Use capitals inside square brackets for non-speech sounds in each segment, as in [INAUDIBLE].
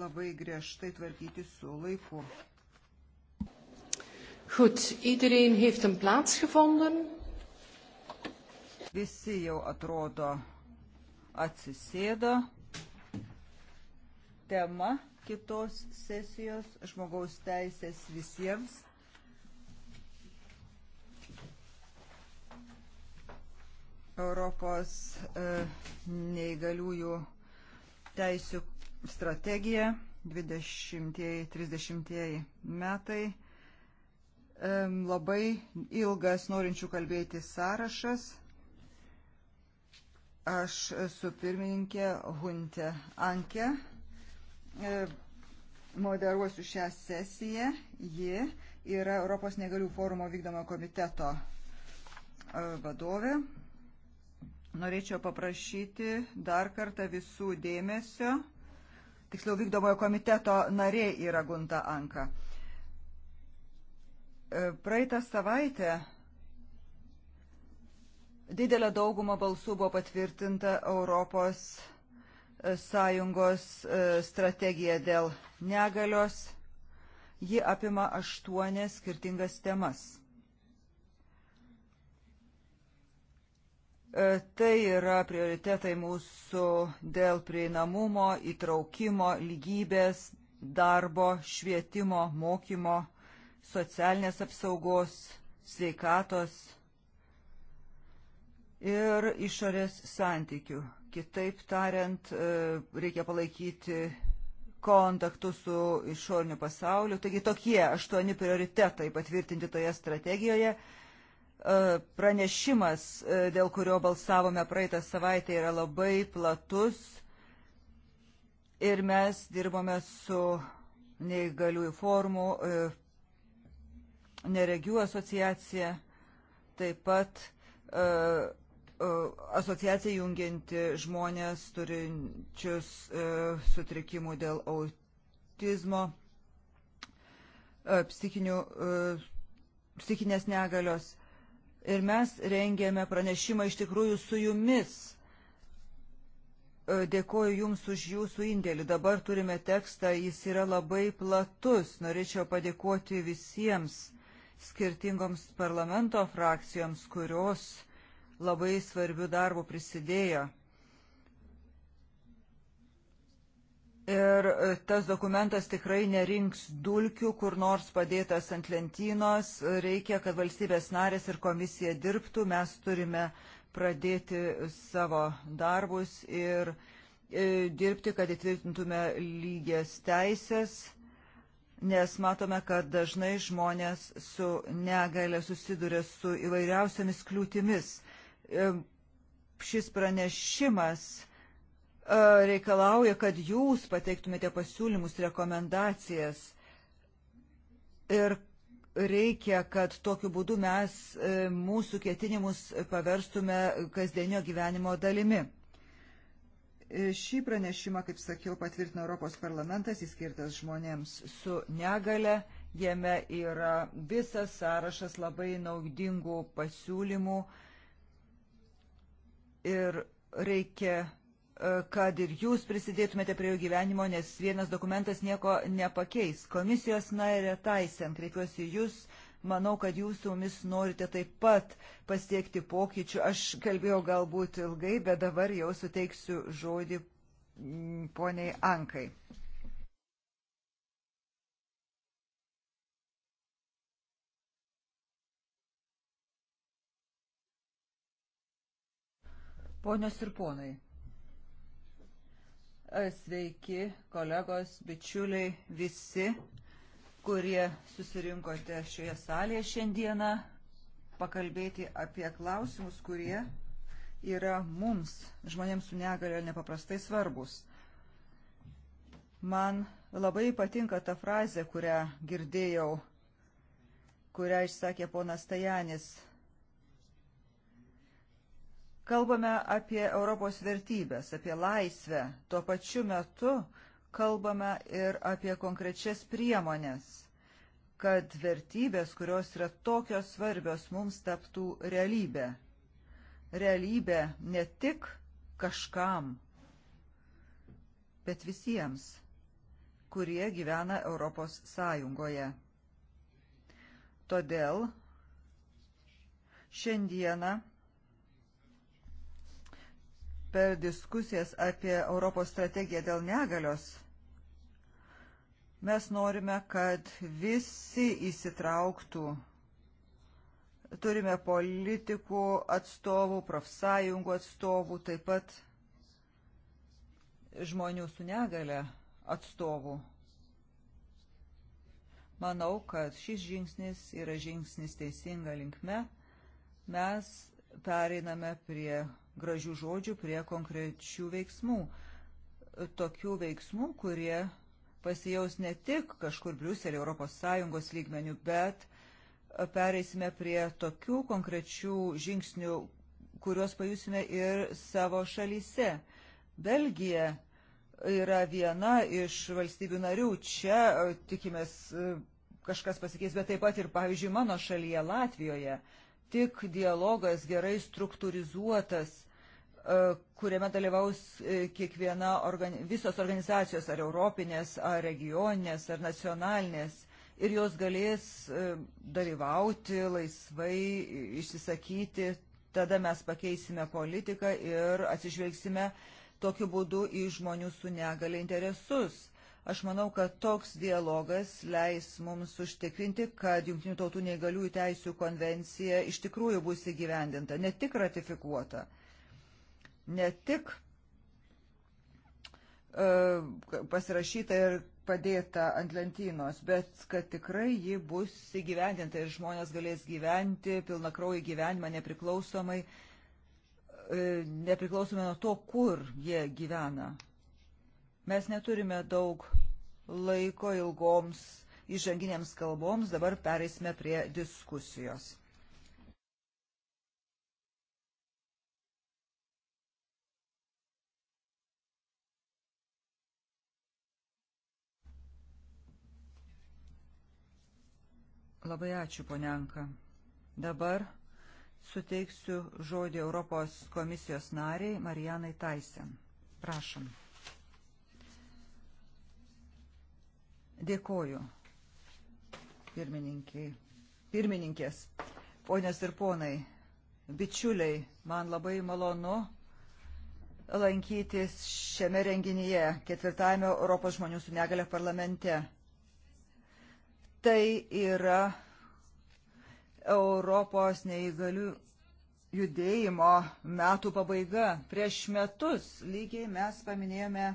labai griežtai tvarkyti su laiku. Goed, iedereen heeft een plaats gevonden. Visi jau atrodo atsisėdo. Tema kitos sesijos - žmogaus teisės visiems. Europos e, neįgaliųjų teisų strategija 20-30 metai. Labai ilgas norinčių kalbėti sąrašas. Aš su pirmininkė Hunte Anke e, moderuosiu šią sesiją. Ji yra Europos negalių forumo vykdomo komiteto e, vadovė. Norėčiau paprašyti dar kartą visų dėmesio tiksliau vykdomojo komiteto narė yra Gunta Anka. E, praeitą savaitę didelė dauguma balsų buvo patvirtinta Europos e, Sąjungos e, strategija dėl negalios. Ji apima aštuonias skirtingas temas. E, tai yra prioritetai mūsų dėl prieinamumo, įtraukimo, lygybės, darbo, švietimo, mokymo, socialinės apsaugos, sveikatos ir išorės santykių. Kitaip tariant, e, reikia palaikyti kontaktus su išoriniu pasauliu. Taigi tokie aštuoni prioritetai patvirtinti toje strategijoje. E, pranešimas, e, dėl kurio balsavome praeitą savaitę, yra labai platus ir mes dirbome su neįgaliųjų formų, e, neregių asociacija, taip pat asociacija jungianti žmonės turinčius sutrikimų dėl autizmo, psichinių, psichinės negalios ir mes rengėme pranešimą iš tikrųjų su jumis. E, dėkoju Jums už Jūsų indėlį. Dabar turime tekstą, jis yra labai platus. Norėčiau padėkoti visiems skirtingoms parlamento frakcijoms, kurios labai svarbių darbų prisidėjo. Ir e, tas dokumentas tikrai nerinks dulkių, kur nors padėtas ant lentynos. Reikia, kad valstybės narės ir komisija dirbtų. Mes turime pradėti savo darbus ir e, dirbti, kad įtvirtintume lygias teisės, nes matome, kad dažnai žmonės su negale susiduria su įvairiausiamis kliūtimis. E, šis pranešimas E, reikalauja, kad jūs pateiktumėte pasiūlymus, rekomendacijas. Ir reikia, kad tokiu būdu mes e, mūsų ketinimus paverstume kasdienio gyvenimo dalimi. E, šį pranešimą, kaip sakiau, patvirtino Europos parlamentas, jis skirtas žmonėms su negale. Jame yra visas sąrašas labai naudingų pasiūlymų ir reikia kad ir jūs prisidėtumėte prie jo gyvenimo, nes vienas dokumentas nieko nepakeis. Komisijos narė Taisen, kreipiuosi jūs, manau, kad jūs su mumis norite taip pat pasiekti pokyčių. Aš kalbėjau galbūt ilgai, bet dabar jau suteiksiu žodį mm, poniai Ankai. Ponios ir ponai. Sveiki, kolegos, bičiuliai, visi, kurie susirinkote šioje salėje šiandieną pakalbėti apie klausimus, kurie yra mums, žmonėms su negalio, nepaprastai svarbus. Man labai patinka ta frazė, kurią girdėjau, kurią išsakė ponas Tajanis Kalbame apie Europos vertybės, apie laisvę. Tuo pačiu metu kalbame ir apie konkrečias priemonės, kad vertybės, kurios yra tokios svarbios, mums taptų realybė. Realybė ne tik kažkam, bet visiems, kurie gyvena Europos Sąjungoje. Todėl šiandieną per diskusijas apie Europos strategiją dėl negalios mes norime, kad visi įsitrauktų. Turime politikų atstovų, profsąjungų atstovų, taip pat žmonių su negale atstovų. Manau, kad šis žingsnis yra žingsnis teisinga linkme. Mes pereiname prie gražių žodžių prie konkrečių veiksmų. Tokių veiksmų, kurie pasijaus ne tik kažkur Briuselio Europos Sąjungos lygmenių, bet e, pereisime prie tokių konkrečių žingsnių, kuriuos pajusime ir savo šalyse. Belgija yra viena iš valstybių narių. Čia e, tikimės e, kažkas pasikeis, bet taip pat ir, pavyzdžiui, mano šalyje Latvijoje tik dialogas gerai struktūrizuotas, e, kuriame dalyvaus e, kiekviena, organi visos organizacijos, ar europinės, ar regioninės, ar nacionalinės, ir jos galės e, dalyvauti laisvai, išsisakyti, tada mes pakeisime politiką ir atsižvelgsime tokiu būdu į žmonių su negali interesus. Aš manau, kad toks dialogas leis mums užtikrinti, kad Junktinių tautų neįgaliųjų teisų konvencija iš tikrųjų bus įgyvendinta, ne tik ratifikuota, ne tik uh, pasirašyta ir padėta ant lentynos, bet kad tikrai ji bus įgyvendinta ir žmonės galės gyventi pilnakraujį gyvenimą nepriklausomai, e, nepriklausomai nuo to, kur jie gyvena Mes neturime daug laiko ilgoms įžanginėms kalboms, dabar pereisime prie diskusijos. Labai ačiū, ponenka. Dabar suteiksiu žodį Europos komisijos nariai Marijanai Taisen. Prašom. Dėkoju pirmininkiai, pirmininkės, ponios ir ponai, bičiuliai, man labai malonu lankytis šiame renginyje, ketvirtame Europos žmonių su negale parlamente. Tai yra Europos neįgalių judėjimo metų pabaiga. Prieš metus lygiai mes paminėjome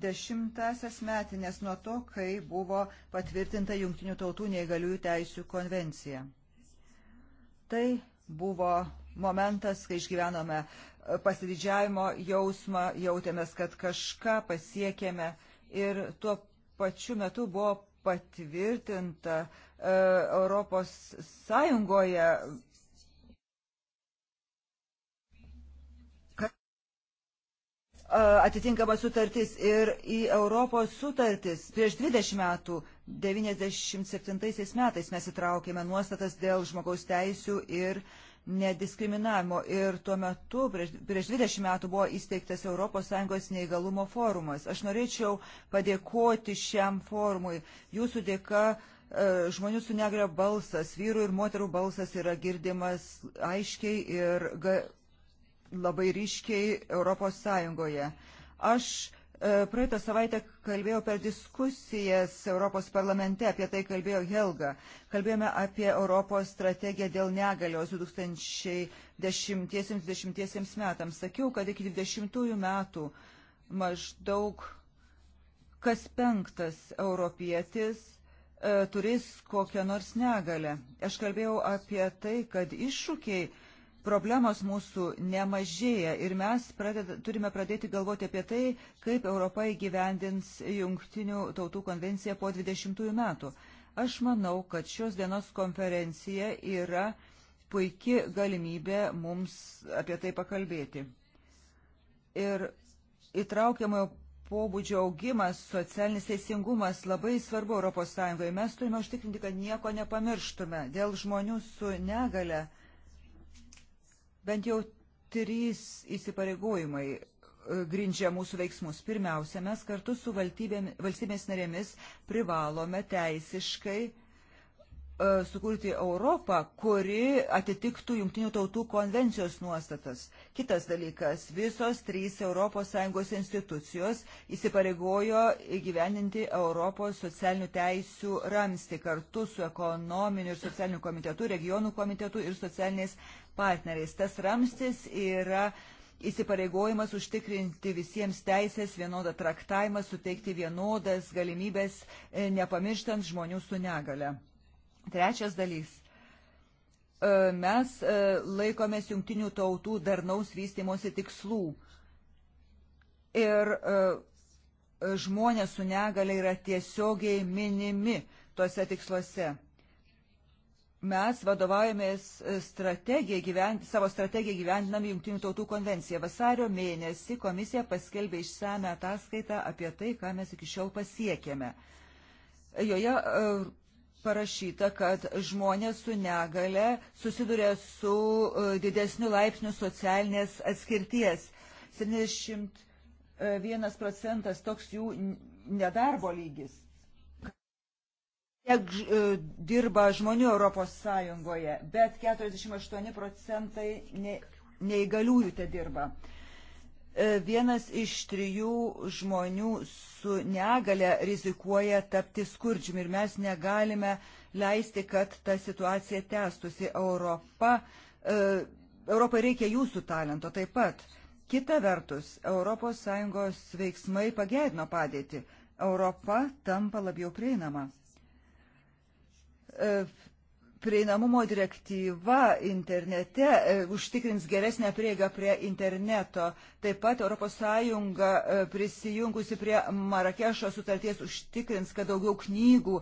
dešimtasias metinės nuo to, kai buvo patvirtinta Junktinių tautų neįgaliųjų teisių konvencija. Tai buvo momentas, kai išgyvenome e, pasididžiavimo jausmą, jautėmės, kad kažką pasiekėme ir tuo pačiu metu buvo patvirtinta e, Europos Sąjungoje E, atitinkamas sutartis ir į Europos sutartis. Prieš 20 metų, 97 metais mes įtraukėme nuostatas dėl žmogaus teisių ir nediskriminavimo. Ir tuo metu, prieš, prieš 20 metų buvo įsteigtas ES neįgalumo forumas. Aš norėčiau padėkoti šiam forumui. Jūsų dėka e, žmonių su negre balsas, vyrų ir moterų balsas yra girdimas aiškiai ir labai ryškiai Europos Sąjungoje. Aš e, praeitą savaitę kalbėjau per diskusijas Europos parlamente, apie tai kalbėjo Helga. Kalbėjome apie Europos strategiją dėl negalios 2010-2020 metams. Sakiau, kad iki 20 metų maždaug kas penktas europietis e, turės kokią nors negalę. Aš kalbėjau apie tai, kad iššūkiai problemos mūsų nemažėja ir mes pradeda, turime pradėti galvoti apie tai, kaip Europa įgyvendins jungtinių tautų konvenciją po 20 metų. Aš manau, kad šios dienos konferencija yra puikia galimybė mums apie tai pakalbėti. Ir įtraukiamojo pobūdžio augimas, socialinis teisingumas labai svarbu ES. Mes turime užtikrinti, kad nieko nepamirštume dėl žmonių su negale. Bent jau trys įsipareigojimai e, grindžia mūsų veiksmus. Pirmiausia, mes kartu su valstybės narėmis privalome teisiškai e, sukurti Europą, kuri atitiktų Junktinių tautų konvencijos nuostatas. Kitas dalykas, visos trys ES institucijos įsipareigojo įgyveninti Europos socialinių teisių ramsti kartu su ekonominiu ir socialiniu komitetu, regionų komitetu ir socialiniais partneriais. Tas ramstis yra įsipareigojimas užtikrinti visiems teisės vienodą traktavimą, suteikti vienodas galimybės, e, nepamirštant žmonių su negale. Trečias dalys. E, mes e, laikomės jungtinių tautų darnaus vystimosi tikslų. Ir žmonės su negale yra tiesiogiai minimi tuose tiksluose mes vadovaujamės strategiją gyventi, savo strategiją gyvendinam Junktinių tautų konvenciją. Vasario mėnesį komisija paskelbė išsame ataskaitą apie tai, ką mes iki šiol pasiekėme. Joje e, parašyta, kad žmonės su negale susiduria su e, didesniu laipsniu socialinės atskirties. 71 e, procentas toks jų nedarbo lygis tiek e, dirba žmonių Europos Sąjungoje, bet 48 procentai neįgaliųjų te dirba. E, vienas iš trijų žmonių su negale rizikuoja tapti skurdžiumi ir mes negalime leisti, kad ta situacija tęstusi. Europa, e, Europa reikia jūsų talento taip pat. Kita vertus, ES veiksmai pagėdino padėtį. Europa tampa labiau prieinama E, prieinamumo direktyva internete e, užtikrins geresnę prieigą prie interneto. Taip pat ES e, prisijungusi prie Marakešo sutarties užtikrins, kad daugiau knygų,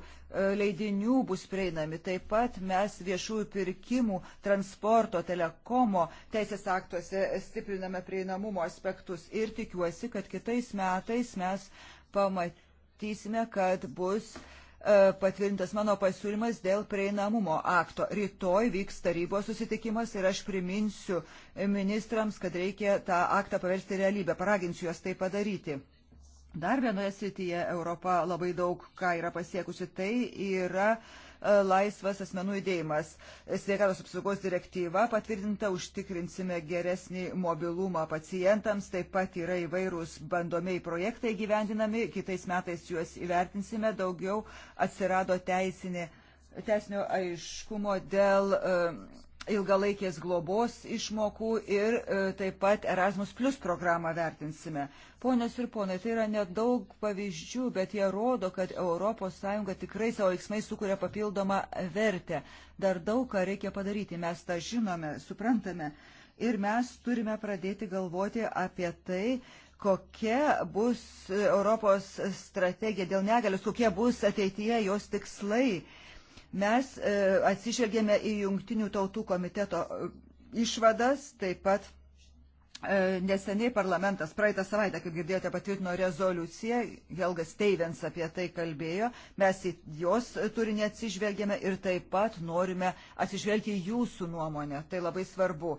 leidinių bus prieinami. Taip pat mes viešųjų pirkimų, transporto, telekomo teisės aktuose stipriname prieinamumo aspektus ir tikiuosi, kad kitais metais mes pamatysime, kad bus uh, E, patvirtintas mano pasiūlymas dėl prieinamumo akto. Rytoj vyks tarybos susitikimas ir aš priminsiu ministrams, kad reikia tą aktą paversti realybę. Paraginsiu juos tai padaryti. Dar vienoje srityje Europa labai daug ką yra pasiekusi. Tai yra uh, E, laisvas asmenų judėjimas. Sveikatos apsaugos direktyva patvirtinta, užtikrinsime geresnį mobilumą pacientams, taip pat yra įvairūs bandomiai projektai gyvendinami, kitais metais juos įvertinsime, daugiau atsirado teisinė teisinio aiškumo dėl uh, ilgalaikės globos išmokų ir e, taip pat Erasmus Plus programą vertinsime. Ponios ir ponai, tai yra nedaug pavyzdžių, bet jie rodo, kad ES tikrai savo veiksmais sukuria papildomą vertę. Dar daug ką reikia padaryti, mes tą žinome, suprantame. Ir mes turime pradėti galvoti apie tai, kokia bus Europos strategija dėl negalios, kokie bus ateityje jos tikslai Mes e, atsižvelgėme į Jungtinių tautų komiteto e, išvadas, taip pat e, neseniai parlamentas praeitą savaitę, kaip girdėjote, patvirtino rezoliuciją, Helgas Steivens apie tai kalbėjo, mes į jos turinį atsižvelgėme ir taip pat norime atsižvelgti į jūsų nuomonę, tai labai svarbu.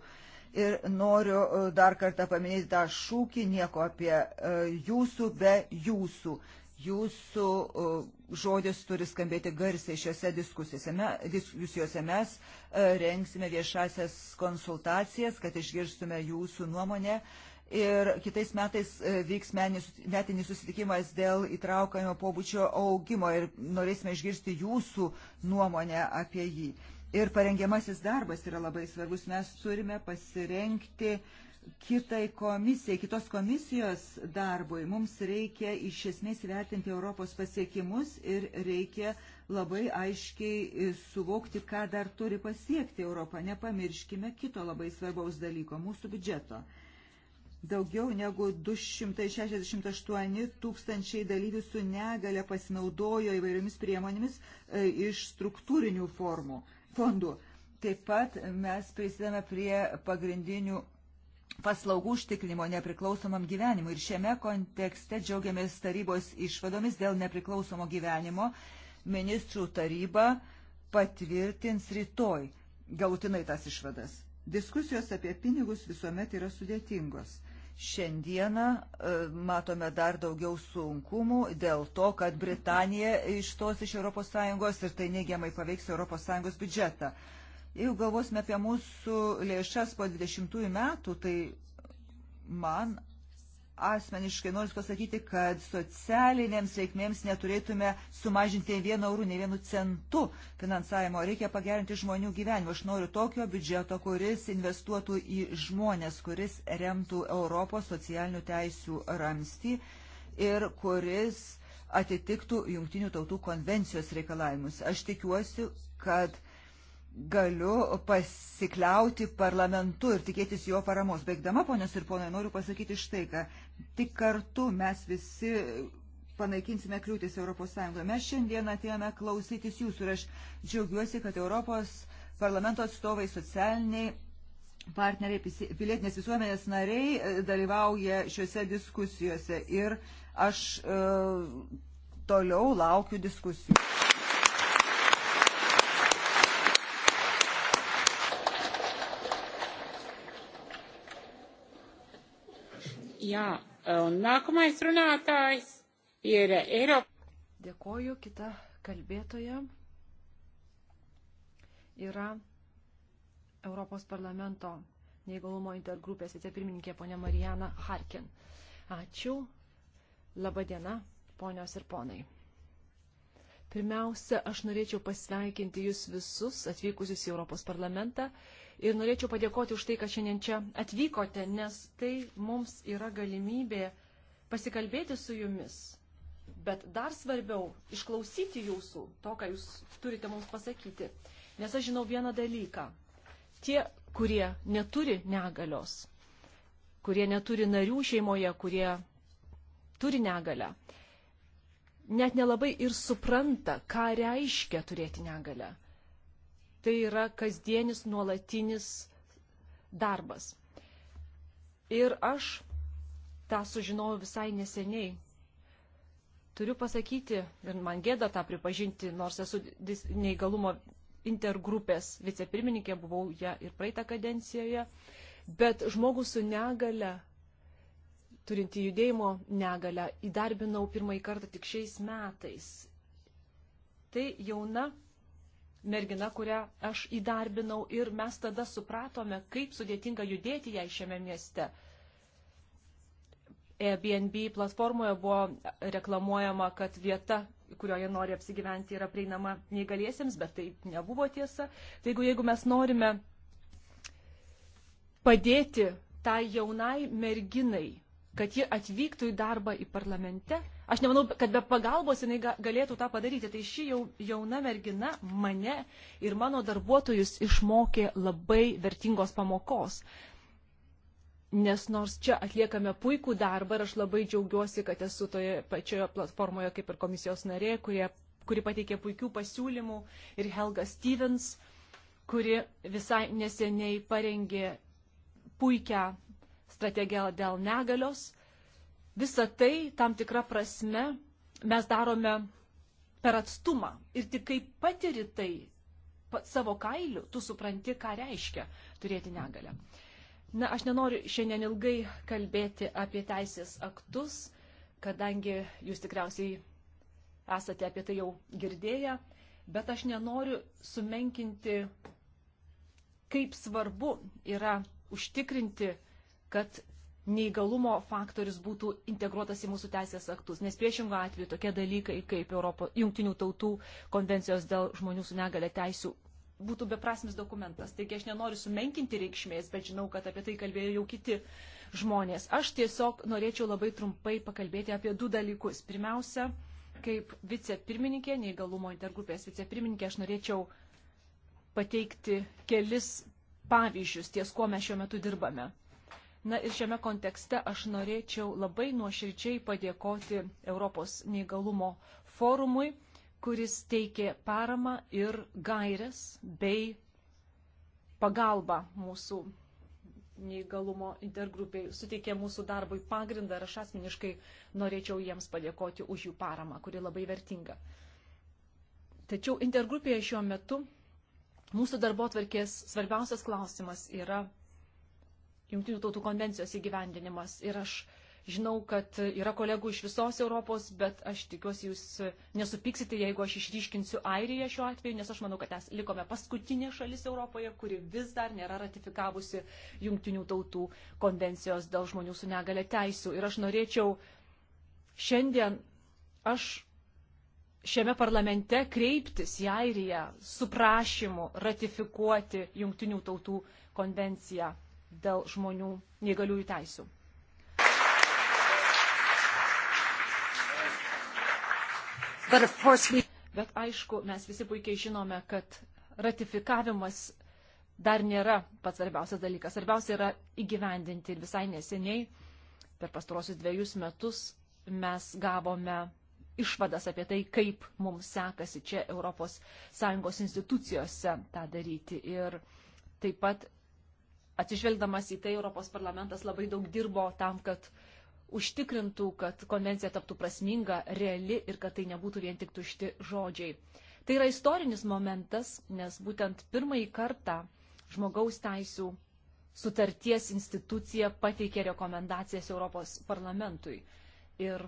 Ir noriu dar kartą paminėti tą šūkį nieko apie jūsų be jūsų. Jūsų žodis turi skambėti garsiai šiuose diskusijose. Me, diskusijose mes e, rengsime viešasias konsultacijas, kad išgirstume jūsų nuomonę. Ir kitais metais e, vyks metinis susitikimas dėl įtraukamo pobūčio augimo ir norėsime išgirsti jūsų nuomonę apie jį. Ir parengiamasis darbas yra labai svarbus. Mes turime pasirenkti uh, kitai komisijai, kitos komisijos darbui. Mums reikia iš esmės įvertinti Europos pasiekimus ir reikia labai aiškiai e, suvokti, ką dar turi pasiekti Europą. Nepamirškime kito labai svarbaus dalyko - mūsų biudžeto. Daugiau negu 268 tūkstančiai dalyvių su negale pasinaudojo įvairiomis priemonėmis e, iš struktūrinių formų, fondų. Taip pat mes prisidame prie pagrindinių paslaugų užtikrinimo nepriklausomam gyvenimui. Ir šiame kontekste džiaugiamės tarybos išvadomis dėl nepriklausomo gyvenimo. Ministrų taryba patvirtins rytoj galutinai tas išvadas. Diskusijos apie pinigus visuomet yra sudėtingos. Šiandieną e, matome dar daugiau sunkumų dėl to, kad Britanija išstos iš ES ir tai neigiamai paveiks ES biudžetą. Jeigu galvosime apie mūsų lėšas po 20 metų, tai man asmeniškai noriu pasakyti, kad socialinėms reikmėms neturėtume sumažinti vieno eurų, ne vienu centu finansavimo. Reikia pagerinti žmonių gyvenimą. Aš noriu tokio biudžeto, kuris investuotų į žmonės, kuris remtų Europos socialinių teisių ramstį ir kuris atitiktų Jungtinių tautų konvencijos reikalavimus. Aš tikiuosi, kad galiu pasikliauti parlamentu ir tikėtis jo paramos. Baigdama, ponios ir ponai, noriu pasakyti štai ką. Tik kartu mes visi panaikinsime kliūtis ES. Mes šiandien atėjome klausytis jūsų ir aš džiaugiuosi, kad Europos parlamento atstovai socialiniai partneriai, pilietinės visuomenės nariai e, dalyvauja šiuose diskusijose ir aš e, toliau laukiu diskusijų. Jā, un e, nākamais runātājs ir Eiropa. Dėkoju, kita kalbėtoja yra Europos parlamento neįgalumo intergrupės vicepirmininkė ponė Marijana Harkin. Ačiū. Labadiena, ponios ir ponai. Pirmiausia, aš norėčiau pasveikinti jūs visus atvykusius į Europos parlamentą Ir norėčiau padėkoti už tai, kad šiandien čia atvykote, nes tai mums yra galimybė pasikalbėti su jumis. Bet dar svarbiau - išklausyti jūsų, to, ką jūs turite mums pasakyti. Nes aš žinau vieną dalyką. Tie, kurie neturi negalios, kurie neturi narių šeimoje, kurie turi negalę, net nelabai ir supranta, ką reiškia turėti negalę. Tai yra kasdienis nuolatinis darbas. Ir aš tą sužinojau visai neseniai. Turiu pasakyti, ir man gėda tą pripažinti, nors esu neįgalumo intergrupės vicepirmininkė, buvau ją ir praeitą kadencijoje, bet žmogus su negale, turinti judėjimo negalę, įdarbinau pirmąjį kartą tik šiais metais. Tai jauna mergina, kurią aš įdarbinau ir mes tada supratome, kaip sudėtinga judėti jai šiame mieste. Airbnb platformoje buvo reklamuojama, kad vieta, kurioje nori apsigyventi, yra prieinama neįgaliesiems, bet tai nebuvo tiesa. Tai jeigu, jeigu mes norime padėti tai jaunai merginai kad ji atvyktų į darbą į parlamente. Aš nemanau, kad be pagalbos jinai galėtų tą padaryti. Tai ši jau, jauna mergina mane ir mano darbuotojus išmokė labai vertingos pamokos. Nes nors čia atliekame puikų darbą ir aš labai džiaugiuosi, kad esu toje pačioje platformoje kaip ir komisijos narė, kurie, kuri pateikė puikių pasiūlymų ir Helga Stevens, kuri visai neseniai parengė puikią strategija dėl negalios. Visą tai tam tikrą prasme mes darome per atstumą. Ir tik kai patiri tai savo kailiu, tu supranti, ką reiškia turėti negalę. Na, aš nenoriu šiandien ilgai kalbėti apie teisės aktus, kadangi jūs tikriausiai esate apie tai jau girdėję, bet aš nenoriu sumenkinti, kaip svarbu yra užtikrinti kad neįgalumo faktorius būtų integruotas į mūsų teisės aktus, nes priešingų atveju tokie dalykai kaip Europo, Jungtinių tautų konvencijos dėl žmonių su negale teisų būtų beprasmis dokumentas. Taigi aš nenoriu sumenkinti reikšmės, bet žinau, kad apie tai kalbėjo jau kiti žmonės. Aš tiesiog norėčiau labai trumpai pakalbėti apie du dalykus. Pirmiausia, kaip vicepirmininkė, neįgalumo intergrupės vicepirmininkė, aš norėčiau pateikti kelis pavyzdžius ties, kuo mes šiuo metu dirbame. Na ir šiame kontekste aš norėčiau labai nuoširdžiai padėkoti Europos neįgalumo forumui, kuris teikė paramą ir gairias bei pagalbą mūsų neįgalumo intergrupiai, suteikė mūsų darbui pagrindą ir aš asmeniškai norėčiau jiems padėkoti už jų paramą, kuri labai vertinga. Tačiau intergrupėje šiuo metu mūsų darbo tvarkės svarbiausias klausimas yra Junktinių tautų konvencijos įgyvendinimas. Ir aš žinau, kad yra kolegų iš visos Europos, bet aš tikiuosi, jūs nesupyksite, jeigu aš išryškinsiu Airiją šiuo atveju, nes aš manau, kad mes likome paskutinė šalis Europoje, kuri vis dar nėra ratifikavusi Junktinių tautų konvencijos dėl žmonių su negale teisų. Ir aš norėčiau šiandien, aš šiame parlamente kreiptis į Airiją su prašymu ratifikuoti Junktinių tautų konvenciją dėl žmonių neįgaliųjų teisų. Bet aišku, mes visi puikiai žinome, kad ratifikavimas dar nėra pats svarbiausias dalykas. Svarbiausia yra įgyvendinti ir visai neseniai, per pastarosius dviejus metus, mes gavome išvadas apie tai, kaip mums sekasi čia ES institucijose tą daryti. Ir taip pat atsižvelgdamas į tai, Europos parlamentas labai daug dirbo tam, kad užtikrintų, kad konvencija taptų prasminga, reali ir kad tai nebūtų vien tik tušti žodžiai. Tai yra istorinis momentas, nes būtent pirmąjį kartą žmogaus teisų sutarties institucija pateikė rekomendacijas Europos parlamentui. Ir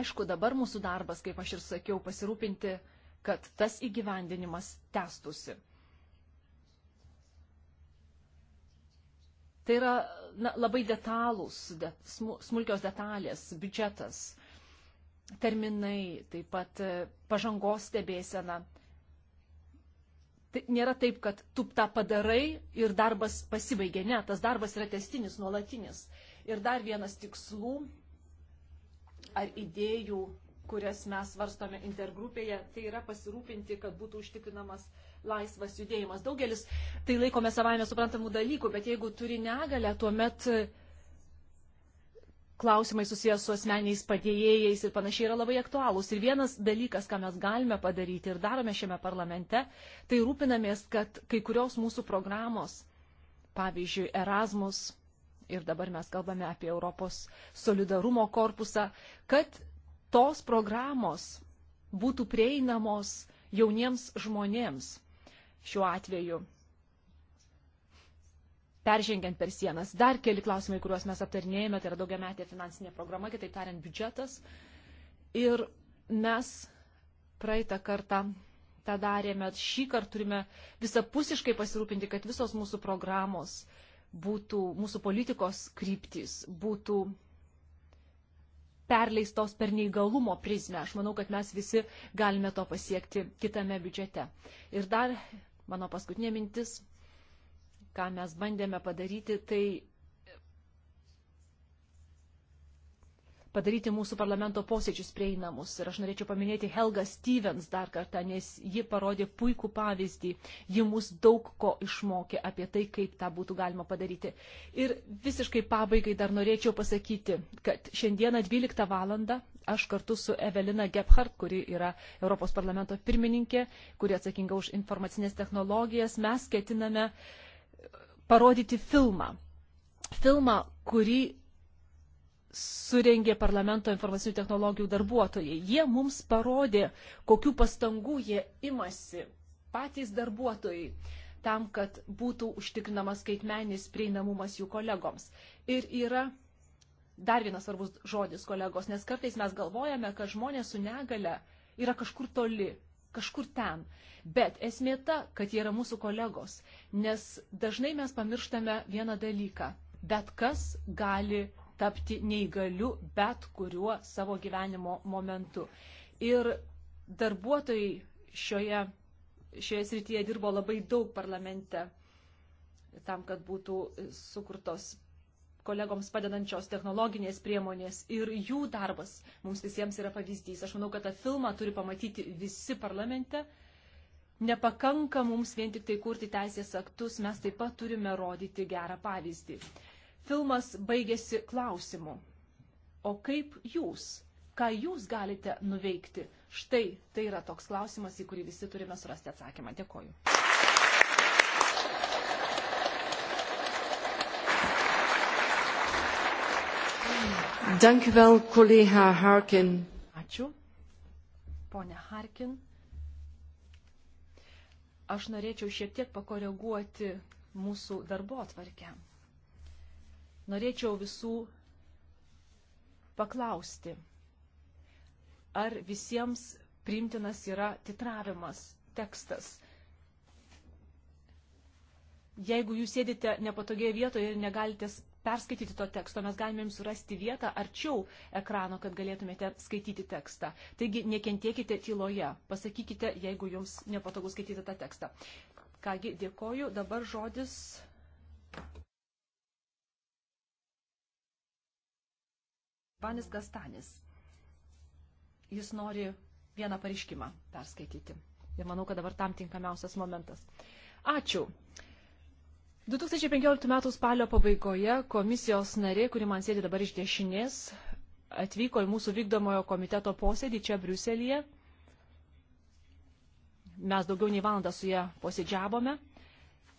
aišku, dabar mūsų darbas, kaip aš ir sakiau, pasirūpinti, kad tas įgyvendinimas tęstusi. Tai yra na, labai detalūs, de, smulkios detalės, biudžetas, terminai, taip pat e, pažangos stebėsena. Tai nėra taip, kad tu tą padarai ir darbas pasibaigia. Ne, tas darbas yra testinis, nuolatinis. Ir dar vienas tikslų ar idėjų kurias mes svarstome intergrupėje, tai yra pasirūpinti, kad būtų užtikrinamas uh, laisvas judėjimas. Daugelis tai laikome savaime suprantamų dalykų, bet jeigu turi negalę, tuomet e, klausimai susijęs su asmeniais padėjėjais ir panašiai yra labai aktualūs. Ir vienas dalykas, ką mes galime padaryti ir darome šiame parlamente, tai rūpinamės, kad kai kurios mūsų programos, pavyzdžiui, Erasmus, ir dabar mes kalbame apie Europos solidarumo korpusą, kad tos programos būtų prieinamos jauniems žmonėms šiuo atveju, peržengiant per sienas. Dar keli klausimai, kuriuos mes aptarinėjame, tai yra daugiametė finansinė programa, kitaip tariant, biudžetas. Ir mes praeitą kartą tą darėme, šį kartą turime visapusiškai pasirūpinti, kad visos mūsų programos būtų, mūsų politikos kryptis būtų perleistos per neįgalumo prizmę. Aš manau, kad mes visi galime to pasiekti kitame biudžete. Ir dar mano paskutinė mintis, ką mes bandėme padaryti, tai padaryti mūsų parlamento posėdžius prieinamus. Ir aš norėčiau paminėti Helga Stevens dar kartą, nes ji parodė puikų pavyzdį. Ji mus daug ko išmokė apie tai, kaip tą būtų galima padaryti. Ir visiškai pabaigai dar norėčiau pasakyti, kad šiandieną 12 val. aš kartu su Evelina Gebhardt, kuri yra Europos parlamento pirmininkė, kuri atsakinga už informacinės technologijas, mes ketiname parodyti filmą. Filmą, kurį surengė parlamento informacinių technologijų darbuotojai. Jie mums parodė, kokių pastangų jie imasi patys darbuotojai tam, kad būtų užtikrinamas skaitmenis prieinamumas jų kolegoms. Ir yra dar vienas svarbus žodis kolegos, nes kartais mes galvojame, kad žmonės su negale yra kažkur toli, kažkur ten. Bet esmė ta, kad jie yra mūsų kolegos, nes dažnai mes pamirštame vieną dalyką. Bet kas gali tapti neįgaliu bet kuriuo savo gyvenimo momentu. Ir darbuotojai šioje, šioje srityje dirbo labai daug parlamente tam, kad būtų sukurtos kolegoms padedančios technologinės priemonės ir jų darbas mums visiems yra pavyzdys. Aš manau, kad tą filmą turi pamatyti visi parlamente. Nepakanka mums vien tik tai kurti teisės aktus, mes taip pat turime rodyti gerą pavyzdį filmas baigėsi klausimu. O kaip jūs? Ką jūs galite nuveikti? Štai tai yra toks klausimas, į kurį visi turime surasti atsakymą. Dėkoju. Dank u wel, collega Harkin. Ačiū, ponia Harkin. Aš norėčiau šiek tiek pakoreguoti mūsų darbo atvarkę norėčiau visų paklausti, ar visiems priimtinas yra titravimas, tekstas. Jeigu jūs sėdite nepatogioje vietoje ir negalite perskaityti to teksto, mes galime jums surasti vietą arčiau ekrano, kad galėtumėte skaityti tekstą. Taigi nekentėkite tyloje, pasakykite, jeigu jums nepatogu skaityti tą tekstą. Kągi, dėkoju, dabar žodis Panis Gastanis. Jis nori vieną pareiškimą perskaityti. Ir manau, kad dabar tam tinkamiausias momentas. Ačiū. 2015 m. spalio pabaigoje komisijos narė, kuri man sėdi dabar iš dešinės, atvyko į mūsų vykdomojo komiteto posėdį čia Briuselėje. Mes daugiau nei valandą su ją posėdžiavome.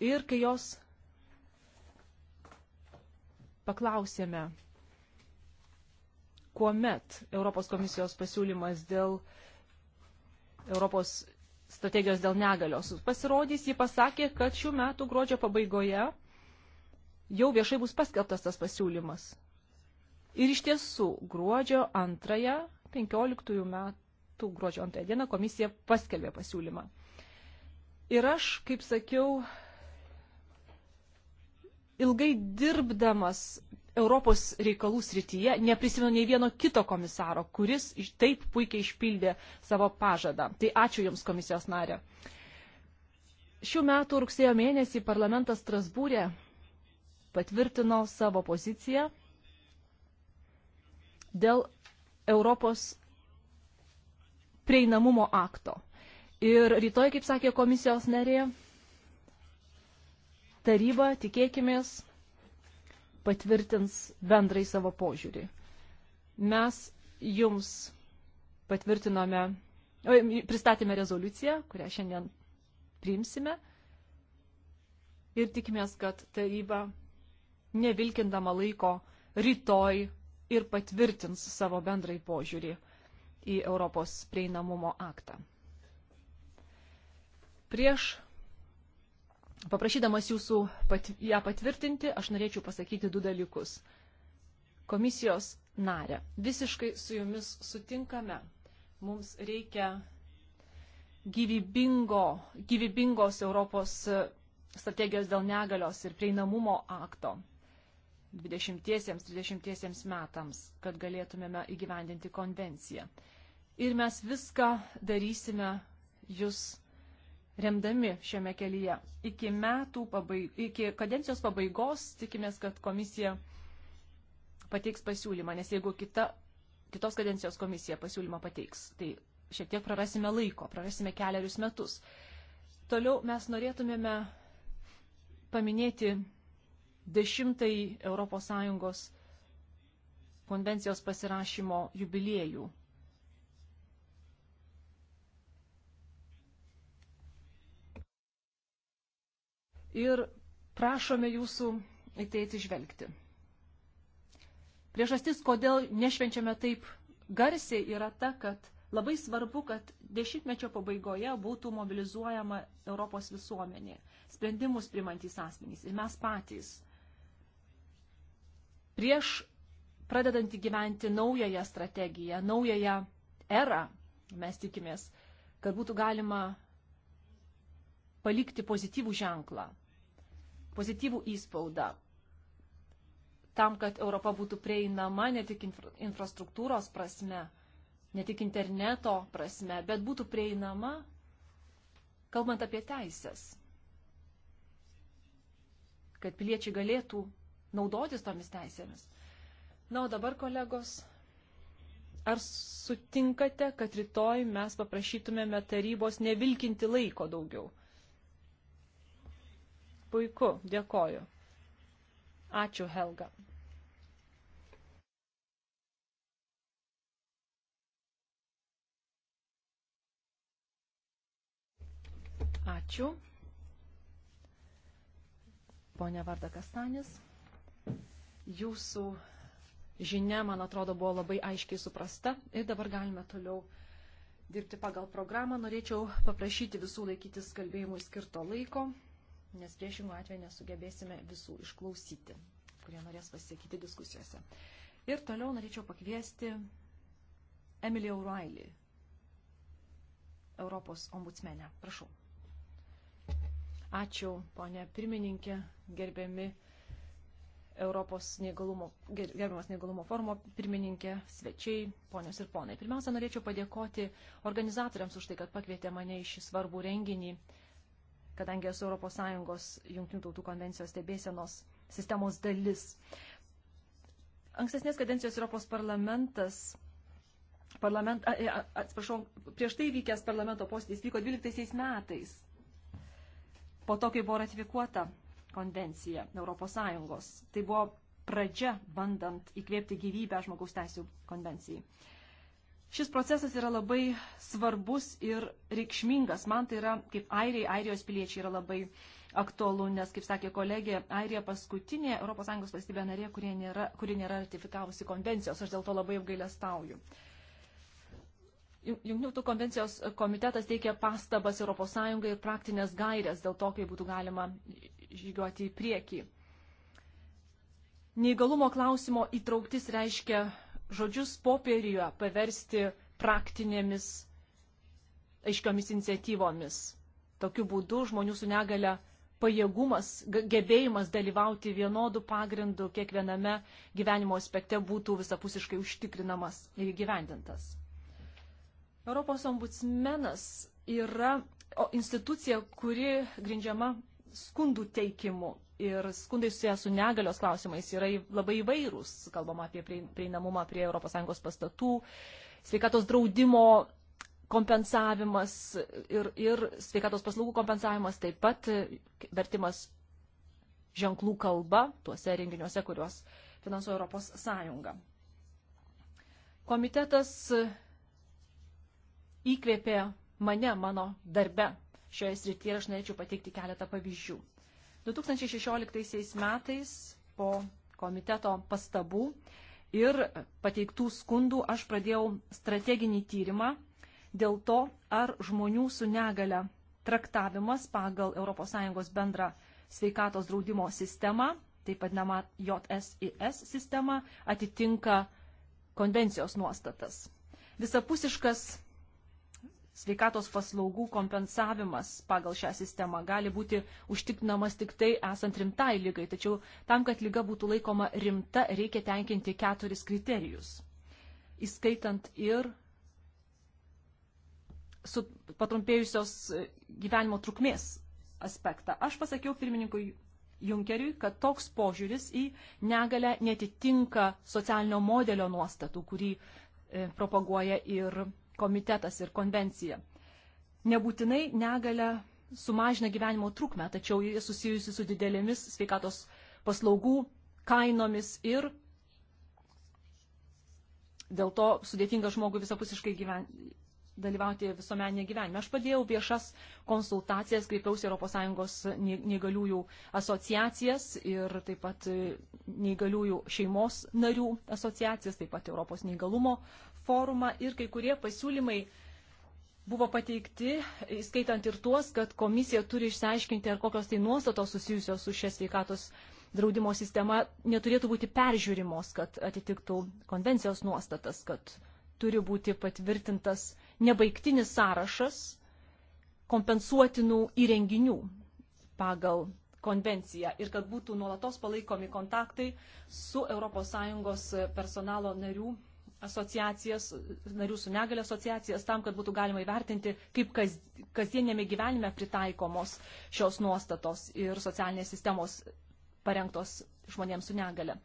Ir kai jos paklausėme, kuomet Europos komisijos pasiūlymas dėl Europos strategijos dėl negalios pasirodys, ji pasakė, kad šių metų gruodžio pabaigoje jau viešai bus paskelbtas tas pasiūlymas. Ir iš tiesų, gruodžio antrąją, 15 metų gruodžio antrąją dieną komisija paskelbė pasiūlymą. Ir aš, kaip sakiau, ilgai dirbdamas Europos reikalų srityje neprisimenu nei vieno kito komisaro, kuris taip puikiai išpildė savo pažadą. Tai ačiū Jums, komisijos narė. Šių metų rugsėjo mėnesį parlamentas Strasbūrė patvirtino savo poziciją dėl Europos prieinamumo akto. Ir rytoj, kaip sakė komisijos narė, taryba, tikėkimės, patvirtins bendrai savo požiūrį. Mes jums patvirtinome, o, pristatėme rezoliuciją, kurią šiandien priimsime ir tikimės, kad taryba nevilkindama laiko rytoj ir patvirtins savo bendrai požiūrį į Europos prieinamumo aktą. Prieš Paprašydamas jūsų pat, ją patvirtinti, aš norėčiau pasakyti du dalykus. Komisijos narė, visiškai su jumis sutinkame. Mums reikia gyvybingo, gyvybingos Europos strategijos dėl negalios ir prieinamumo akto 20-30 metams, kad galėtumėme įgyvendinti konvenciją. Ir mes viską darysime jūs remdami šiame kelyje. Iki, metų pabaig... iki kadencijos pabaigos tikimės, kad komisija pateiks pasiūlymą, nes jeigu kita, kitos kadencijos komisija pasiūlymą pateiks, tai šiek tiek prarasime laiko, prarasime keliarius metus. Toliau mes norėtumėme paminėti dešimtąjį ES konvencijos pasirašymo jubiliejų ir prašome jūsų į tai atsižvelgti. Priežastis, kodėl nešvenčiame taip garsiai, yra ta, kad labai svarbu, kad dešimtmečio pabaigoje būtų mobilizuojama Europos visuomenė, sprendimus primantys asmenys ir mes patys. Prieš pradedant įgyventi naująją strategiją, naująją erą, mes tikimės, kad būtų galima palikti pozityvų ženklą pozityvų įspaudą tam, kad Europa būtų prieinama ne tik infra infrastruktūros prasme, ne tik interneto prasme, bet būtų prieinama, kalbant apie teisės. Kad piliečiai galėtų naudotis tomis teisėmis. Na, o dabar, kolegos, ar sutinkate, kad rytoj mes paprašytumėme tarybos nevilkinti laiko daugiau? Puiku, dėkoju. Ačiū, Helga. Ačiū. Pone Varda Kastanis, jūsų žinia, man atrodo, buvo labai aiškiai suprasta ir dabar galime toliau dirbti pagal programą. Norėčiau paprašyti visų laikytis kalbėjimui skirto laiko nes priešingų atveju nesugebėsime visų išklausyti, kurie norės pasisakyti diskusijose. Ir toliau norėčiau pakviesti Emily O'Reilly, Europos ombudsmenę. Prašau. Ačiū, ponė pirmininkė, gerbiami Europos neįgalumo, gerbiamas neįgalumo forumo pirmininkė, svečiai, ponios ir ponai. Pirmiausia, norėčiau padėkoti organizatoriams už tai, kad pakvietė mane į šį svarbų renginį kadangi esu ES Junktinių tautų konvencijos stebėsenos sistemos dalis. Ankstesnės kadencijos Europos parlamentas parlament, a, atsiprašau, prieš tai vykęs parlamento posėdis vyko 12 metais, po to, kai buvo ratifikuota konvencija Europos Sąjungos. Tai buvo pradžia bandant įkvėpti gyvybę žmogaus teisų konvencijai. Šis procesas yra labai svarbus ir reikšmingas. Man tai yra, kaip airiai, airijos piliečiai yra labai aktualu, nes, kaip sakė kolegė, airija paskutinė ES valstybė narė, kuri nėra, kuri nėra ratifikavusi konvencijos. Aš dėl to labai apgailestauju. Junktinių tautų konvencijos komitetas teikia pastabas ES ir praktinės gairias dėl to, kaip būtų galima žygiuoti į priekį. Neįgalumo klausimo įtrauktis reiškia žodžius popieriuje paversti praktinėmis aiškiomis iniciatyvomis. Tokiu būdu žmonių su negale pajėgumas, gebėjimas dalyvauti vienodų pagrindų kiekviename gyvenimo aspekte būtų visapusiškai užtikrinamas ir įgyvendintas. Europos ombudsmenas yra institucija, kuri grindžiama skundų teikimu ir skundai susiję su negalios klausimais yra labai įvairūs. Kalbama apie prieinamumą prie ES pastatų, sveikatos draudimo kompensavimas ir, ir sveikatos paslaugų kompensavimas, taip pat vertimas ženklų kalba tuose renginiuose, kuriuos finansuoja Europos Sąjunga. Komitetas įkvėpė mane mano darbe šioje srityje ir aš norėčiau pateikti keletą pavyzdžių. 2016 metais po komiteto pastabų ir pateiktų skundų aš pradėjau strateginį tyrimą dėl to, ar žmonių su negale traktavimas pagal ES bendrą sveikatos draudimo sistemą, taip vadinamą JSIS sistemą, atitinka konvencijos nuostatas. Visapusiškas sveikatos paslaugų kompensavimas pagal šią sistemą gali būti užtikrinamas tik tai esant rimtai lygai, tačiau tam, kad lyga būtų laikoma rimta, reikia tenkinti keturis kriterijus, įskaitant ir su patrumpėjusios gyvenimo trukmės aspektą. Aš pasakiau pirmininkui Junkeriui, kad toks požiūris į negalę netitinka socialinio modelio nuostatų, kurį e, propaguoja ir komitetas ir konvencija. Nebūtinai negalę sumažina gyvenimo trukmę, tačiau jis susijusi su didelėmis sveikatos paslaugų kainomis ir dėl to sudėtinga žmogui visapusiškai gyven... dalyvauti visuomenėje gyvenime. Aš padėjau viešas konsultacijas, kreipiausi ES neįgaliųjų asociacijas ir taip pat neįgaliųjų šeimos narių asociacijas, taip pat Europos neįgalumo asociacijas forumą ir kai kurie pasiūlymai buvo pateikti, įskaitant ir tuos, kad komisija turi išsiaiškinti, ar kokios tai nuostatos susijusios su šia sveikatos draudimo sistema neturėtų būti peržiūrimos, kad atitiktų konvencijos nuostatas, kad turi būti patvirtintas nebaigtinis sąrašas kompensuotinų įrenginių pagal konvenciją ir kad būtų nuolatos palaikomi kontaktai su ES personalo narių asociacijas, narių su negalė asociacijas, tam, kad būtų galima įvertinti, kaip kas, kasdienėme gyvenime pritaikomos šios nuostatos ir socialinės sistemos parengtos žmonėms su negalė.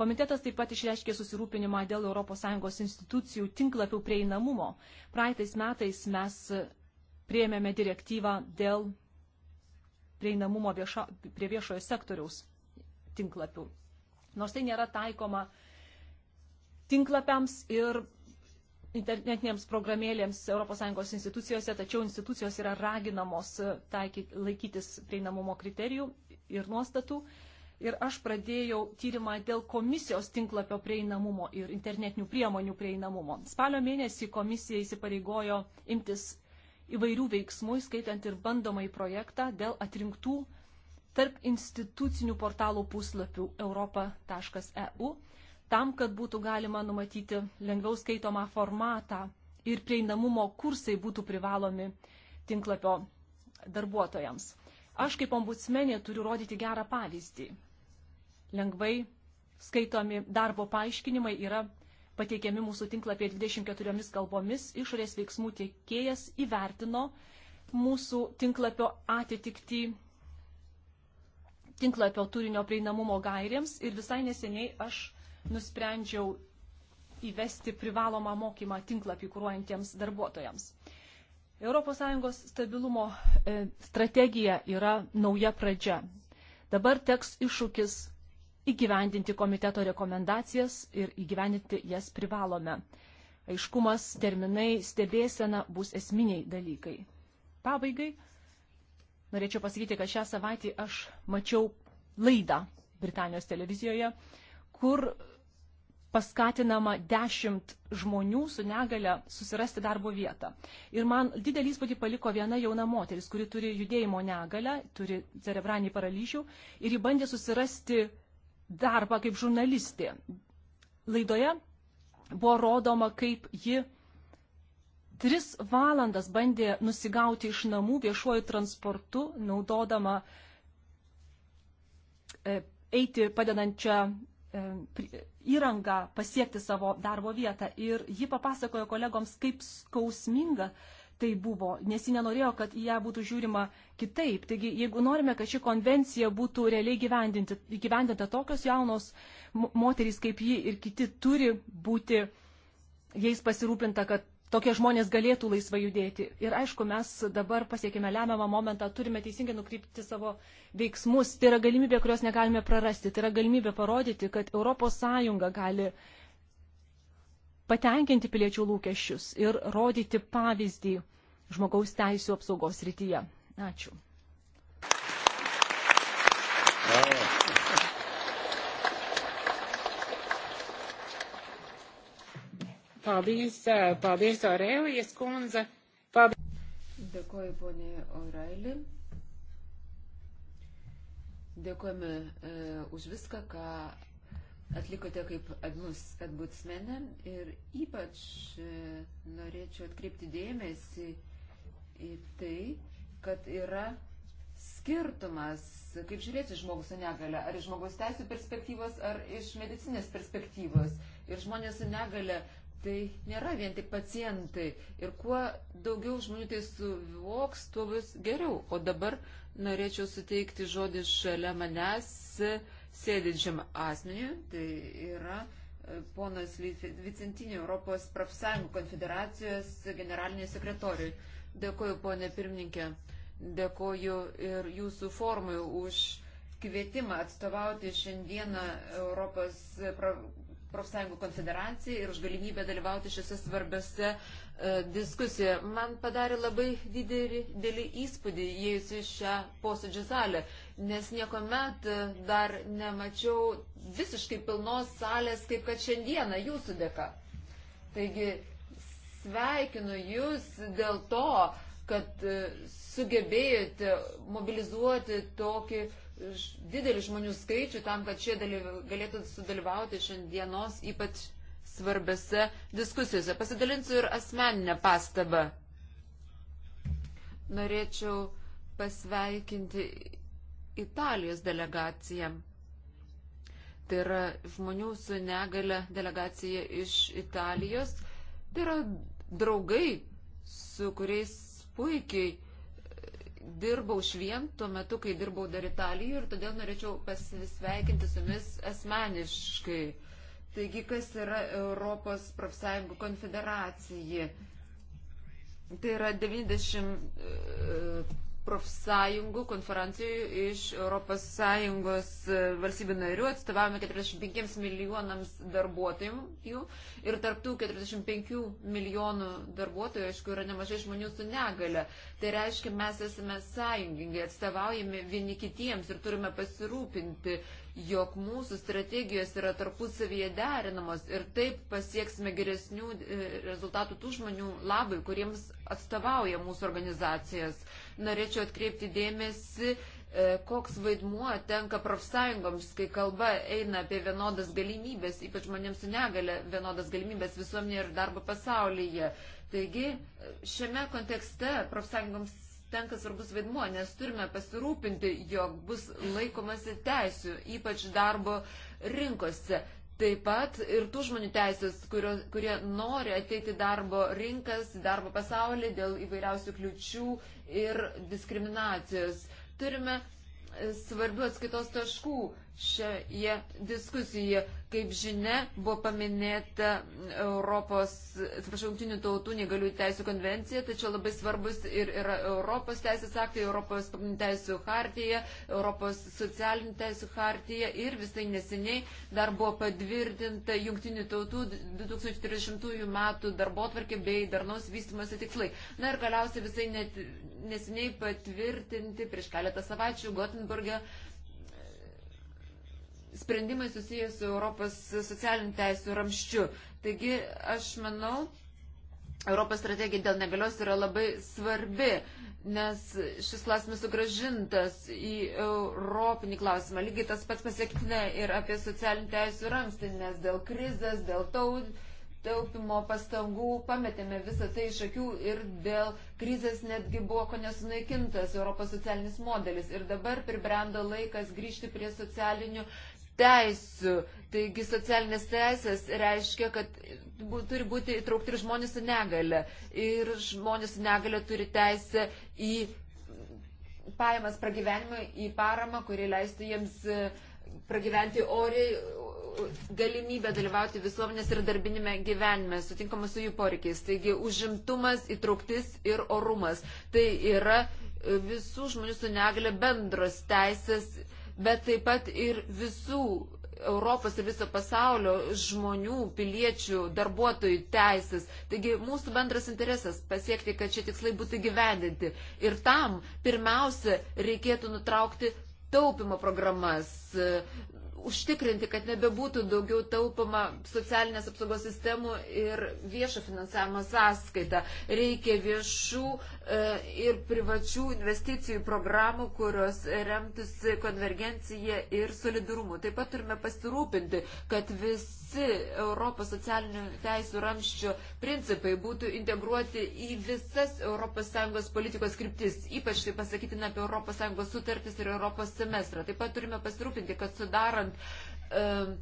Komitetas taip pat išreiškė susirūpinimą dėl ES institucijų tinklapių prieinamumo. Praeitais metais mes prieėmėme direktyvą dėl prieinamumo vieša, prie viešojo sektoriaus tinklapių. Nors tai nėra taikoma uh, tinklapiams ir internetinėms programėlėms ES institucijose, tačiau institucijos yra raginamos e, taikyt, laikytis prieinamumo kriterijų ir nuostatų. Ir aš pradėjau tyrimą dėl komisijos tinklapio prieinamumo ir internetinių priemonių prieinamumo. Spalio mėnesį komisija įsipareigojo imtis įvairių veiksmų, skaitant ir bandomąjį projektą dėl atrinktų tarp institucinių portalų puslapių europa.eu tam, kad būtų galima numatyti lengviau skaitomą formatą ir prieinamumo kursai būtų privalomi tinklapio darbuotojams. Aš kaip ombudsmenė turiu rodyti gerą pavyzdį. Lengvai skaitomi darbo paaiškinimai yra pateikiami mūsų tinklapė 24 kalbomis, išorės veiksmų tiekėjas įvertino mūsų tinklapio atitikti tinklapio turinio prieinamumo gairėms ir visai neseniai aš nusprendžiau įvesti privalomą mokymą tinklapį kūruojantiems darbuotojams. ES stabilumo e, strategija yra nauja pradžia. Dabar teks iššūkis įgyvendinti komiteto rekomendacijas ir įgyvendinti jas privalome. Aiškumas, terminai, stebėsena bus esminiai dalykai. Pabaigai norėčiau pasakyti, kad šią savaitę aš mačiau laidą Britanijos televizijoje, kur paskatinama dešimt žmonių su negale susirasti darbo vietą. Ir man didelį įspūdį paliko viena jauna moteris, kuri turi judėjimo negalę, turi cerebranį paralyžių ir ji bandė susirasti darbą kaip žurnalistė. Laidoje buvo rodoma, kaip ji tris valandas bandė nusigauti iš namų viešuoju transportu, naudodama e, eiti padedančią E, įrangą pasiekti savo darbo vietą. Ir ji papasakojo kolegoms, kaip skausminga tai buvo, nes ji nenorėjo, kad į ją būtų žiūrima kitaip. Taigi, jeigu norime, kad ši konvencija būtų realiai gyvendinta, tokios jaunos moterys kaip ji ir kiti turi būti jais pasirūpinta, kad tokie žmonės galėtų laisvai judėti. Ir aišku, mes dabar pasiekime lemiamą momentą, turime teisingai nukrypti savo veiksmus. Tai yra galimybė, kurios negalime prarasti. Tai yra galimybė parodyti, kad ES gali patenkinti piliečių lūkesčius ir rodyti pavyzdį žmogaus teisų apsaugos rytyje. Ačiū. Paldies, eh, paldies Aurēlijas kundze. Paldies. Dėkoju, ponė Aureli. Dėkojame e, už viską, ką atlikote kaip atbūtsmenė ir ypač e, norėčiau atkreipti dėmesį į tai, kad yra skirtumas, kaip žiūrėti žmogus su negale, ar iš žmogus teisų perspektyvos, ar iš medicinės perspektyvos. Ir žmonės su negale tai nėra vien tik pacientai. Ir kuo daugiau žmonių tai suvoks, tuo vis geriau. O dabar norėčiau suteikti žodį šalia manęs sėdinčiam asmeniu. Tai yra e, ponas Vicentinio Europos profsąjungų konfederacijos generaliniai sekretoriui. Dėkoju, ponė pirmininkė. Dėkoju ir jūsų formui už kvietimą atstovauti šiandieną Europos profsąjungų konfederaciją ir už galimybę dalyvauti šiose svarbiose e, diskusijoje. Man padarė labai didelį, didelį įspūdį įėjus į šią posėdžių salę, nes niekuomet e, dar nemačiau visiškai pilnos salės, kaip kad šiandieną jūsų dėka. Taigi sveikinu jūs dėl to, kad e, sugebėjote mobilizuoti tokį uh, didelį žmonių skaičių tam, kad šie dalyv... galėtų sudalyvauti šiandienos ypač svarbiose diskusijose. Pasidalinsiu ir asmeninę pastabą. Norėčiau pasveikinti Italijos delegaciją. Tai yra žmonių su negale delegacija iš Italijos. Tai yra draugai, su kuriais puikiai dirbau iš vien tuo metu, kai dirbau dar Italijoje ir todėl norėčiau pasisveikinti su jumis asmeniškai. Taigi, kas yra Europos profsąjungų konfederacija? Tai yra 90 profsąjungų konferencijų iš ES e, valstybių narių, atstovavome 45 milijonams darbuotojų ir tarptų 45 milijonų darbuotojų, aišku, yra nemažai žmonių su negale. Tai reiškia, mes esame sąjungingi, atstovaujame vieni kitiems ir turime pasirūpinti, jog mūsų strategijos yra tarpusavyje derinamos ir taip pasieksime geresnių e, rezultatų tų žmonių labai, kuriems atstovauja mūsų organizacijos norėčiau atkreipti dėmesį, e, koks vaidmuo tenka profsąjungoms, kai kalba eina apie vienodas galimybės, ypač žmonėms su negale, vienodas galimybės visuomenėje ir darbo pasaulyje. Taigi, e, šiame kontekste profsąjungoms tenka svarbus vaidmuo, nes turime pasirūpinti, jog bus laikomasi teisų, ypač darbo rinkose. Taip pat ir tų žmonių teisės, kurio, kurie nori ateiti darbo rinkas, darbo pasaulį dėl įvairiausių kliučių ir diskriminacijos. Turime svarbių atskaitos taškų šioje diskusijoje. Kaip žinia, buvo paminėta Europos, atsiprašau, jungtinių tautų negalių teisų konvencija, tačiau labai svarbus ir yra Europos teisės aktai, Europos teisų hartija, Europos socialinių teisų hartija ir visai neseniai dar buvo patvirtinta jungtinių tautų 2030 metų darbotvarkė bei darnaus vystimosi tikslai. Na ir galiausiai visai net, neseniai patvirtinti prieš keletą savaičių Gotenburgė e sprendimai susijęs su Europos socialinių teisų ramščiu. Taigi aš manau, Europos strategija dėl negalios yra labai svarbi, nes šis klausimas sugražintas į europinį klausimą. Lygiai tas pats pasiektina ir apie socialinių teisų ramstį, nes dėl krizės, dėl taupimo pastangų pametėme visą tai iš akių ir dėl krizės netgi buvo ko nesunaikintas Europos socialinis modelis. Ir dabar pribrendo laikas grįžti prie socialinių teisių. Taigi socialinės teisės reiškia, kad turi būti įtraukti ir žmonės su negale. Ir žmonės su negale turi teisę į pajamas pragyvenimą, į paramą, kuri leistų jiems e, pragyventi oriai, galimybę dalyvauti visuomenės ir darbinėme gyvenime, sutinkama su jų poreikiais. Taigi užimtumas, įtrauktis ir orumas. Tai yra e, visų žmonių su negale bendros teisės bet taip pat ir visų Europos ir viso pasaulio žmonių, piliečių, darbuotojų teisės. Taigi mūsų bendras interesas pasiekti, kad šie tikslai būtų gyvendinti. Ir tam pirmiausia reikėtų nutraukti taupimo programas, užtikrinti, kad nebebūtų daugiau taupama socialinės apsaugos sistemų ir viešo finansavimo sąskaita. Reikia viešų E, ir privačių investicijų programų, kurios remtųsi konvergencija ir solidarumu. Taip pat turime pasirūpinti, kad visi Europos socialinių teisų ramščio principai būtų integruoti į visas ES politikos kryptis, ypač tai pasakytina apie ES sutartis ir ES semestrą. Taip pat turime pasirūpinti, kad sudarant um,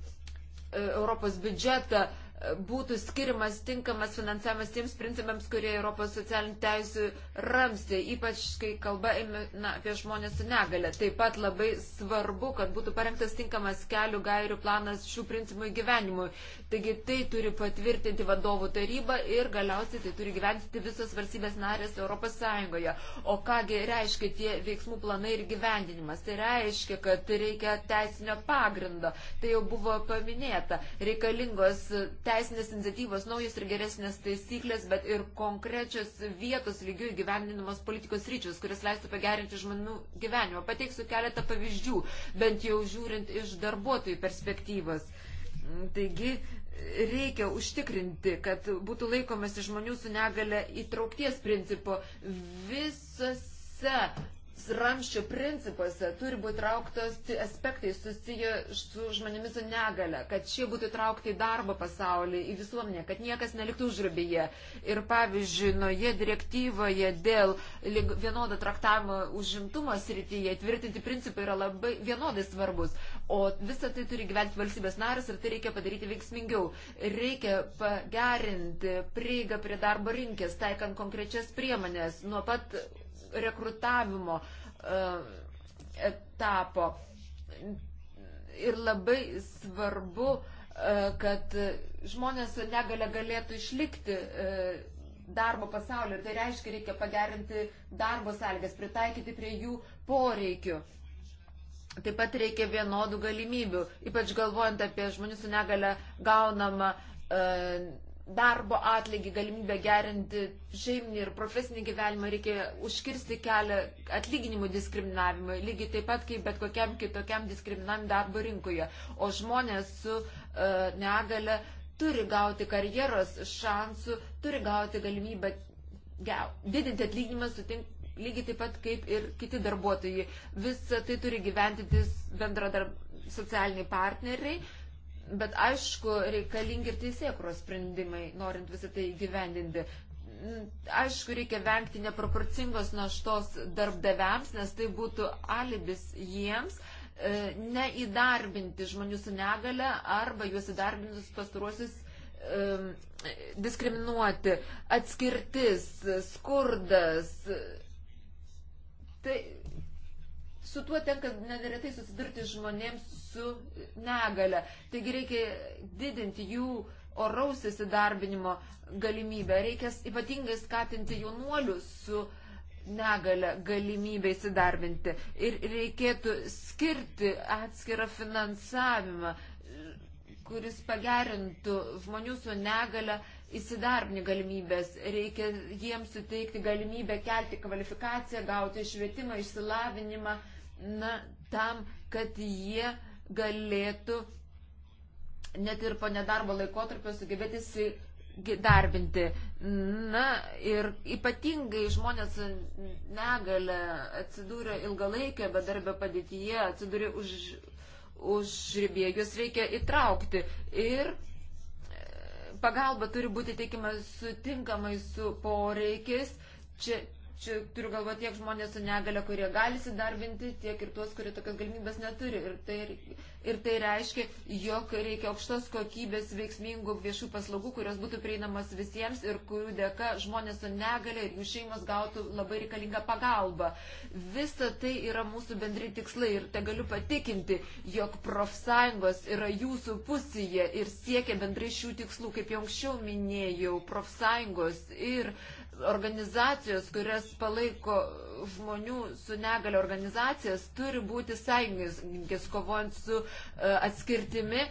Europos biudžetą uh, būtų skirimas tinkamas finansavimas tiems principams, kurie Europos socialinių teisų ramsti, ypač kai kalba na, apie žmonės su negale. Taip pat labai svarbu, kad būtų parengtas tinkamas kelių gairių planas šių principų įgyvenimui. Taigi tai turi patvirtinti vadovų taryba ir galiausiai tai turi gyventi visos valstybės narės Europos Sąjungoje. O kągi reiškia tie veiksmų planai ir gyvendinimas? Tai reiškia, kad reikia teisinio pagrindo. Tai jau buvo paminėta. Reikalingos teisės teisinės iniciatyvos, naujos ir geresnės taisyklės, bet ir konkrečios vietos lygių įgyvendinamos politikos ryčius, kuris leistų pagerinti žmonių gyvenimą. Pateiksiu keletą pavyzdžių, bent jau žiūrint iš darbuotojų perspektyvos. Taigi, reikia užtikrinti, kad būtų laikomasi žmonių su negale įtraukties principu visose ramščio principuose turi būti trauktos aspektai susiję su žmonėmis su negale, kad šie būtų traukti į darbo pasaulį, į visuomenę, kad niekas neliktų užrubėje. Ir pavyzdžiui, noje direktyvoje dėl vienodo traktavimo užimtumo srityje tvirtinti principai yra labai vienodai svarbus, o visą tai turi gyventi valstybės narės ir tai reikia padaryti veiksmingiau. Reikia pagerinti prieigą prie darbo rinkės, taikant konkrečias priemonės nuo pat rekrutavimo e, etapo. Ir labai svarbu, e, kad žmonės su negale galėtų išlikti e, darbo pasaulio. Ir tai reiškia, reikia pagerinti darbo sąlygas, pritaikyti prie jų poreikių. Taip pat reikia vienodų galimybių, ypač galvojant apie žmonių su negale gaunamą e, darbo atlygį, galimybę gerinti šeiminį ir profesinį gyvenimą, reikia užkirsti kelią atlyginimų diskriminavimui, lygiai taip pat kaip bet kokiam kitokiam diskriminavimui darbo rinkoje. O žmonės su uh, negale turi gauti karjeros šansų, turi gauti galimybę gau, didinti atlyginimą, sutinkti lygiai taip pat kaip ir kiti darbuotojai. Visą tai turi gyventintis bendradarb socialiniai partneriai Bet aišku, reikalingi ir teisėkros sprendimai, norint visą tai gyvendinti. Mm, aišku, reikia vengti neproporcingos naštos darbdaviams, nes tai būtų alibis jiems e, neįdarbinti žmonių su negale arba juos įdarbintus pastaruosius e, diskriminuoti. Atskirtis, skurdas. Tai su tuo tenka neretai susidurti žmonėms su negale. Taigi reikia didinti jų oraus įsidarbinimo galimybę. Reikia ypatingai skatinti jaunuolius su negalę galimybę įsidarbinti. Ir reikėtų skirti atskirą finansavimą, kuris pagerintų žmonių su negale įsidarbinį galimybės. Reikia jiems suteikti galimybę kelti kvalifikaciją, gauti švietimą, išsilavinimą na, tam, kad jie galėtų net ir po nedarbo laikotarpio sugebėti įsidarbinti. Na ir ypatingai žmonės negalė atsidūrė ilgalaikio bedarbio padėtyje, atsidūrė už, už ribėgius, reikia įtraukti. Ir e, pagalba turi būti teikima sutinkamai su poreikis. Čia Čia turiu galvo tiek žmonės su negale, kurie gali įsidarbinti, tiek ir tuos, kurie tokios galimybės neturi. Ir tai, ir tai reiškia, jog reikia aukštos kokybės veiksmingų viešų paslaugų, kurios būtų prieinamas visiems ir kurių dėka žmonės su negale ir jų šeimas gautų labai reikalingą pagalbą. Visa tai yra mūsų bendri tikslai ir te galiu patikinti, jog profsąjungos yra jūsų pusėje ir siekia bendrai šių tikslų, kaip jau anksčiau minėjau, profsąjungos ir uh, Organizacijos, kurias palaiko žmonių su negalio organizacijas, turi būti sąjungininkės kovojant su e, atskirtimi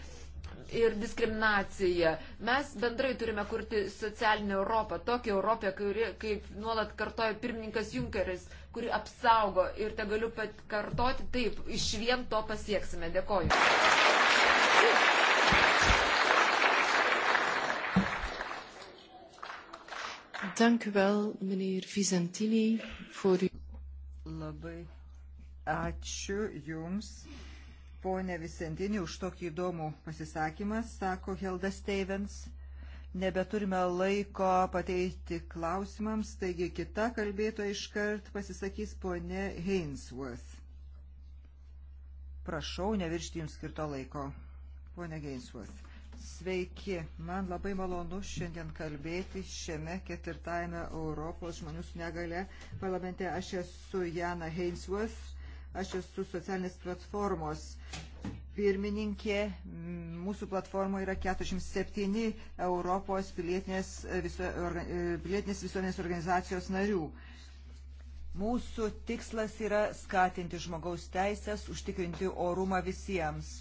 ir diskriminacija. Mes bendrai turime kurti socialinę Europą, tokią Europą, kuri, kaip nuolat kartoja pirmininkas Junkeris, kuri apsaugo ir te galiu pat kartoti, taip, iš vien to pasieksime. Dėkoju. Dank u wel, meneer Vizentini, voor uw. Labai ačiū Jums, ponė Vizentini, už tokį įdomų pasisakymą, sako Helda Stevens. Nebeturime laiko pateikti klausimams, taigi kita kalbėtoja iškart pasisakys ponė Hainsworth. Prašau, neviršti Jums skirto laiko. Ponė Hainsworth. Sveiki, man labai malonu šiandien kalbėti šiame ketvirtajame Europos žmonių su negale parlamente. Aš esu Jana Hainsworth, aš esu socialinės platformos pirmininkė. Mūsų platformoje yra 47 Europos pilietinės, viso, orga, pilietinės visuomenės organizacijos narių. Mūsų tikslas yra skatinti žmogaus teisės, užtikrinti orumą visiems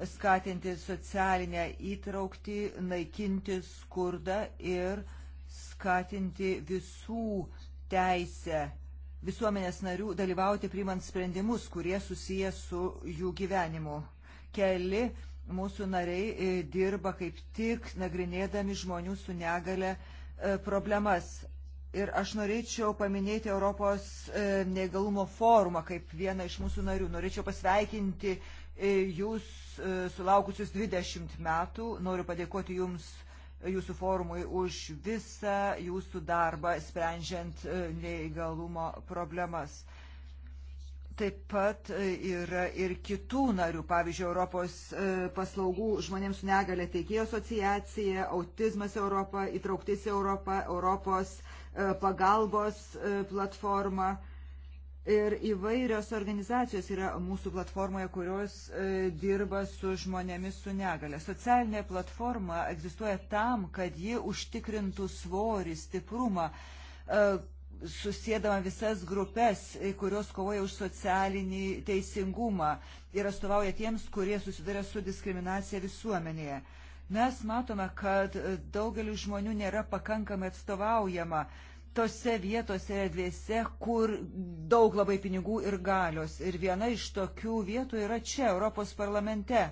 skatinti socialinę įtraukti, naikinti skurdą ir skatinti visų teisę visuomenės narių dalyvauti priimant sprendimus, kurie susiję su jų gyvenimu. Keli mūsų nariai e, dirba kaip tik nagrinėdami žmonių su negale e, problemas. Ir aš norėčiau paminėti Europos e, neįgalumo forumą kaip vieną iš mūsų narių. Norėčiau pasveikinti uh, E, jūs e, sulaukusius 20 metų. Noriu padėkoti Jums e, jūsų forumui už visą jūsų darbą sprendžiant neįgalumo problemas. Taip pat yra ir kitų narių, pavyzdžiui, Europos paslaugų žmonėms su negale teikėjo asociacija, autizmas Europa, įtrauktis Europa, Europos pagalbos platforma. Ir įvairios organizacijos yra mūsų platformoje, kurios e, dirba su žmonėmis su negale. Socialinė platforma egzistuoja tam, kad ji užtikrintų svorį, stiprumą, e, susėdama visas grupės, e, kurios kovoja už socialinį teisingumą ir atstovauja tiems, kurie susiduria su diskriminacija visuomenėje. Mes matome, kad e, daugeliu žmonių nėra pakankamai atstovaujama. E, tose vietose erdvėse, kur daug labai pinigų ir galios. Ir viena iš tokių vietų yra čia, Europos parlamente.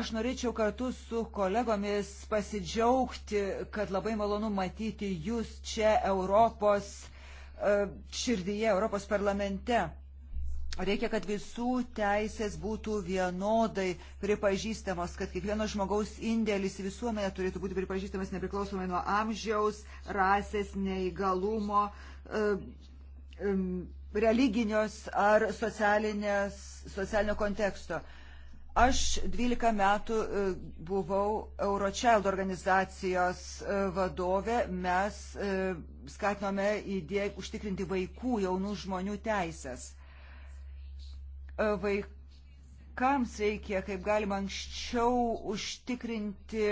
Aš norėčiau kartu su kolegomis pasidžiaugti, kad labai malonu matyti jūs čia Europos e, širdyje, Europos parlamente. Reikia, kad visų teisės būtų vienodai pripažįstamos, kad kiekvieno žmogaus indėlis į visuomenę turėtų būti pripažįstamas nepriklausomai nuo amžiaus, rasės, neįgalumo, e, e, religinios ar socialinio konteksto. Aš 12 metų e, buvau Eurochild organizacijos vadovė, mes skatinome įdėk, užtikrinti vaikų, jaunų žmonių teisės E, vaikams reikia, kaip galima anksčiau, užtikrinti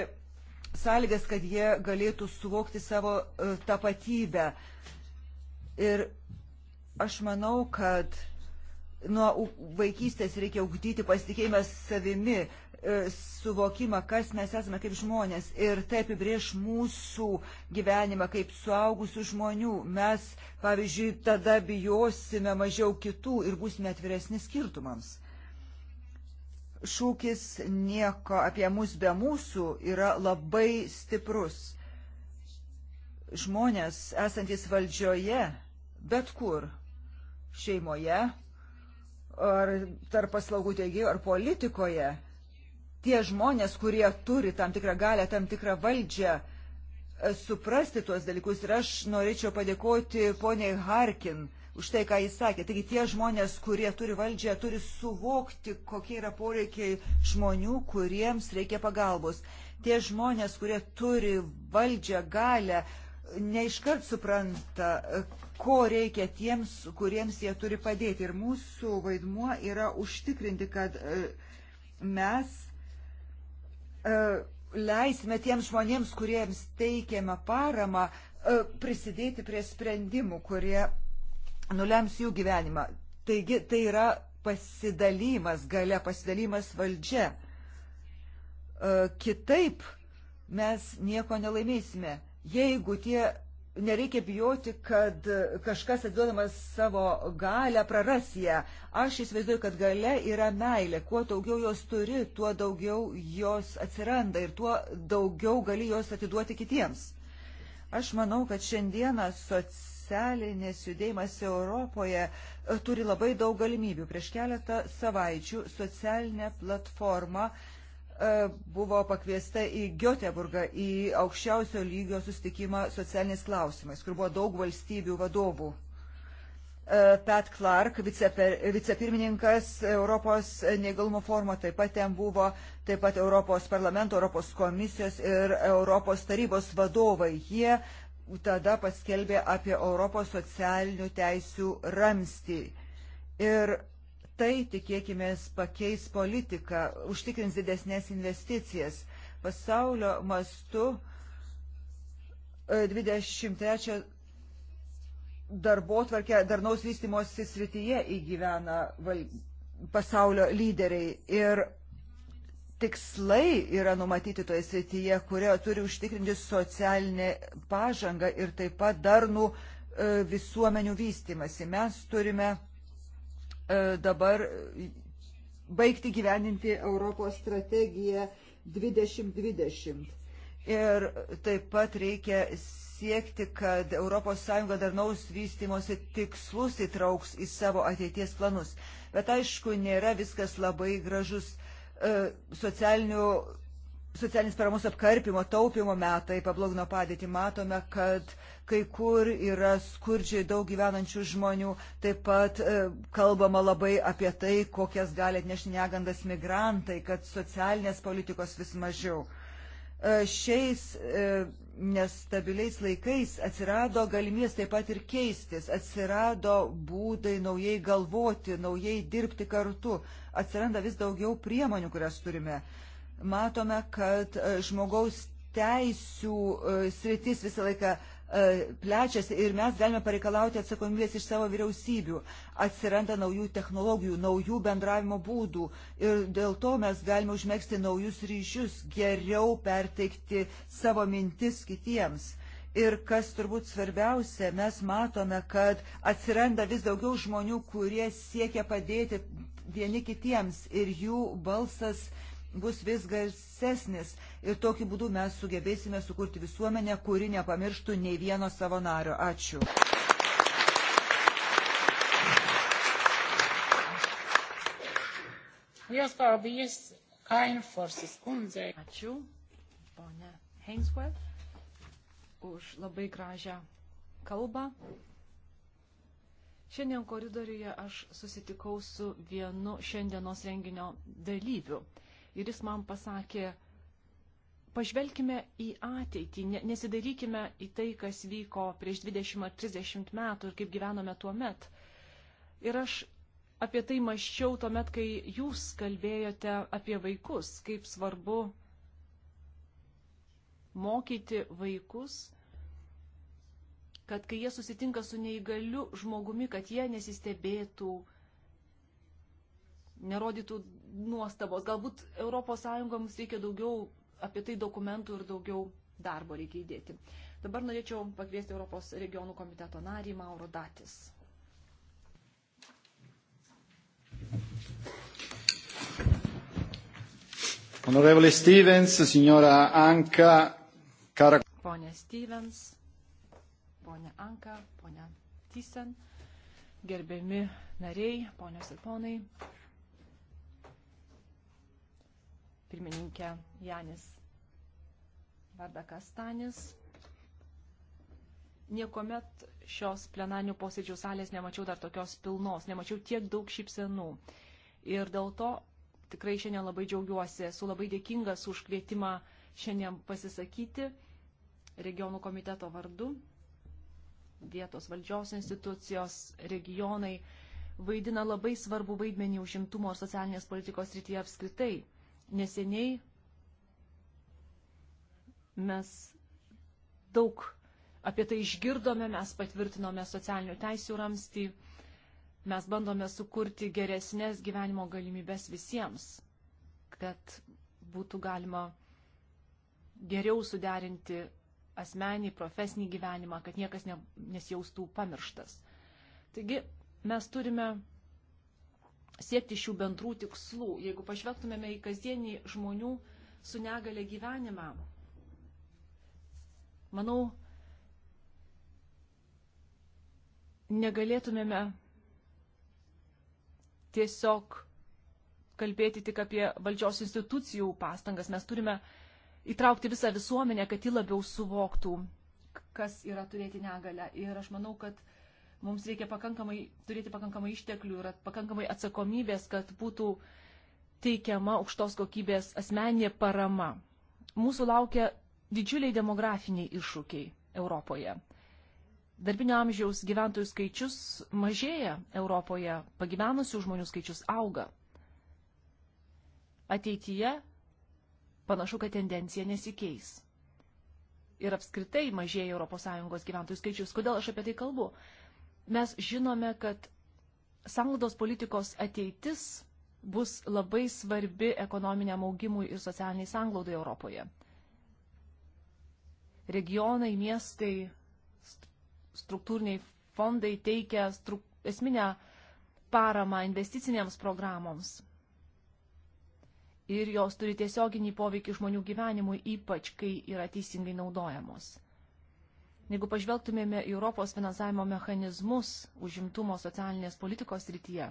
sąlygas, kad jie galėtų suvokti savo e, tapatybę. Ir aš manau, kad nuo vaikystės reikia ugdyti pasitikėjimą savimi, E, suvokimą, kas mes esame kaip žmonės ir tai apibrieš mūsų gyvenimą kaip suaugusių žmonių. Mes, pavyzdžiui, tada bijosime mažiau kitų ir būsime atviresni skirtumams. Šūkis nieko apie mus be mūsų yra labai stiprus. Žmonės esantis valdžioje, bet kur, šeimoje, ar tarp paslaugų teigėjų, ar politikoje, tie žmonės, kurie turi tam tikrą galę, tam tikrą valdžią, e, suprasti tuos dalykus. Ir aš norėčiau padėkoti poniai Harkin už tai, ką jis sakė. Taigi tie žmonės, kurie turi valdžią, turi suvokti, kokie yra poreikiai žmonių, kuriems reikia pagalbos. Tie žmonės, kurie turi valdžią, galę, neiškart supranta, e, ko reikia tiems, kuriems jie turi padėti. Ir mūsų vaidmuo yra užtikrinti, kad e, mes E, leisime tiems žmonėms, kuriems teikiame paramą, e, prisidėti prie sprendimų, kurie nulems jų gyvenimą. Taigi tai yra pasidalymas gale, pasidalymas valdžia. E, kitaip mes nieko nelaimėsime. Jeigu tie nereikia bijoti, kad kažkas atduodamas savo galę praras ją. Aš įsivaizduoju, kad gale yra meilė. Kuo daugiau jos turi, tuo daugiau jos atsiranda ir tuo daugiau gali jos atiduoti kitiems. Aš manau, kad šiandieną socialinis judėjimas Europoje e, turi labai daug galimybių. Prieš keletą savaičių socialinė platforma uh, E, buvo pakviesta į Göteborgą į aukščiausio lygio sustikimą socialiniais klausimais, kur buvo daug valstybių vadovų. E, pat Clark, vicepirmininkas Europos neįgalumo formo, taip pat ten buvo taip pat Europos parlamento, Europos komisijos ir Europos tarybos vadovai. Jie tada paskelbė apie Europos socialinių teisių ramstį. Ir tai, tikėkime, pakeis politiką, užtikrins didesnės investicijas. Pasaulio mastu 23 darbo tvarkę darnaus vystimosi srityje įgyvena val... pasaulio lyderiai. Ir tikslai yra numatyti toje srityje, kurie turi užtikrinti socialinę pažangą ir taip pat darnų e, visuomenių vystimasi. Mes turime E, dabar baigti gyveninti Europos strategiją 2020. Ir taip pat reikia siekti, kad ES darnaus vystimosi tikslus įtrauks į savo ateities planus. Bet aišku, nėra viskas labai gražus. E, socialinių socialinis paramos apkarpimo, taupimo metai pablogino padėtį. Matome, kad kai kur yra skurdžiai daug gyvenančių žmonių. Taip pat e, kalbama labai apie tai, kokias gali atnešti negandas migrantai, kad socialinės politikos vis mažiau. E, šiais e, nestabiliais laikais atsirado galimybės taip pat ir keistis, atsirado būdai naujai galvoti, naujai dirbti kartu, atsiranda vis daugiau priemonių, kurias turime. E, matome, kad e, žmogaus teisių e, sritis visą laiką e, plečiasi ir mes galime pareikalauti atsakomybės iš savo vyriausybių. Atsiranda naujų technologijų, naujų bendravimo būdų ir dėl to mes galime užmėgsti naujus ryšius, geriau perteikti savo mintis kitiems. Ir kas turbūt svarbiausia, mes matome, kad atsiranda vis daugiau žmonių, kurie siekia padėti vieni kitiems ir jų balsas uh, bus vis garsesnis ir tokiu būdu mes sugebėsime sukurti visuomenę, kuri nepamirštų nei vieno savo nario. Ačiū. Ačiū, ponė Hainsworth, už labai gražią kalbą. Šiandien koridoriuje aš susitikau su vienu šiandienos renginio dalyviu ir jis man pasakė, pažvelkime į ateitį, nesidarykime į tai, kas vyko prieš 20 ar 30 metų ir kaip gyvenome tuo met. Ir aš apie tai maščiau tuo met, kai jūs kalbėjote apie vaikus, kaip svarbu mokyti vaikus, kad kai jie susitinka su neįgaliu žmogumi, kad jie nesistebėtų, nerodytų nuostabos. Galbūt ES mums reikia daugiau apie tai dokumentų ir daugiau darbo reikia įdėti. Dabar norėčiau pakviesti Europos regionų komiteto narį Mauro Datis. Honorevole Stevens, signora Anka, cara... Pone Stevens, pone Anka, pone Tysen, gerbiami nariai, ponios ir ponai. pirmininkė Janis Vardakastanis. Niekuomet šios plenarnių posėdžių salės nemačiau dar tokios pilnos, nemačiau tiek daug šypsenų. Ir dėl to tikrai šiandien labai džiaugiuosi, esu labai dėkingas už kvietimą šiandien pasisakyti regionų komiteto vardu. Vietos valdžios institucijos, regionai vaidina labai svarbu vaidmenį užimtumo ir socialinės politikos rytyje apskritai. Neseniai mes daug apie tai išgirdome, mes patvirtinome socialinių teisių ramstį, mes bandome sukurti geresnės gyvenimo galimybės visiems, kad būtų galima geriau suderinti asmenį, profesinį gyvenimą, kad niekas ne, nesijaustų pamirštas. Taigi mes turime siekti šių bendrų tikslų. Jeigu pažvelgtumėme į kasdienį žmonių su negale gyvenimą, manau, negalėtumėme tiesiog kalbėti tik apie valdžios institucijų pastangas. Mes turime įtraukti visą visuomenę, kad ji labiau suvoktų, kas yra turėti negalę. Ir aš manau, kad Mums reikia pakankamai, turėti pakankamai išteklių ir pakankamai atsakomybės, kad būtų teikiama aukštos kokybės asmeninė parama. Mūsų laukia didžiuliai demografiniai iššūkiai Europoje. Darbinio amžiaus gyventojų skaičius mažėja Europoje, pagyvenusių žmonių skaičius auga. Ateityje panašu, kad tendencija nesikeis. Ir apskritai mažėja ES gyventojų skaičius. Kodėl aš apie tai kalbu? mes žinome, kad sanglaudos politikos ateitis bus labai svarbi ekonominiam augimui ir socialiniai sanglaudai Europoje. Regionai, miestai, struktūriniai fondai teikia struk esminę paramą investicinėms programoms. Ir jos turi tiesioginį poveikį žmonių gyvenimui, ypač kai yra teisingai naudojamos. Jeigu pažvelgtumėme į Europos finansavimo mechanizmus užimtumo socialinės politikos rytyje,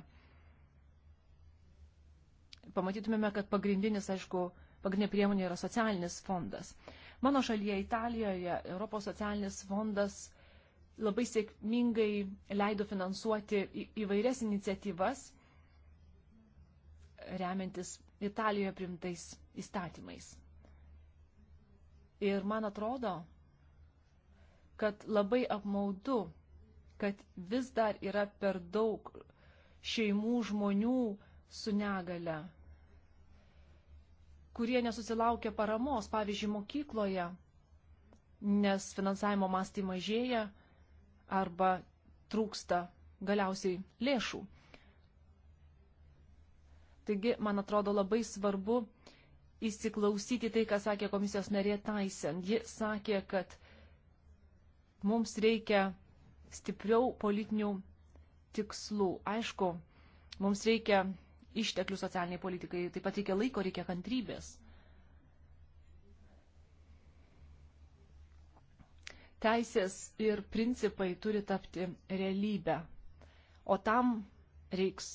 pamatytumėme, kad pagrindinis, aišku, pagrindinė priemonė yra socialinis fondas. Mano šalyje, Italijoje, Europos socialinis fondas labai sėkmingai leido finansuoti į, įvairias iniciatyvas, remiantis Italijoje primtais įstatymais. Ir man atrodo, kad labai apmaudu, kad vis dar yra per daug šeimų žmonių su negale, kurie nesusilaukia paramos, pavyzdžiui, mokykloje, nes finansavimo mastai mažėja arba trūksta galiausiai lėšų. Taigi, man atrodo, labai svarbu įsiklausyti tai, ką sakė komisijos narė Taisen. Ji sakė, kad Mums reikia stipriau politinių tikslų. Aišku, mums reikia išteklių socialiniai politikai, taip pat reikia laiko, reikia kantrybės. Teisės ir principai turi tapti realybę, o tam reiks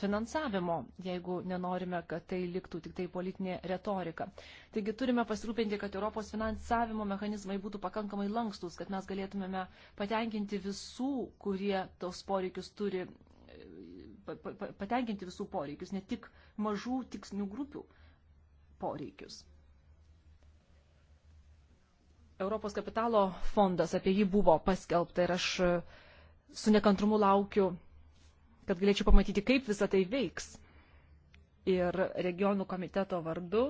finansavimo, jeigu nenorime, kad tai liktų tik tai politinė retorika. Taigi turime pasirūpinti, kad Europos finansavimo mechanizmai būtų pakankamai lankstus, kad mes galėtumėme patenkinti visų, kurie tos poreikius turi, patenkinti visų poreikius, ne tik mažų tiksnių grupių poreikius. Europos kapitalo fondas, apie jį buvo paskelbta ir aš su nekantrumu laukiu kad galėčiau pamatyti, kaip visa tai veiks. Ir regionų komiteto vardu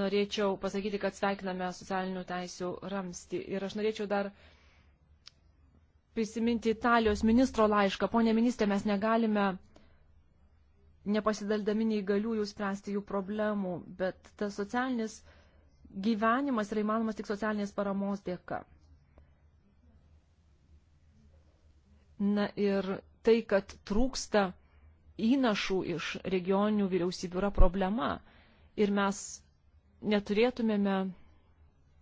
norėčiau pasakyti, kad sveikiname socialinių teisių ramsti. Ir aš norėčiau dar prisiminti Italijos ministro laišką. Pone ministrė, mes negalime nepasidaldami neįgaliųjų spręsti jų problemų, bet tas socialinis gyvenimas yra įmanomas tik socialinės paramos dėka. Na ir tai, kad trūksta įnašų iš regioninių vyriausybių yra problema. Ir mes neturėtumėme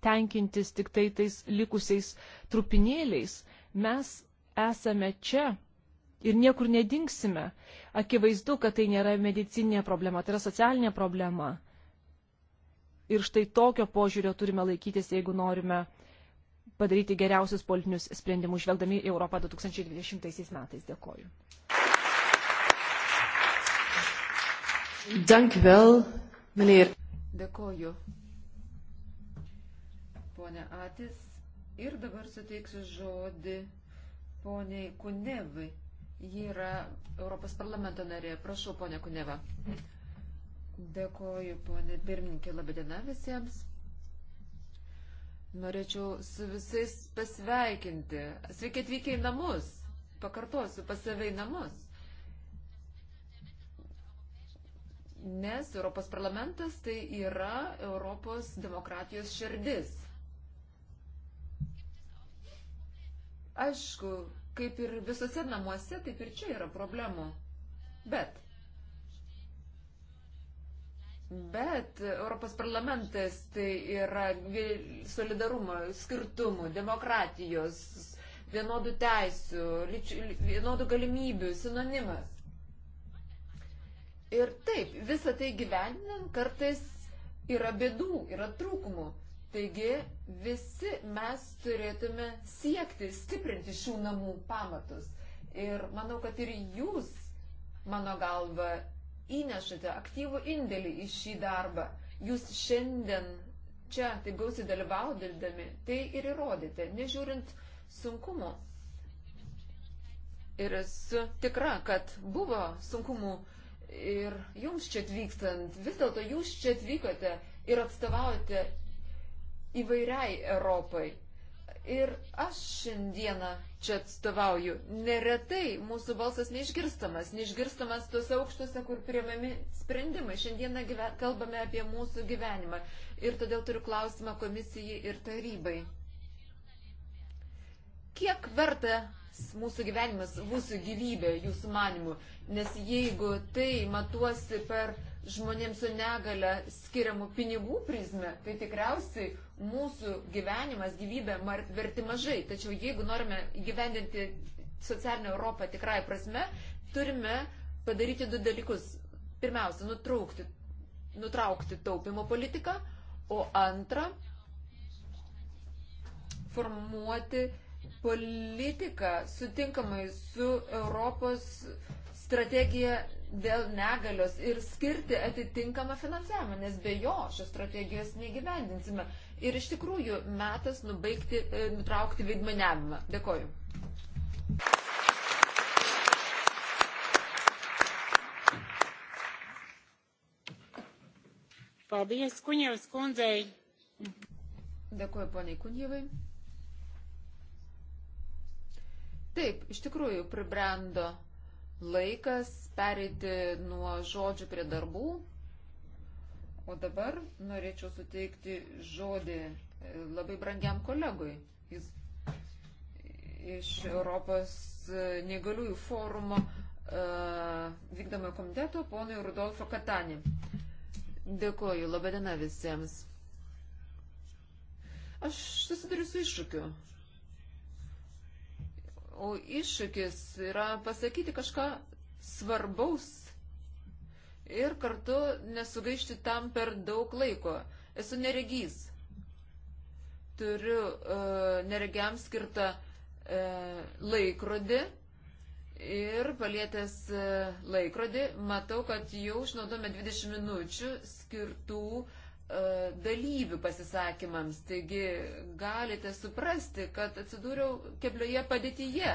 tenkintis tik tai tais likusiais trupinėliais. Mes esame čia ir niekur nedingsime. Akivaizdu, kad tai nėra medicinė problema, tai yra socialinė problema. Ir štai tokio požiūrio turime laikytis, jeigu norime padaryti geriausius politinius sprendimus, žvelgdami į Europą 2020 metais. Dėkoju. Dank vėl, Melėr. Dėkoju. Pone Atis. Ir dabar suteiksiu žodį poniai Kunevai. Ji yra Europos parlamento narė. Prašau, ponė Kuneva. Dėkoju, ponė pirmininkė. Labadiena visiems. Norėčiau su visais pasveikinti. Sveiki atvykę į namus. Pakartosiu, pas save į namus. Nes Europos parlamentas tai yra Europos demokratijos širdis. Aišku, kaip ir visose namuose, taip ir čia yra problemų. Bet Bet Europos parlamentas tai yra solidarumo, skirtumų, demokratijos, vienodų teisių, lyčių, vienodų galimybių sinonimas. Ir taip, visą tai gyvendinant kartais yra bėdų, yra trūkumų. Taigi visi mes turėtume siekti stiprinti šių namų pamatus. Ir manau, kad ir jūs, mano galva, įnešate aktyvų indėlį į šį darbą. Jūs šiandien čia taip gausiai dalyvaudami, tai ir įrodėte, nežiūrint sunkumų. Ir esu tikra, kad buvo sunkumų ir jums čia atvykstant, vis dėlto jūs čia atvykote ir atstovaujate įvairiai Europai ir aš šiandieną čia atstovauju. Neretai mūsų balsas neišgirstamas, neišgirstamas tuose aukštuose, kur priimami sprendimai. Šiandieną gyven, kalbame apie mūsų gyvenimą. Ir todėl turiu klausimą komisijai ir tarybai. Kiek verta mūsų gyvenimas, mūsų gyvybė, jūsų manimų. Nes jeigu tai matuosi per žmonėms su negale skiriamų pinigų prizmę, tai tikriausiai mūsų gyvenimas, gyvybė verti mažai. Tačiau jeigu norime gyvendinti socialinę Europą tikrai prasme, turime padaryti du dalykus. Pirmiausia, nutraukti, nutraukti taupimo politiką, o antra, formuoti politiką sutinkamai su Europos strategija dėl negalios ir skirti atitinkamą finansavimą, nes be jo šios strategijos negyvendinsime. Ir iš tikrųjų metas nubaigti, e, nutraukti veidmaniavimą. Dėkoju. Paldies, Kunjevs kundzei. Dėkoju, poniai Kunjevai. Taip, iš tikrųjų, pribrendo laikas pereiti nuo žodžių prie darbų. O dabar norėčiau suteikti žodį e, labai brangiam kolegui. Jis iš Europos e, negaliųjų forumo uh, vykdomojo komiteto, ponui Rudolfo Katanį. Dėkuoju, labadiena visiems. Aš susiduriu su iššūkiu. O iššūkis yra pasakyti kažką svarbaus ir kartu nesugaišti tam per daug laiko. Esu neregys. Turiu uh, neregiam skirtą uh, laikrodį ir palietęs uh, laikrodį matau, kad jau išnaudome 20 minučių skirtų uh, E, dalyvių pasisakymams. Taigi galite suprasti, kad atsidūriau keblioje padėtyje.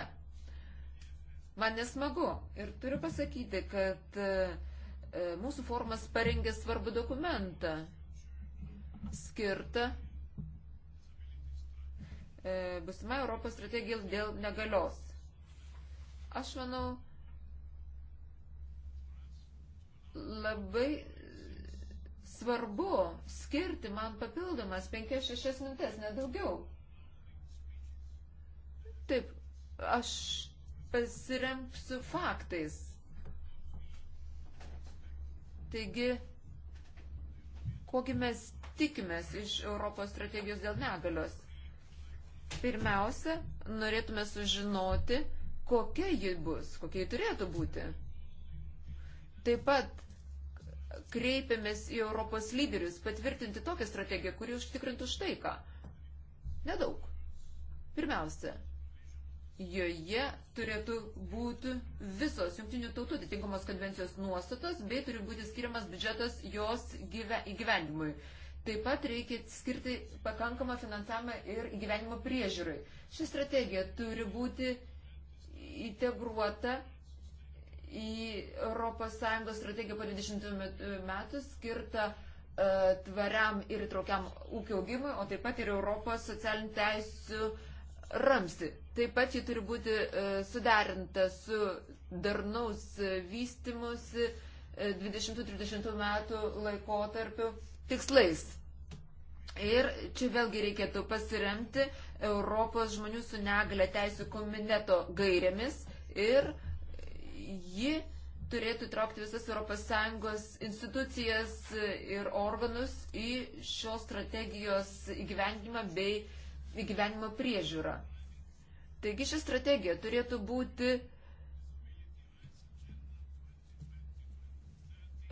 Man nesmagu. Ir turiu pasakyti, kad e, e, mūsų formas parengė svarbų dokumentą skirtą busimai Europos strategija dėl negalios. Aš manau, labai svarbu skirti man papildomas 5-6 minutės, nedaugiau. Taip, aš pasiremsiu faktais. Taigi, kokį mes tikimės iš Europos strategijos dėl negalios? Pirmiausia, norėtume sužinoti, kokia ji bus, kokia ji turėtų būti. Taip pat kreipiamės į Europos lyderius patvirtinti tokią strategiją, kuri užtikrintų štai ką. Nedaug. Pirmiausia, joje turėtų būti visos jungtinių tautų atitinkamos konvencijos nuostatos, bei turi būti skiriamas biudžetas jos gyve, įgyvendimui. Taip pat reikia skirti pakankamą finansavimą ir įgyvenimo priežiūrai. Ši strategija turi būti integruota į ES strategiją po 20 metų skirtą e, tvariam ir įtraukiam ūkio augimui, o taip pat ir Europos socialinių teisų ramsti. Taip pat ji turi būti e, suderinta su darnaus vystimusi 2030 e, metų laikotarpiu tikslais. Ir čia vėlgi reikėtų pasiremti Europos žmonių su negale teisų komiteto gairėmis ir ji turėtų traukti visas ES institucijas ir organus į šios strategijos įgyvendimą bei įgyvendimo priežiūrą. Taigi ši strategija turėtų būti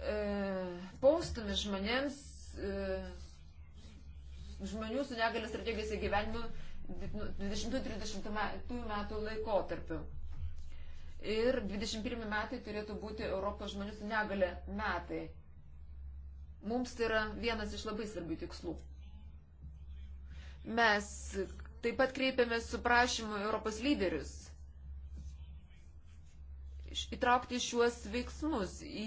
e, paustumi žmonėms, e, žmonių su negalės strategijos įgyvendimo 20-30 nu, metų laikotarpiu ir 21 metai turėtų būti Europos žmonių su negale metai. Mums tai yra vienas iš labai svarbių tikslų. Mes taip pat kreipiamės su prašymu Europos lyderius įtraukti šiuos veiksmus į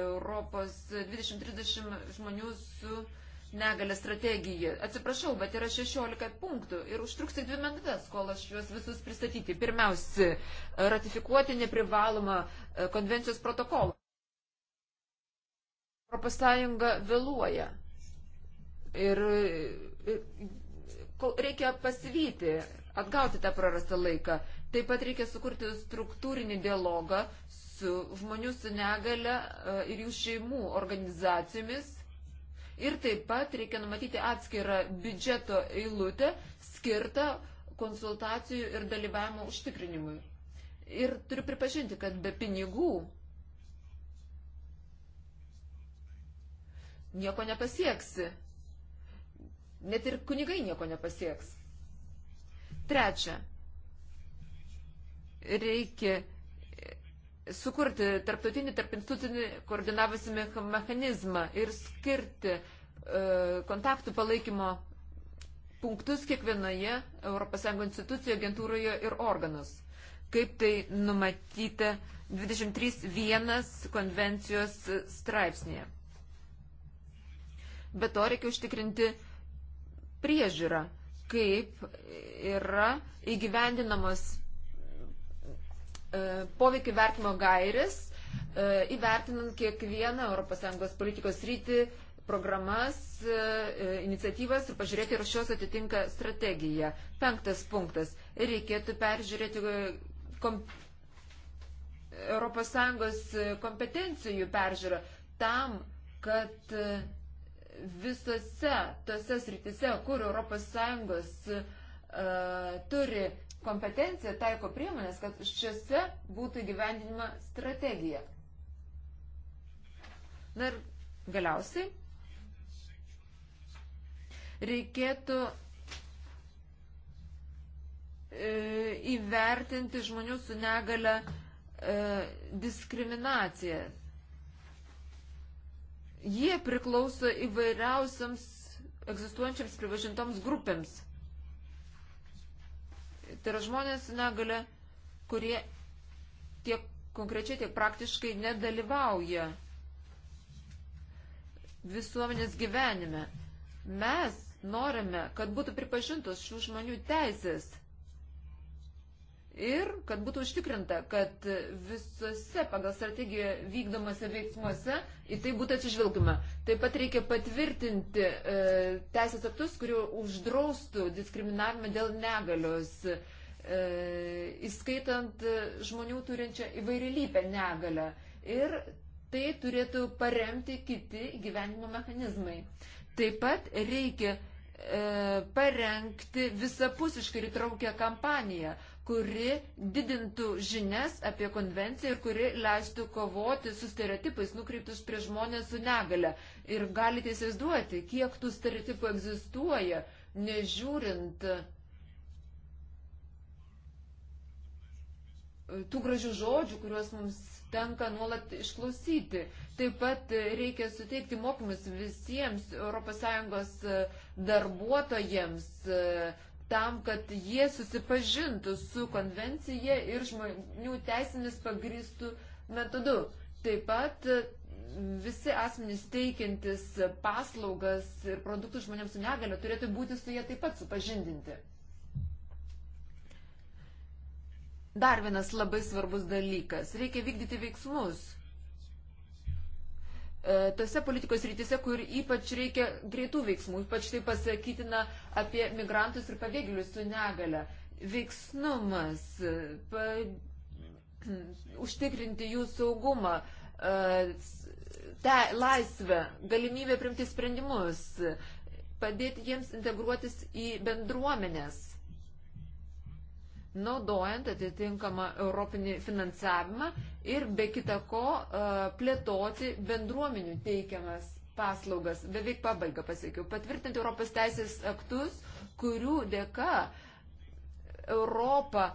Europos 2030 žmonių su negale negalę strategiją. Atsiprašau, bet yra 16 punktų ir užtruks tik dvi minutės, kol aš juos visus pristatyti. Pirmiausia, ratifikuoti neprivalomą e, konvencijos protokolą. Europos Sąjunga vėluoja. Ir, ir e, reikia pasivyti, atgauti tą prarastą laiką. Taip pat reikia sukurti struktūrinį dialogą su žmonių su negale e, ir jų šeimų organizacijomis, Ir taip pat reikia numatyti atskirą biudžeto eilutę skirtą konsultacijų ir dalyvavimo užtikrinimui. Ir turiu pripažinti, kad be pinigų nieko nepasieksi. Net ir kunigai nieko nepasieks. Trečia. Reikia sukurti tarptautinį, tarp institucinį koordinavusi mechanizmą ir skirti e, kontaktų palaikymo punktus kiekvienoje ES institucijoje, agentūroje ir organus. Kaip tai numatyta 23.1 konvencijos straipsnėje. Be to reikia užtikrinti priežiūrą, kaip yra įgyvendinamos E, poveikį vertimo gairis, e, įvertinant kiekvieną ES politikos rytį, programas, e, iniciatyvas ir pažiūrėti, ar šios atitinka strategiją. Penktas punktas. Reikėtų peržiūrėti kom... ES kompetencijų peržiūrą tam, kad visose tose srityse, kur ES uh, turi kompetenciją, taiko priemonės, kad šiuose būtų gyvendinima strategija. Na ir galiausiai reikėtų e, įvertinti žmonių su negale e, diskriminaciją. Jie priklauso įvairiausiams egzistuojančiams privažintoms grupėms. Tai yra žmonės su negale, kurie tiek konkrečiai, tiek praktiškai nedalyvauja visuomenės gyvenime. Mes norime, kad būtų pripažintos šių žmonių teisės ir kad būtų užtikrinta, kad visose pagal strategiją vykdomose veiksmuose į tai būtų atsižvelgama. Taip pat reikia patvirtinti e, teisės aktus, kurie uždraustų diskriminavimą dėl negalios. E, E, įskaitant žmonių turinčią įvairialypę negalę. Ir tai turėtų paremti kiti gyvenimo mechanizmai. Taip pat reikia e, parengti visapusiškai įtraukę kampaniją, kuri didintų žinias apie konvenciją ir kuri leistų kovoti su stereotipais nukreiptus prie žmonės su negale. Ir galite įsivaizduoti, kiek tų stereotipų egzistuoja, nežiūrint uh, tų gražių žodžių, kuriuos mums tenka nuolat išklausyti. Taip pat reikia suteikti mokymus visiems ES e, darbuotojams e, tam, kad jie susipažintų su konvencija ir žmonių teisėmis pagristų metodu. Taip pat e, visi asmenys teikiantis paslaugas ir produktus žmonėms su negaliu turėtų būti su jie taip pat supažindinti. Dar vienas labai svarbus dalykas. Reikia vykdyti veiksmus. E, tose politikos rytise, kur ypač reikia greitų veiksmų, ypač tai pasakytina apie migrantus ir pabėgėlius su negale. Veiksnumas, e, pa, [CLEARS THROAT] užtikrinti jų saugumą, e, te, laisvę, galimybę primti sprendimus, padėti jiems integruotis į bendruomenės naudojant atitinkamą europinį finansavimą ir be kita ko e, plėtoti bendruomenių teikiamas paslaugas. Beveik pabaiga pasakiau. Patvirtinti Europos teisės aktus, kurių dėka Europa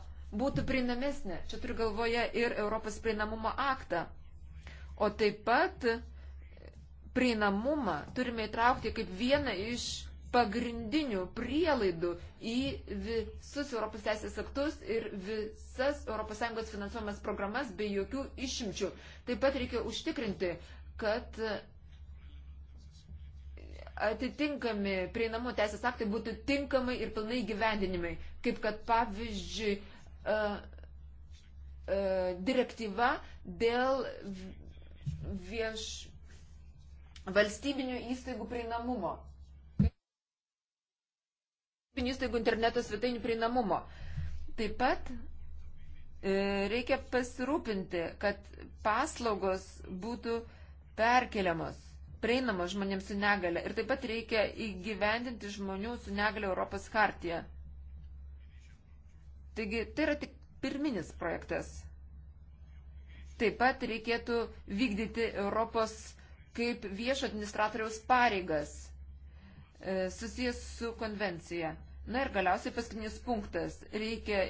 būtų prieinamesnė. Čia turiu galvoje ir Europos prieinamumo aktą. O taip pat prieinamumą turime įtraukti kaip vieną iš pagrindinių prielaidų į visus Europos teisės aktus ir visas ES finansuojamas programas bei jokių išimčių. Taip pat reikia užtikrinti, kad atitinkami prieinamų teisės aktai būtų tinkamai ir pilnai gyvendinimai, kaip kad pavyzdžiui e, e, direktyva dėl vieš valstybinių įstaigų prieinamumo įstaigų interneto svetainių prieinamumo. Taip pat e, reikia pasirūpinti, kad paslaugos būtų perkeliamos, prieinamos žmonėms su negale. Ir taip pat reikia įgyvendinti žmonių su negale Europos hartiją. Taigi, tai yra tik pirminis projektas. Taip pat reikėtų vykdyti Europos kaip viešo administratoriaus pareigas E, susijęs su konvencija. Na ir galiausiai paskutinis punktas. Reikia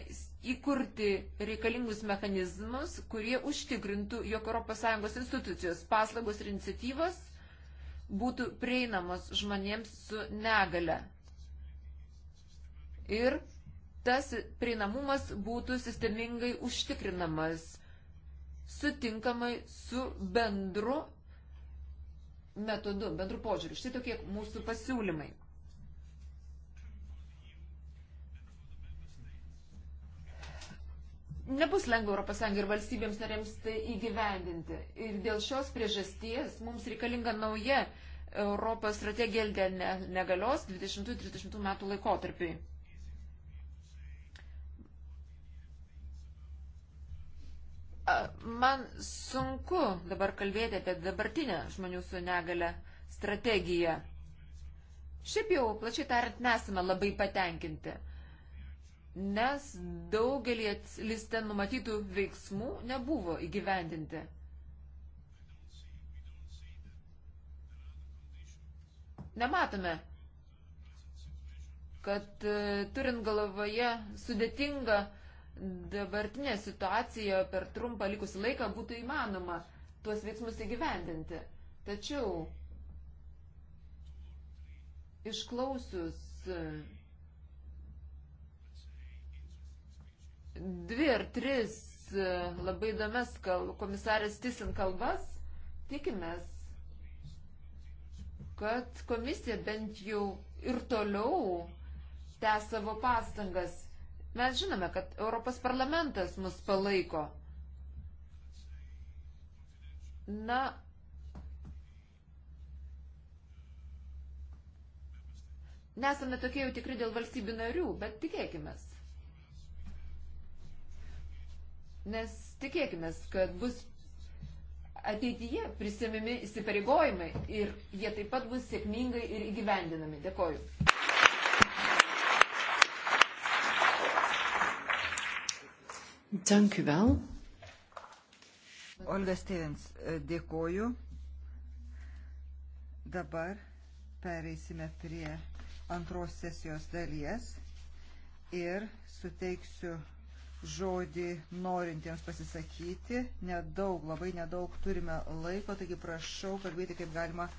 įkurti reikalingus mechanizmus, kurie užtikrintų, jog ES institucijos paslaugos ir iniciatyvos būtų prieinamos žmonėms su negale. Ir tas prieinamumas būtų sistemingai užtikrinamas, sutinkamai su bendru metodu, bendru požiūriu. Štai tokie mūsų pasiūlymai. Nebus lengva ES ir valstybėms narėms tai įgyvendinti. Ir dėl šios priežasties mums reikalinga nauja Europos strategija dėl negalios 20-30 metų laikotarpiai. Man sunku dabar kalbėti apie dabartinę žmonių su negale strategiją. Šiaip jau, plačiai tariant, nesame labai patenkinti, nes daugelį liste numatytų veiksmų nebuvo įgyvendinti. Nematome, kad e, turint galvoje sudėtingą dabartinė situacija per trumpą likusį laiką būtų įmanoma tuos veiksmus įgyvendinti. Tačiau išklausius e, dvi ar tris e, labai įdomias komisarės Tisin kalbas, tikimės, kad komisija bent jau ir toliau tęs savo pastangas Mes žinome, kad Europos parlamentas mus palaiko. Na, nesame tokie jau tikri dėl valstybių narių, bet tikėkime. Nes tikėkime, kad bus ateityje prisimimi įsipareigojimai ir jie taip pat bus sėkmingai ir įgyvendinami. Dėkoju. Dank u wel. Olga Stevens, e, dėkoju. Dabar pereisime prie antros sesijos dalies ir suteiksiu žodį norintiems pasisakyti. Nedaug, labai nedaug turime laiko, taigi prašau kalbėti kaip galima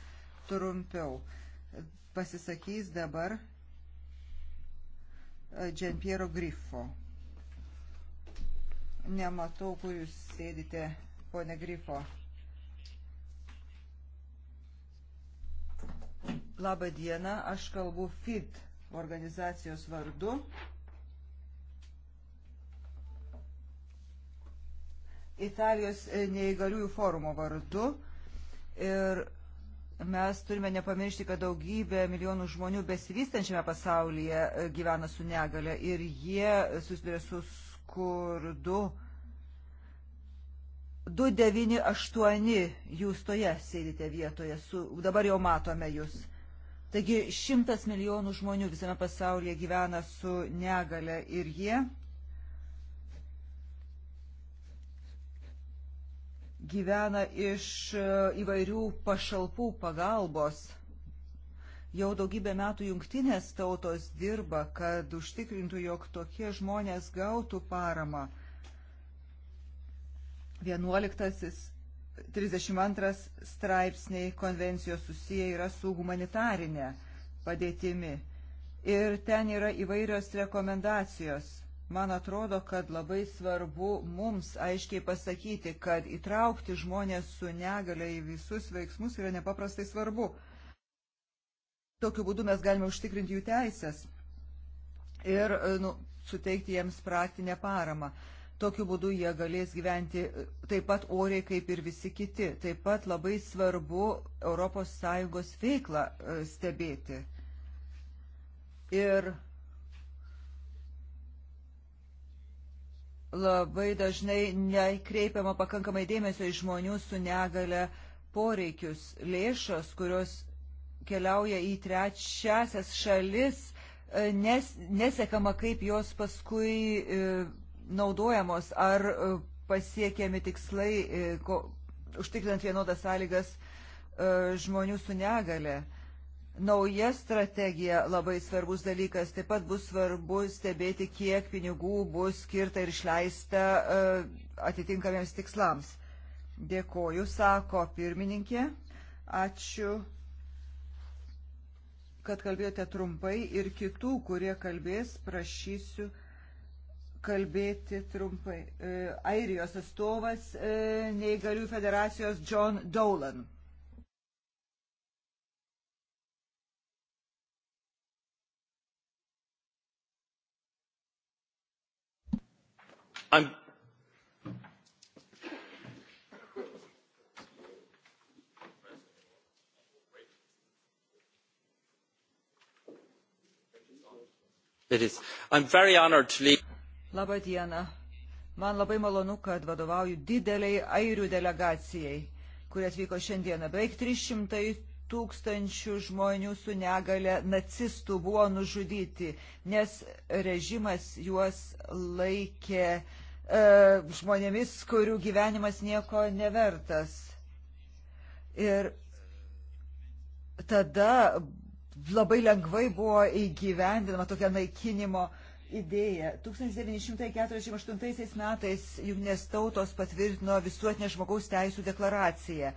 trumpiau. Pasisakys dabar Džempiero Grifo. Nematau, kur jūs sėdite, ponė Grifo. Labą dieną, aš kalbu FIT organizacijos vardu. Italijos e, neįgaliųjų forumo vardu. Ir mes turime nepamiršti, kad daugybė milijonų žmonių besivystančiame pasaulyje e, gyvena su negale ir jie susiduria su skurdu. 298 jūs toje sėdite vietoje, su, dabar jau matome jūs. Taigi šimtas milijonų žmonių visame pasaulyje gyvena su negale ir jie gyvena iš e, įvairių pašalpų pagalbos. Jau daugybę metų jungtinės tautos dirba, kad užtikrintų, jog tokie žmonės gautų paramą. 11. 32 straipsniai konvencijos susiję yra su humanitarinė padėtimi. Ir ten yra įvairios rekomendacijos. Man atrodo, kad labai svarbu mums aiškiai pasakyti, kad įtraukti žmonės su negale į visus veiksmus yra nepaprastai svarbu. Tokiu būdu mes galime užtikrinti jų teisės ir e, nu, suteikti jiems praktinę paramą. Tokiu būdu jie galės gyventi e, taip pat oriai kaip ir visi kiti. Taip pat labai svarbu ES veiklą e, stebėti. Ir labai dažnai nekreipiama pakankamai dėmesio į žmonių su negale poreikius. Lėšos, kurios keliauja į trečiasias šalis, e, nes, nesekama, kaip jos paskui e, naudojamos, ar e, pasiekiami tikslai, ko, užtikrinant vienodas sąlygas žmonių su negale. Nauja strategija labai svarbus dalykas, taip pat bus svarbu stebėti, kiek pinigų bus skirta ir išleista atitinkamiems tikslams. Dėkoju, sako pirmininkė. Ačiū kad kalbėjote trumpai ir kitų, kurie kalbės, prašysiu kalbėti trumpai. E, Airijos atstovas e, neįgalių federacijos John Dolan. I'm Labą dieną. Man labai malonu, kad vadovauju dideliai airių delegacijai, kurie atvyko šiandieną. Beveik 300 tūkstančių žmonių su negale nacistų buvo nužudyti, nes režimas juos laikė e, žmonėmis, kurių gyvenimas nieko nevertas. Ir tada labai lengvai buvo įgyvendinama tokia naikinimo idėja. 1948 metais jungtinės tautos patvirtino visuotinę žmogaus teisų deklaraciją.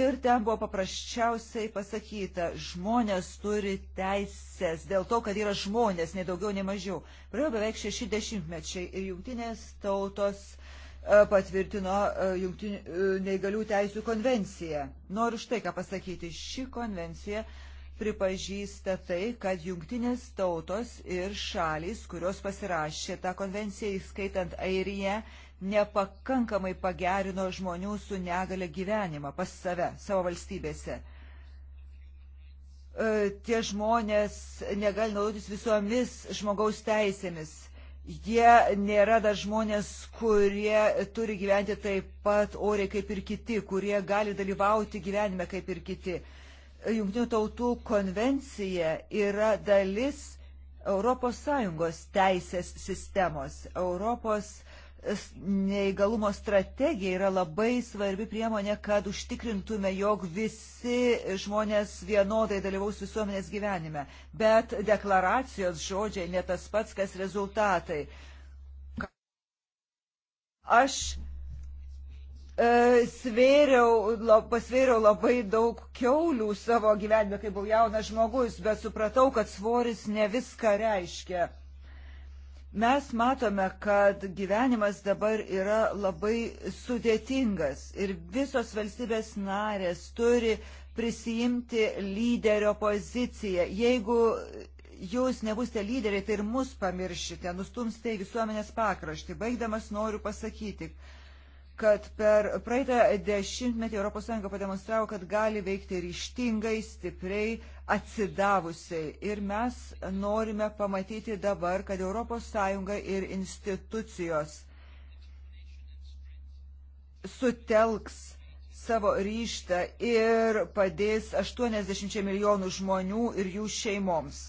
Ir ten buvo paprasčiausiai pasakyta, žmonės turi teisės dėl to, kad yra žmonės, nei daugiau, nei mažiau. Praėjo beveik šeši dešimtmečiai ir jungtinės tautos e, patvirtino e, jungtinių e, neįgalių teisų konvenciją. Noriu štai ką pasakyti. Ši konvencija uh, pripažįsta tai, kad jungtinės tautos ir šalys, kurios pasirašė tą konvenciją, įskaitant Airiją, nepakankamai pagerino žmonių su negale gyvenimą pas save, savo valstybėse. E, tie žmonės negali naudotis visomis žmogaus teisėmis. Jie nėra dar žmonės, kurie turi gyventi taip pat oriai kaip ir kiti, kurie gali dalyvauti gyvenime kaip ir kiti. Uh, Junktinių tautų konvencija yra dalis ES teisės sistemos. Europos neįgalumo strategija yra labai svarbi priemonė, kad užtikrintume, jog visi žmonės vienodai dalyvaus visuomenės gyvenime. Bet deklaracijos žodžiai ne tas pats, kas rezultatai. Aš E, svėriau, lab, pasvėriau labai daug keulių savo gyvenime, kai buvau jaunas žmogus, bet supratau, kad svoris ne viską reiškia. Mes matome, kad gyvenimas dabar yra labai sudėtingas ir visos valstybės narės turi prisijimti lyderio poziciją. Jeigu jūs nebusite lyderiai, tai ir mus pamiršite, nustumsite tai į visuomenės pakraštį. Baigdamas noriu pasakyti, kad kad per praeitą dešimtmetį ES pademonstravo, kad gali veikti ryštingai, stipriai, atsidavusiai. Ir mes norime pamatyti dabar, kad ES ir institucijos sutelks savo ryštą ir padės 80 milijonų žmonių ir jų šeimoms.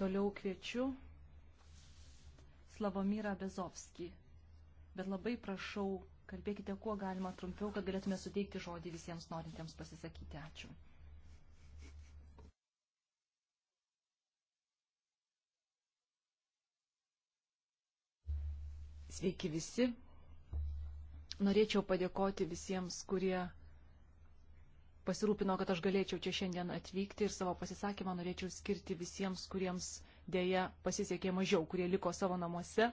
Toliau kviečiu Slavomirą Bezovskį. Bet labai prašau, kalbėkite kuo galima trumpiau, kad galėtume suteikti žodį visiems norintiems pasisakyti. Ačiū. Sveiki visi. Norėčiau padėkoti visiems, kurie pasirūpino, kad aš galėčiau čia šiandien atvykti ir savo pasisakymą norėčiau skirti visiems, kuriems dėja pasisekė mažiau, kurie liko savo namuose,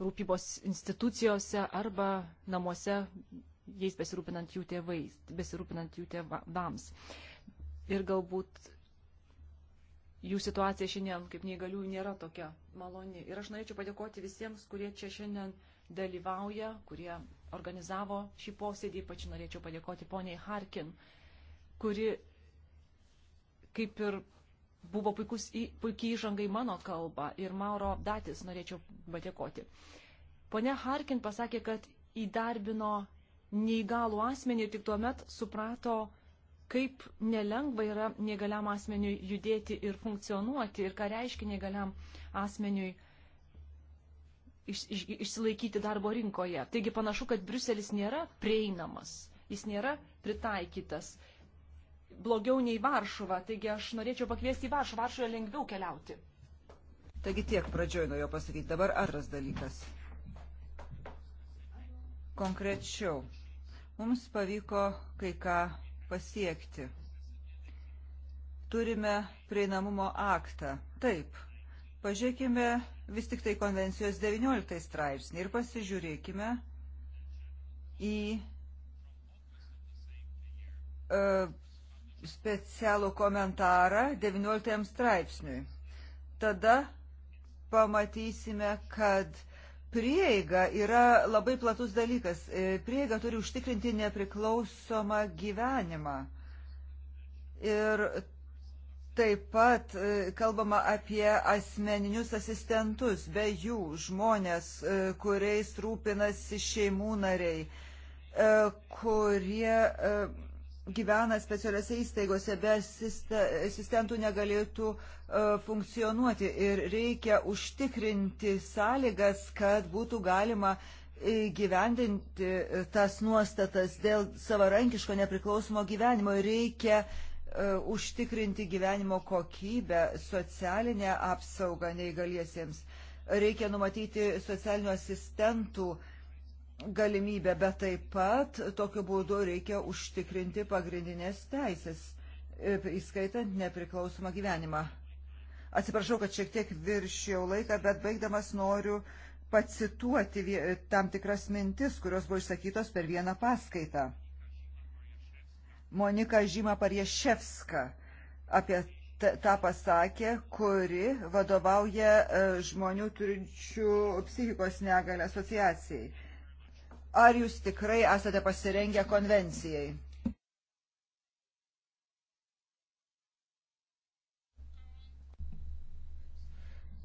rūpybos institucijose arba namuose jais besirūpinant jų tėvais, besirūpinant jų tėvams. Ir galbūt jų situacija šiandien kaip neįgaliųjų nėra tokia maloni. Ir aš norėčiau padėkoti visiems, kurie čia šiandien dalyvauja, kurie organizavo šį posėdį. Ypač norėčiau padėkoti poniai Harkin, kuri kaip ir buvo puikus, puikiai įžangai mano kalba ir Mauro Datis norėčiau padėkoti. Pone Harkin pasakė, kad įdarbino neįgalų asmenį ir tik tuo met suprato, kaip nelengva yra negaliam asmeniui judėti ir funkcionuoti ir ką reiškia negaliam asmeniui iš, iš, išsilaikyti darbo rinkoje. Taigi panašu, kad Briuselis nėra prieinamas, jis nėra pritaikytas. Blogiau nei Varšuva, taigi aš norėčiau pakviesti į Varšuvą, Varšuvoje lengviau keliauti. Taigi tiek pradžioj nuo jo pasakyti. Dabar antras dalykas. Konkrečiau, mums pavyko kai ką pasiekti. Turime prieinamumo aktą. Taip, Pažiūrėkime vis tik tai konvencijos 19 straipsnį ir pasižiūrėkime į e, specialų komentarą 19 straipsniui. Tada pamatysime, kad prieiga yra labai platus dalykas. E, prieiga turi užtikrinti nepriklausomą gyvenimą. Ir Taip pat e, kalbama apie asmeninius asistentus, be jų žmonės, e, kuriais rūpinasi šeimų nariai, e, kurie gyvena specialiuose įstaigose, be asistentų negalėtų funkcionuoti. Ir reikia užtikrinti sąlygas, kad būtų galima gyvendinti tas nuostatas dėl savarankiško nepriklausomo gyvenimo. Reikia uh, E, užtikrinti gyvenimo kokybę, socialinę apsaugą neįgaliesiems. Reikia numatyti socialinių asistentų galimybę, bet taip pat tokiu būdu reikia užtikrinti pagrindinės teisės, e, įskaitant nepriklausomą gyvenimą. Atsiprašau, kad šiek tiek viršėjau laiką, bet baigdamas noriu pacituoti tam tikras mintis, kurios buvo išsakytos per vieną paskaitą. Monika Žyma Parieševska apie tą pasakė, kuri vadovauja e, žmonių turinčių psichikos negalę asociacijai. Ar jūs tikrai esate pasirengę konvencijai?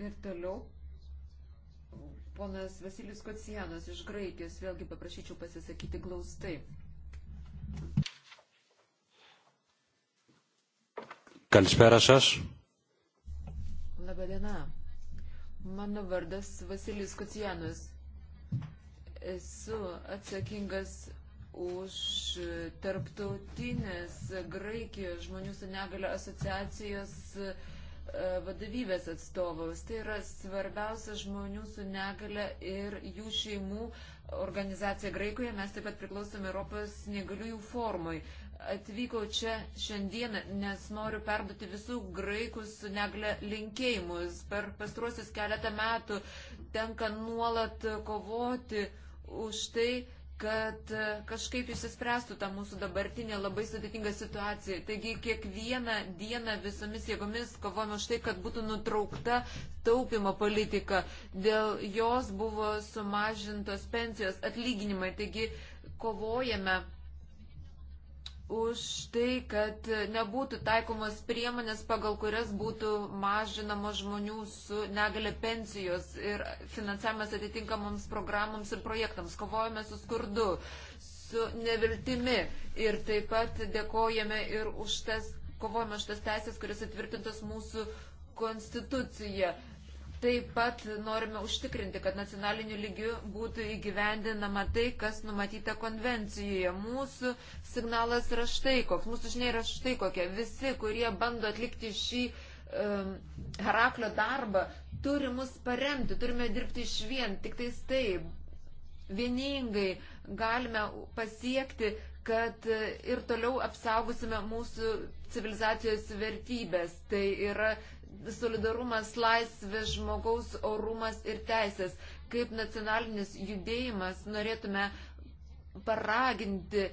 Ir toliau. Ponas Vasilijus Kocijanas iš Graikijos, vėlgi paprašyčiau pasisakyti glaustai. Καλησπέρα σας. Labadiena. Mano vardas Vasilijus Kocijanus. Esu atsakingas už tarptautinės Graikijos žmonių su negaliu asociacijos e, vadovybės atstovus. Tai yra svarbiausia žmonių su negale ir jų šeimų organizacija Graikoje. Mes taip pat priklausome Europos negaliųjų formui atvykau čia šiandieną, nes noriu perduoti visų graikų su negle linkėjimus. Per pastruosius keletą metų tenka nuolat kovoti už tai, kad kažkaip išsispręstų tą mūsų dabartinę labai sudėtingą situaciją. Taigi kiekvieną dieną visomis jėgomis kovojame už tai, kad būtų nutraukta taupimo politika. Dėl jos buvo sumažintos pensijos atlyginimai. Taigi kovojame už tai, kad nebūtų taikomos priemonės, pagal kurias būtų mažinamos žmonių su negale pensijos ir finansavimas atitinkamoms programoms ir projektams. Kovojame su skurdu, su neviltimi ir taip pat dėkojame ir už tas, kovojame už tas teisės, kuris atvirtintas mūsų konstitucija. Taip pat norime užtikrinti, kad nacionaliniu lygiu būtų įgyvendinama tai, kas numatyta konvencijoje. Mūsų signalas yra štai koks, mūsų žinia yra štai kokia. Visi, kurie bando atlikti šį um, Heraklio darbą, turi mus paremti, turime dirbti iš vien, tik tais taip. Vieningai galime pasiekti, kad ir toliau apsaugosime mūsų civilizacijos vertybės. Tai yra solidarumas, laisvė, žmogaus orumas ir teisės. Kaip nacionalinis judėjimas norėtume paraginti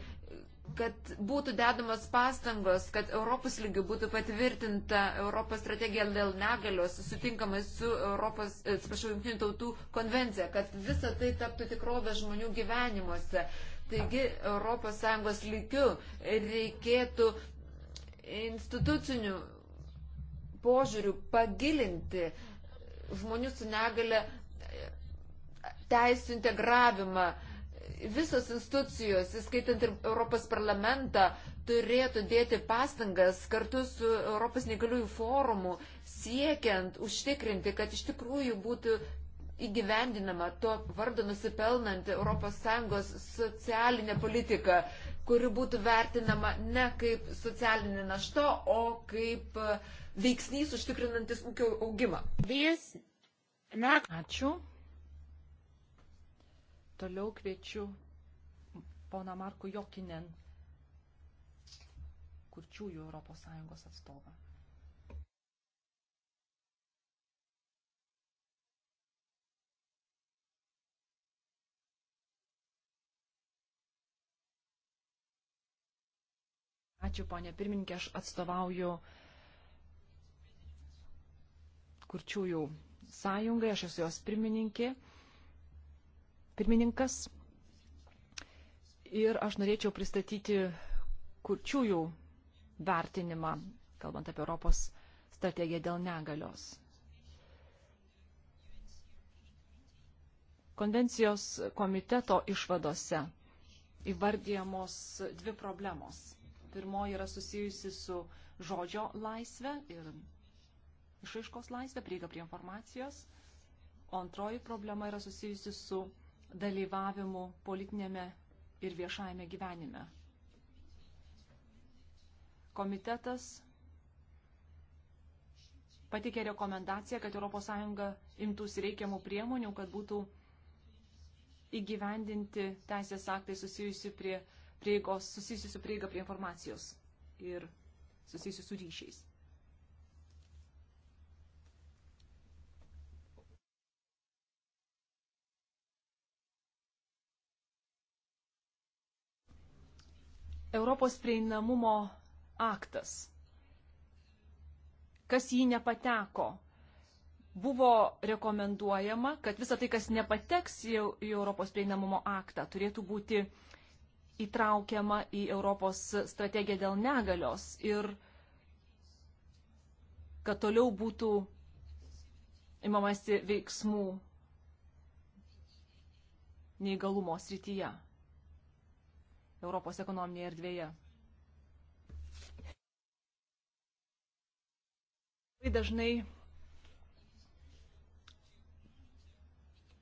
kad būtų dedamos pastangos, kad Europos lygių būtų patvirtinta Europos strategija dėl negalios, sutinkamai su Europos, atsiprašau, jungtinių tautų konvencija, kad visa tai taptų tikrovę žmonių gyvenimuose. Taigi ES lygių reikėtų institucinių požiūrių pagilinti žmonių su negale e, teisų integravimą. Visos institucijos, įskaitant ir Europos parlamentą, turėtų dėti pastangas kartu su Europos negaliųjų forumu, siekiant užtikrinti, kad iš tikrųjų būtų įgyvendinama to vardu nusipelnanti ES socialinė politika, kuri būtų vertinama ne kaip socialinė našta, o kaip uh, veiksnys užtikrinantis ūkio augimą. Ačiū. Toliau kviečiu pona Marku Jokinen, kurčiųjų ES atstovą. Ačiū, ponė pirmininkė, aš atstovauju kurčiųjų sąjungai, aš esu jos pirmininkė, pirmininkas. Ir aš norėčiau pristatyti kurčiųjų vertinimą, kalbant apie Europos strategiją dėl negalios. Konvencijos komiteto išvadose įvardyjamos dvi problemos. Pirmoji yra susijusi su žodžio laisvė ir išaiškos laisvę, prieiga prie informacijos. O antroji problema yra susijusi su dalyvavimu politinėme ir viešajame gyvenime. Komitetas patikė rekomendaciją, kad ES imtųsi reikiamų priemonių, kad būtų įgyvendinti teisės aktai susijusi, prie, prieigos, susijusi su prieiga prie informacijos ir susijusi su ryšiais. Europos prieinamumo aktas. Kas jį nepateko? Buvo rekomenduojama, kad visa tai, kas nepateks į, į Europos prieinamumo aktą, turėtų būti įtraukiama į Europos strategiją dėl negalios ir kad toliau būtų imamasi veiksmų neįgalumo srityje. Europos ekonominėje erdvėje. Labai dažnai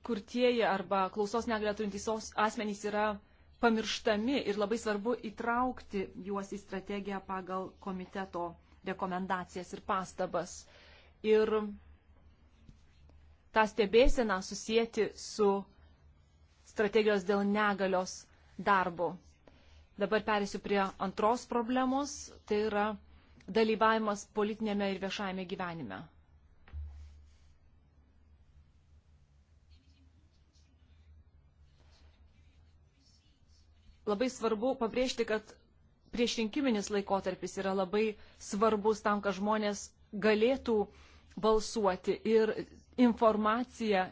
kurtieji arba klausos negalę turintys asmenys yra pamirštami ir labai svarbu įtraukti juos į strategiją pagal komiteto rekomendacijas ir pastabas. Ir tą stebėseną susijęti su strategijos dėl negalios darbu. Dabar perėsiu prie antros problemos, tai yra dalyvavimas politinėme ir viešajame gyvenime. Labai svarbu pabrėžti, kad priešrinkiminis laikotarpis yra labai svarbus tam, kad žmonės galėtų balsuoti ir informacija,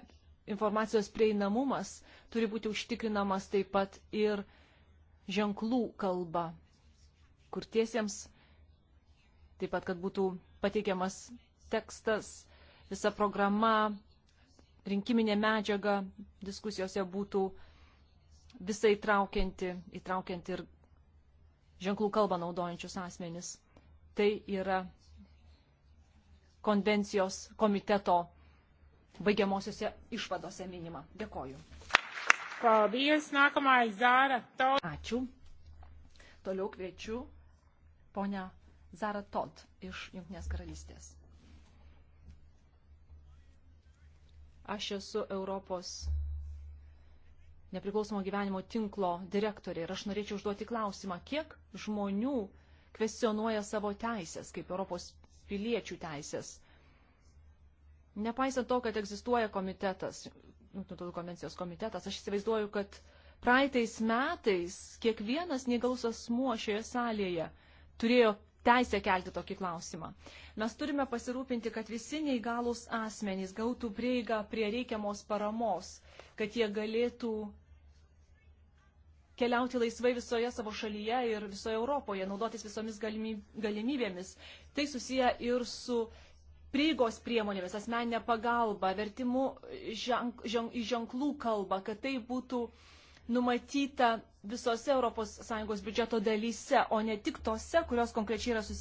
informacijos prieinamumas turi būti užtikrinamas taip pat ir ženklų kalbą kurtiesiems, taip pat, kad būtų pateikiamas tekstas, visa programa, rinkiminė medžiaga diskusijose būtų visai įtraukianti, įtraukianti ir ženklų kalbą naudojančius asmenis. Tai yra konvencijos komiteto baigiamosiose išvadose minima. Dėkoju. Paldies, nākamā Zāra. To... Ačiū. Toliau kviečiu ponę Zara Todd iš Junktinės karalystės. Aš esu Europos nepriklausomo gyvenimo tinklo direktorė ir aš norėčiau užduoti klausimą, kiek žmonių kvestionuoja savo teisės, kaip Europos piliečių teisės. Nepaisant to, kad egzistuoja komitetas, tautų konvencijos komitetas. Aš įsivaizduoju, kad praeitais metais kiekvienas negalus asmuo šioje salėje turėjo teisę kelti tokį klausimą. Mes turime pasirūpinti, kad visi neįgalus asmenys gautų prieigą prie reikiamos paramos, kad jie galėtų keliauti laisvai visoje savo šalyje ir visoje Europoje, naudotis visomis galimybėmis. Tai susiję ir su prieigos priemonėmis, asmeninė pagalba, vertimu ženk, ženk, ženklų kalba, kad tai būtų numatyta visose ES biudžeto dalyse, o ne tik tose, kurios konkrečiai yra su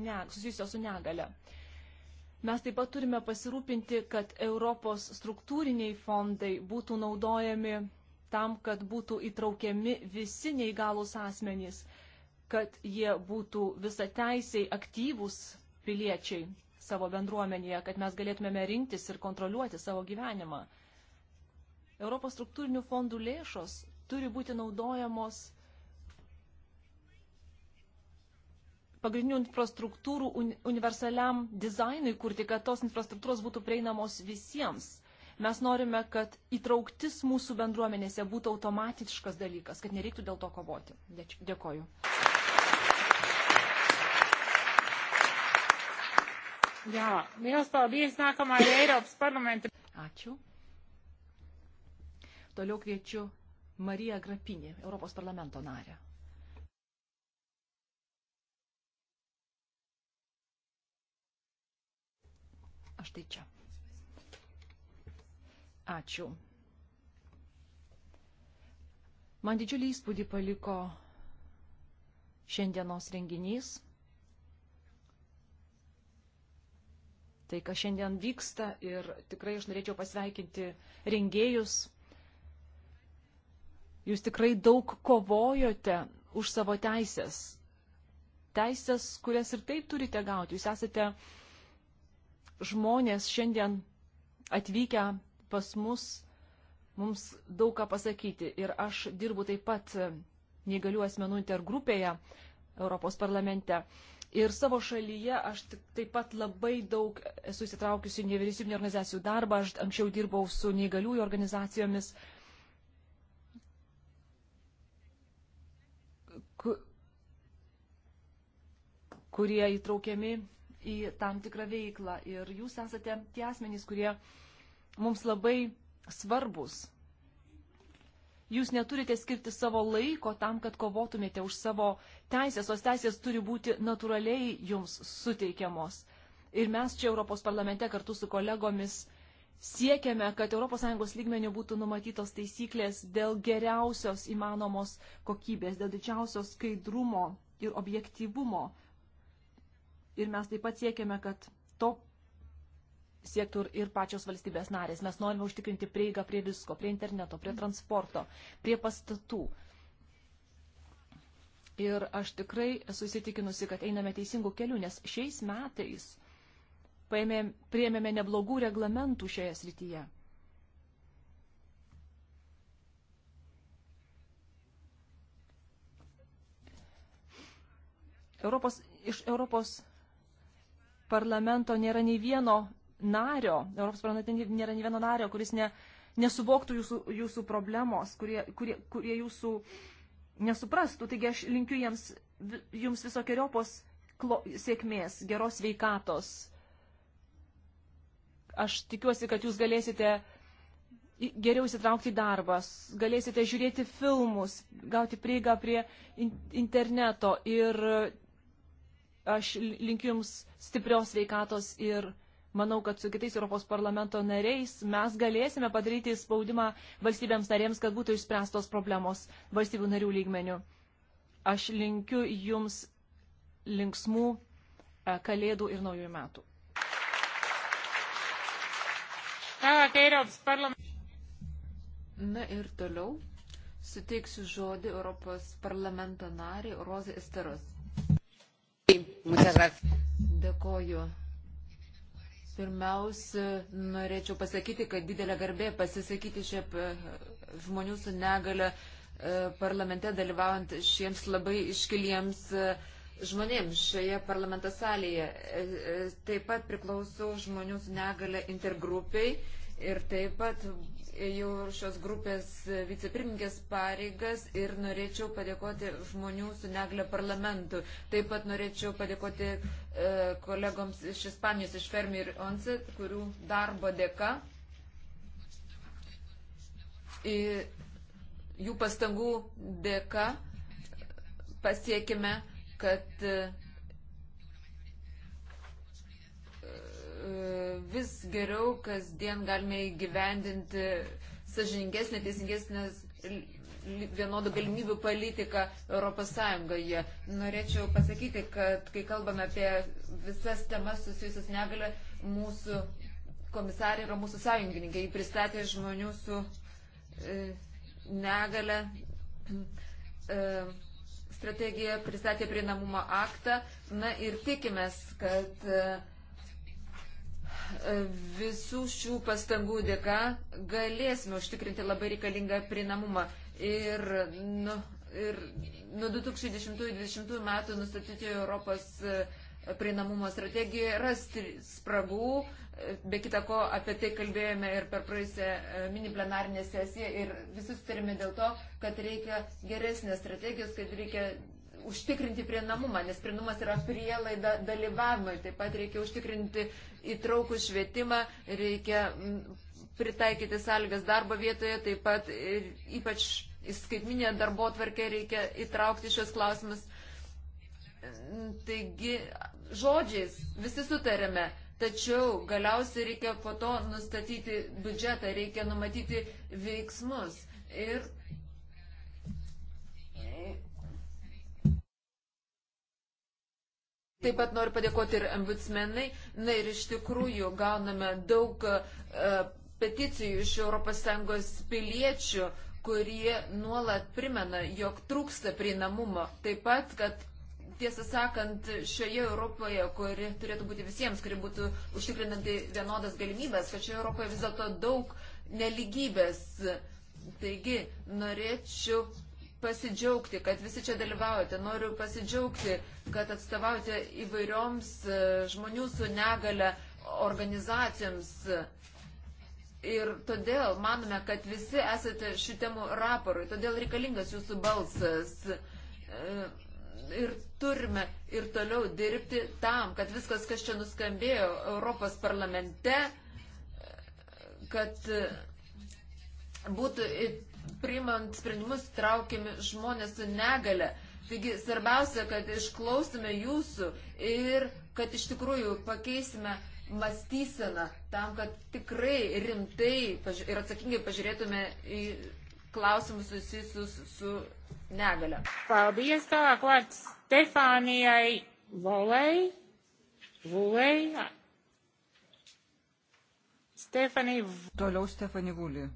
ne, susijusios su negale. Mes taip pat turime pasirūpinti, kad Europos struktūriniai fondai būtų naudojami tam, kad būtų įtraukiami visi neįgalus asmenys, kad jie būtų visateisiai aktyvūs piliečiai savo bendruomenėje, kad mes galėtumėme rinktis ir kontroliuoti savo gyvenimą. Europos struktūrinių fondų lėšos turi būti naudojamos pagrindinių infrastruktūrų universaliam dizainui kurti, kad tos infrastruktūros būtų prieinamos visiems. Mes norime, kad įtrauktis mūsų bendruomenėse būtų automatiškas dalykas, kad nereiktų dėl to kovoti. Dėkoju. Jā, liels paldies nākamā Eiropas parlamenta. Ačiū. Toliau kviečiu Mariją Grapinį, Europos parlamento narę. Aš tai čia. Ačiū. Man didžiulį įspūdį paliko šiandienos renginys. tai, kas šiandien vyksta ir tikrai aš norėčiau pasveikinti rengėjus. Jūs tikrai daug kovojote už savo teisės. Teisės, kurias ir taip turite gauti. Jūs esate žmonės šiandien atvykę pas mus, mums daug ką pasakyti. Ir aš dirbu taip pat negalių asmenų intergrupėje Europos parlamente. Ir savo šalyje aš taip pat labai daug esu įsitraukiusi į nevyriausybinio organizacijų darbą, aš anksčiau dirbau su neįgaliųjų organizacijomis. kurie įtraukiami į tam tikrą veiklą. Ir jūs esate tie asmenys, kurie mums labai svarbus Jūs neturite skirti savo laiko tam, kad kovotumėte už savo teisės, tos teisės turi būti natūraliai jums suteikiamos. Ir mes čia Europos parlamente kartu su kolegomis siekiame, kad ES lygmenių būtų numatytos taisyklės dėl geriausios įmanomos kokybės, dėl didžiausios skaidrumo ir objektyvumo. Ir mes taip pat siekiame, kad to siektų ir pačios valstybės narės. Mes norime užtikrinti prieigą prie visko, prie interneto, prie transporto, prie pastatų. Ir aš tikrai esu įsitikinusi, kad einame teisingų kelių, nes šiais metais paėmėm, priėmėme neblogų reglamentų šioje srityje. Europos, iš Europos parlamento nėra nei vieno nario, Europos parlamente nėra nei vieno nario, kuris ne, nesuvoktų jūsų, jūsų problemos, kurie, kurie, kurie jūsų nesuprastų. Taigi aš linkiu jiems, jums visokiojopos sėkmės, geros veikatos. Aš tikiuosi, kad jūs galėsite geriau įsitraukti į darbas, galėsite žiūrėti filmus, gauti prieigą prie interneto ir aš linkiu Jums stiprios veikatos ir manau, kad su kitais Europos parlamento nariais mes galėsime padaryti spaudimą valstybėms narėms, kad būtų išspręstos problemos valstybių narių lygmenių. Aš linkiu jums linksmų e, kalėdų ir naujųjų metų. Na ir toliau suteiksiu žodį Europos parlamento nariai Rozai Esteros. Dėkoju. Pirmiausia, norėčiau pasakyti, kad didelė garbė pasisakyti šiaip e, žmonių su negale e, parlamente dalyvaujant šiems labai iškiliems e, žmonėms šioje parlamento salėje. Taip pat priklausau žmonių su negale intergrupiai ir taip pat ėjau šios grupės vicepirmininkės pareigas ir norėčiau padėkoti žmonių su negle parlamentu. Taip pat norėčiau padėkoti e, kolegoms iš Ispanijos, iš Fermi ir Onse, kurių darbo dėka. I, jų pastangų dėka pasiekime, kad e, vis geriau kasdien galime įgyvendinti sažiningesnę, teisingesnę vienodų galimybių politiką Europos Sąjungoje. Norėčiau pasakyti, kad kai kalbame apie visas temas susijusias negalę, mūsų komisarė yra mūsų sąjungininkė. Jį pristatė žmonių su e, negale e, strategiją, pristatė prieinamumą aktą. Na ir tikimės, kad e, visų šių pastangų dėka galėsime užtikrinti labai reikalingą prieinamumą. Ir, nu, ir nuo 2010-2020 metų nustatyti Europos e, prieinamumo strategijoje rasti spragų. Be kita ko, apie tai kalbėjome ir per praeisę mini plenarinę sesiją ir visus turime dėl to, kad reikia geresnės strategijos, kad reikia užtikrinti prieinamumą, nes prieinamumas yra prielaida dalyvavimui. Taip pat reikia užtikrinti įtraukų švietimą, reikia pritaikyti sąlygas darbo vietoje, taip pat ypač įskaitminėje darbo tvarkė reikia įtraukti šios klausimus. Taigi, žodžiais visi sutarėme, tačiau galiausiai reikia po to nustatyti biudžetą, reikia numatyti veiksmus. Ir Taip pat noriu padėkoti ir ambutsmenai. Na ir iš tikrųjų gauname daug e, peticijų iš ES piliečių, kurie nuolat primena, jog trūksta prieinamumo. Taip pat, kad tiesą sakant, šioje Europoje, kuri turėtų būti visiems, kuri būtų užtikrinanti vienodas galimybės, kad šioje Europoje vis dėlto daug neligybės. Taigi, norėčiau pasidžiaugti, kad visi čia dalyvaujate. Noriu pasidžiaugti, kad atstovaujate įvairioms e, žmonių su negale organizacijoms. Ir todėl manome, kad visi esate šių temų raporui, todėl reikalingas jūsų balsas. E, ir turime ir toliau dirbti tam, kad viskas, kas čia nuskambėjo Europos parlamente, kad būtų priimant sprendimus traukiami žmonės su negale. Taigi svarbiausia, kad išklausime jūsų ir kad iš tikrųjų pakeisime mąstyseną tam, kad tikrai rimtai ir atsakingai pažiūrėtume į klausimus susijusius su negale. Paldies tau, kad Stefanijai Volei. Volei. Stefanijai. Toliau Stefanijai Vuliai.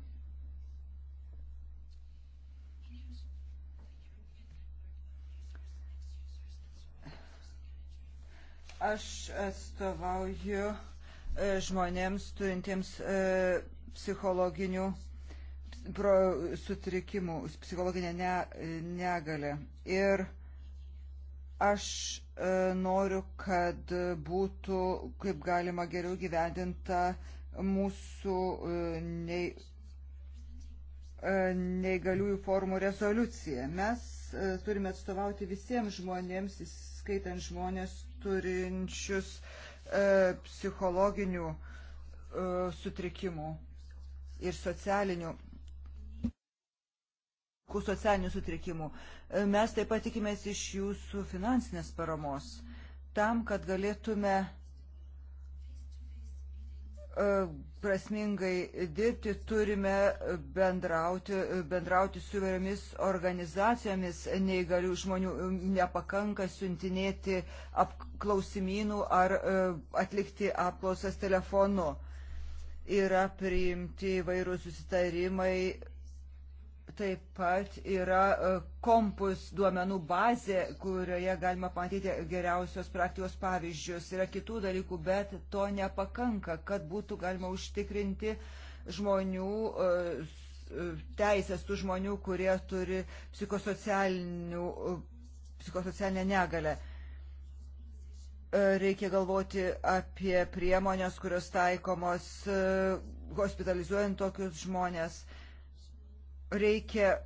Aš atstovauju e, žmonėms turintiems e, psichologinių sutrikimų, psichologinę negalę. Ir aš e, noriu, kad būtų kaip galima geriau gyvendinta mūsų nei, neįgaliųjų formų rezoliucija. Mes turime atstovauti visiems žmonėms, skaitant žmonės turinčius e, psichologinių e, sutrikimų ir socialinių socialinių sutrikimų. E, mes taip pat tikimės iš jūsų finansinės paramos, tam, kad galėtume prasmingai dirbti, turime bendrauti, bendrauti su įvairiomis organizacijomis neįgalių žmonių. Nepakanka siuntinėti apklausimynų ar e, atlikti apklausas telefonu. Yra priimti įvairūs susitarimai Taip pat yra e, kompus duomenų bazė, kurioje galima pamatyti geriausios praktikos pavyzdžius. Yra kitų dalykų, bet to nepakanka, kad būtų galima užtikrinti žmonių e, e, teisės tų žmonių, kurie turi psichosocialinę negalę reikia galvoti apie priemonės, kurios taikomos hospitalizuojant tokius žmonės reikia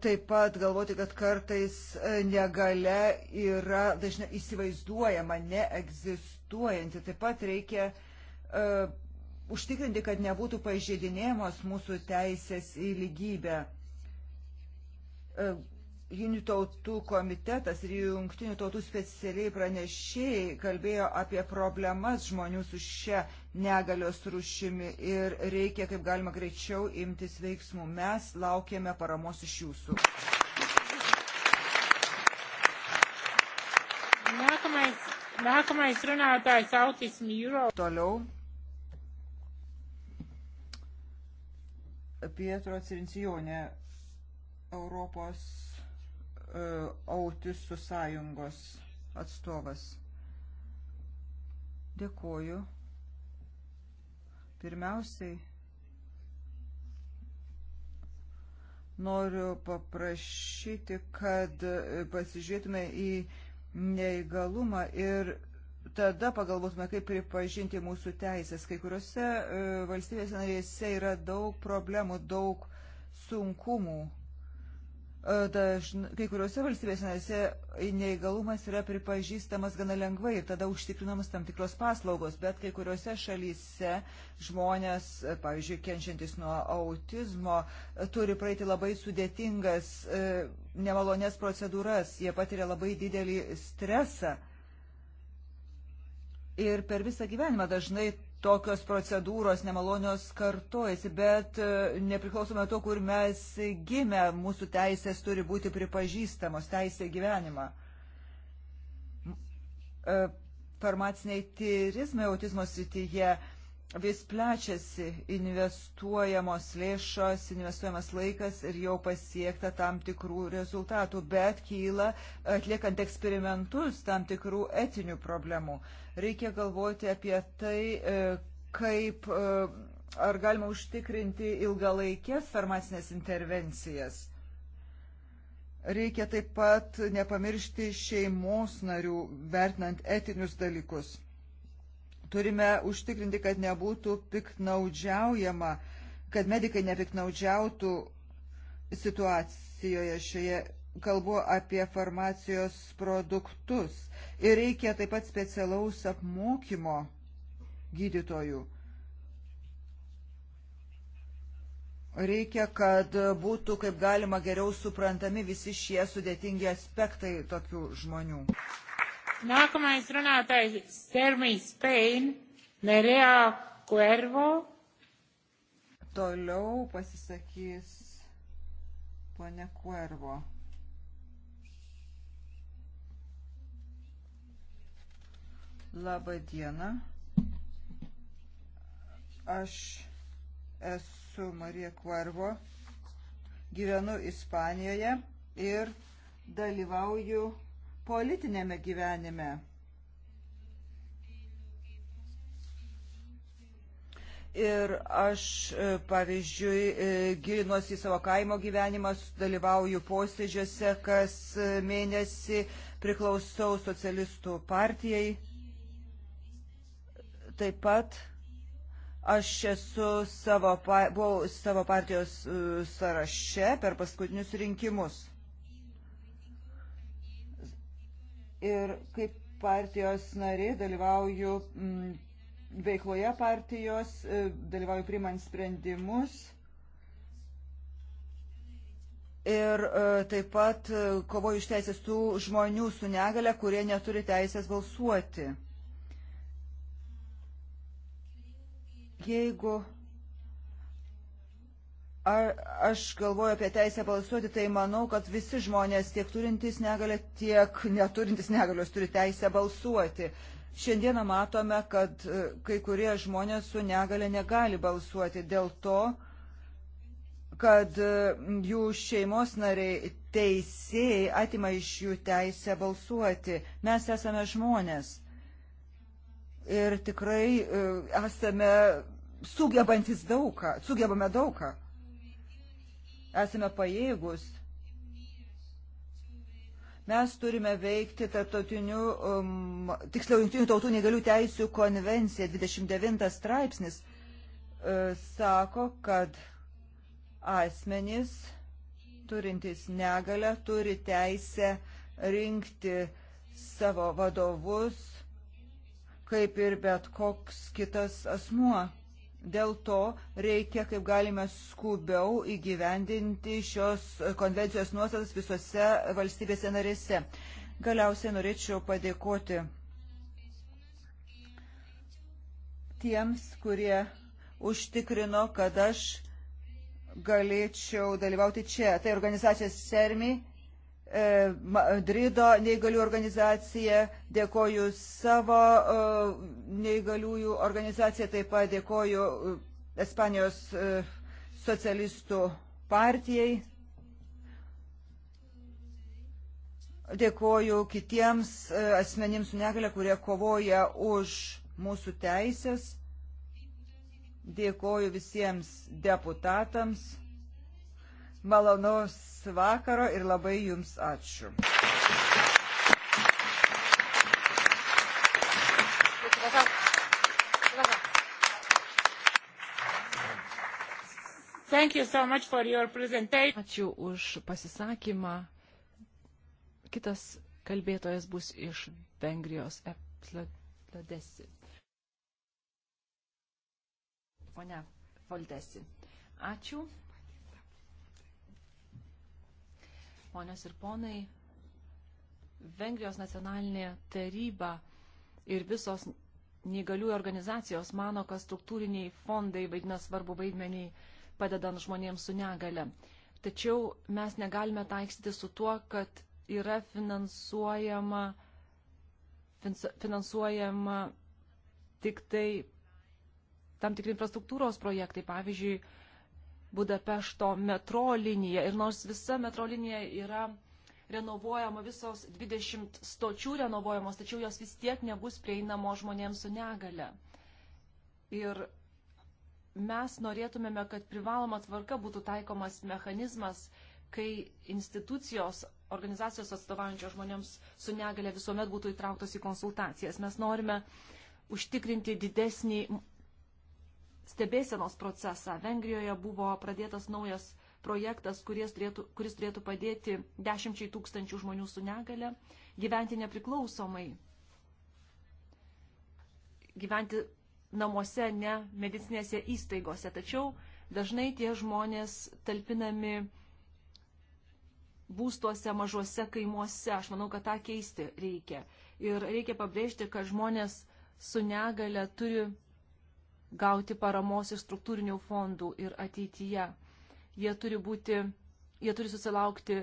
taip pat galvoti, kad kartais e, negale yra dažnai įsivaizduojama, neegzistuojanti. Taip pat reikia uh, užtikrinti, kad nebūtų pažeidinėjamos mūsų teisės į lygybę. Uh, Jungtinių tautų komitetas ir Jungtinių tautų specialiai pranešėjai kalbėjo apie problemas žmonių su šia negalios rušimi ir reikia kaip galima greičiau imtis veiksmų. Mes laukiame paramos iš jūsų. Toliau. Pietro Cincijonė, Europos uh, autistų sąjungos atstovas. Dėkuoju. Pirmiausiai noriu paprašyti, kad pasižiūrėtume į neįgalumą ir tada pagalvotume, kaip pripažinti mūsų teisės. Kai kuriuose e, valstybėse narėse yra daug problemų, daug sunkumų dažn, kai kuriuose valstybės narėse neįgalumas yra pripažįstamas gana lengvai ir tada užtikrinamas tam tikros paslaugos, bet kai kuriuose šalyse žmonės, pavyzdžiui, kenčiantis nuo autizmo, turi praeiti labai sudėtingas, e, nemalonės procedūras, jie patiria labai didelį stresą. Ir per visą gyvenimą dažnai tokios procedūros nemalonios kartojasi, bet e, nepriklausomai to, kur mes gimę, mūsų teisės turi būti pripažįstamos, teisė gyvenimą. E, farmaciniai tyrizmai autizmo srityje vis plečiasi investuojamos lėšos, investuojamas laikas ir jau pasiekta tam tikrų rezultatų, bet kyla atliekant eksperimentus tam tikrų etinių problemų. Reikia galvoti apie tai, e, kaip e, ar galima užtikrinti ilgalaikės farmacinės intervencijas. Reikia taip pat nepamiršti šeimos narių, vertinant etinius dalykus turime užtikrinti, kad nebūtų piknaudžiaujama, kad medikai nepiknaudžiautų situacijoje šioje. Kalbu apie farmacijos produktus. Ir reikia taip pat specialaus apmokymo gydytojų. Reikia, kad būtų kaip galima geriau suprantami visi šie sudėtingi aspektai tokių žmonių. No ha mencionado Sermi Spain, Nerea Cuervo. Toliau pasisakys ponia Cuervo. Labą dieną. Aš esu Marija Kvarvo, gyvenu Ispanijoje ir dalyvauju politinėme gyvenime. Ir aš, e, pavyzdžiui, e, gilinuosi į savo kaimo gyvenimą, dalyvauju posėdžiuose, kas e, mėnesį priklausau socialistų partijai. Taip pat aš esu savo, buvau savo partijos sąraše per paskutinius rinkimus. ir kaip partijos narė dalyvauju m, mm, veikloje partijos, e, dalyvauju primant sprendimus. Ir e, taip pat e, kovoju iš teisės tų žmonių su negale, kurie neturi teisės balsuoti. Jeigu Ar aš galvoju apie teisę balsuoti, tai manau, kad visi žmonės tiek turintys negalę, tiek neturintys negalios turi teisę balsuoti. Šiandieną matome, kad e, kai kurie žmonės su negale negali balsuoti dėl to, kad e, jų šeimos nariai teisėjai atima iš jų teisę balsuoti. Mes esame žmonės. Ir tikrai e, esame sugebantis daugą, sugebame daugą esame pajėgus. Mes turime veikti tarptautinių, um, tiksliau, jungtinių tautų negalių teisių konvencija 29 straipsnis uh, sako, kad asmenys turintys negalę turi teisę rinkti savo vadovus kaip ir bet koks kitas asmuo. Dėl to reikia, kaip galime skubiau įgyvendinti šios konvencijos nuostatas visose valstybėse narėse. Galiausiai norėčiau padėkoti tiems, kurie užtikrino, kad aš galėčiau dalyvauti čia. Tai organizacijos SERMI E, Madrido neįgalių organizacija, dėkoju savo e, neįgaliųjų organizaciją, taip pat dėkoju e, Espanijos socialistų partijai. Dėkoju kitiems asmenims su negale, kurie kovoja už mūsų teisės. Dėkoju visiems deputatams malonaus vakaro ir labai jums ačiū. So Ačiū už pasisakymą. Kitas kalbėtojas bus iš Vengrijos Epladesi. Pone Foldesi. Ačiū. ponios ir ponai, Vengrijos nacionalinė taryba ir visos neįgaliųjų organizacijos mano, kad struktūriniai fondai vaidina svarbu vaidmenį padedant žmonėms su negale. Tačiau mes negalime taikstyti su tuo, kad yra finansuojama, finansuojama tik tai tam tikri infrastruktūros projektai, pavyzdžiui, Budapešto metro linija. Ir nors visa metro linija yra renovuojama, visos 20 stočių renovuojamos, tačiau jos vis tiek nebus prieinamo žmonėms su negale. Ir mes norėtumėme, kad privaloma tvarka būtų taikomas mechanizmas, kai institucijos, organizacijos atstovaujančios žmonėms su negale visuomet būtų įtrauktos į konsultacijas. Mes norime užtikrinti didesnį stebėsenos procesą. Vengrijoje buvo pradėtas naujas projektas, turėtų, kuris turėtų padėti dešimčiai tūkstančių žmonių su negale gyventi nepriklausomai, gyventi namuose, ne medicinėse įstaigose. Tačiau dažnai tie žmonės talpinami būstuose, mažuose kaimuose. Aš manau, kad tą keisti reikia. Ir reikia pabrėžti, kad žmonės su negale turi gauti paramos iš struktūrinių fondų ir ateityje. Jie turi, būti, jie turi susilaukti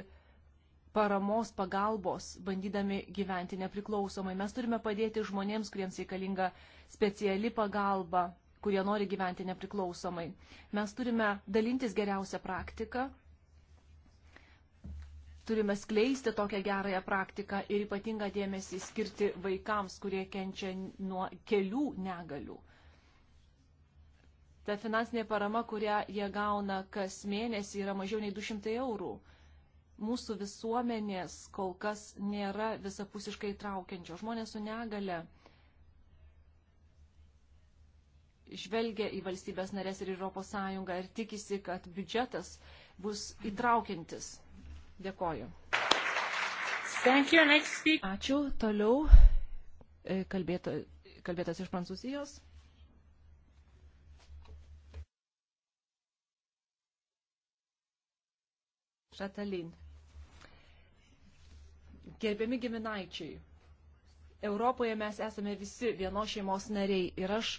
paramos, pagalbos, bandydami gyventi nepriklausomai. Mes turime padėti žmonėms, kuriems reikalinga speciali pagalba, kurie nori gyventi nepriklausomai. Mes turime dalintis geriausią praktiką, turime skleisti tokią gerąją praktiką ir ypatingą dėmesį skirti vaikams, kurie kenčia nuo kelių negalių ta finansinė parama, kurią jie gauna kas mėnesį, yra mažiau nei 200 eurų. Mūsų visuomenės kol kas nėra visapusiškai traukiančio. Žmonės su negale žvelgia į valstybės narės ir Europos Sąjungą ir tikisi, kad biudžetas bus įtraukiantis. Dėkoju. Ačiū. Toliau e, kalbėto, kalbėtas iš Prancūzijos. Šatalin. Gerbiami giminaičiai, Europoje mes esame visi vienos šeimos nariai ir aš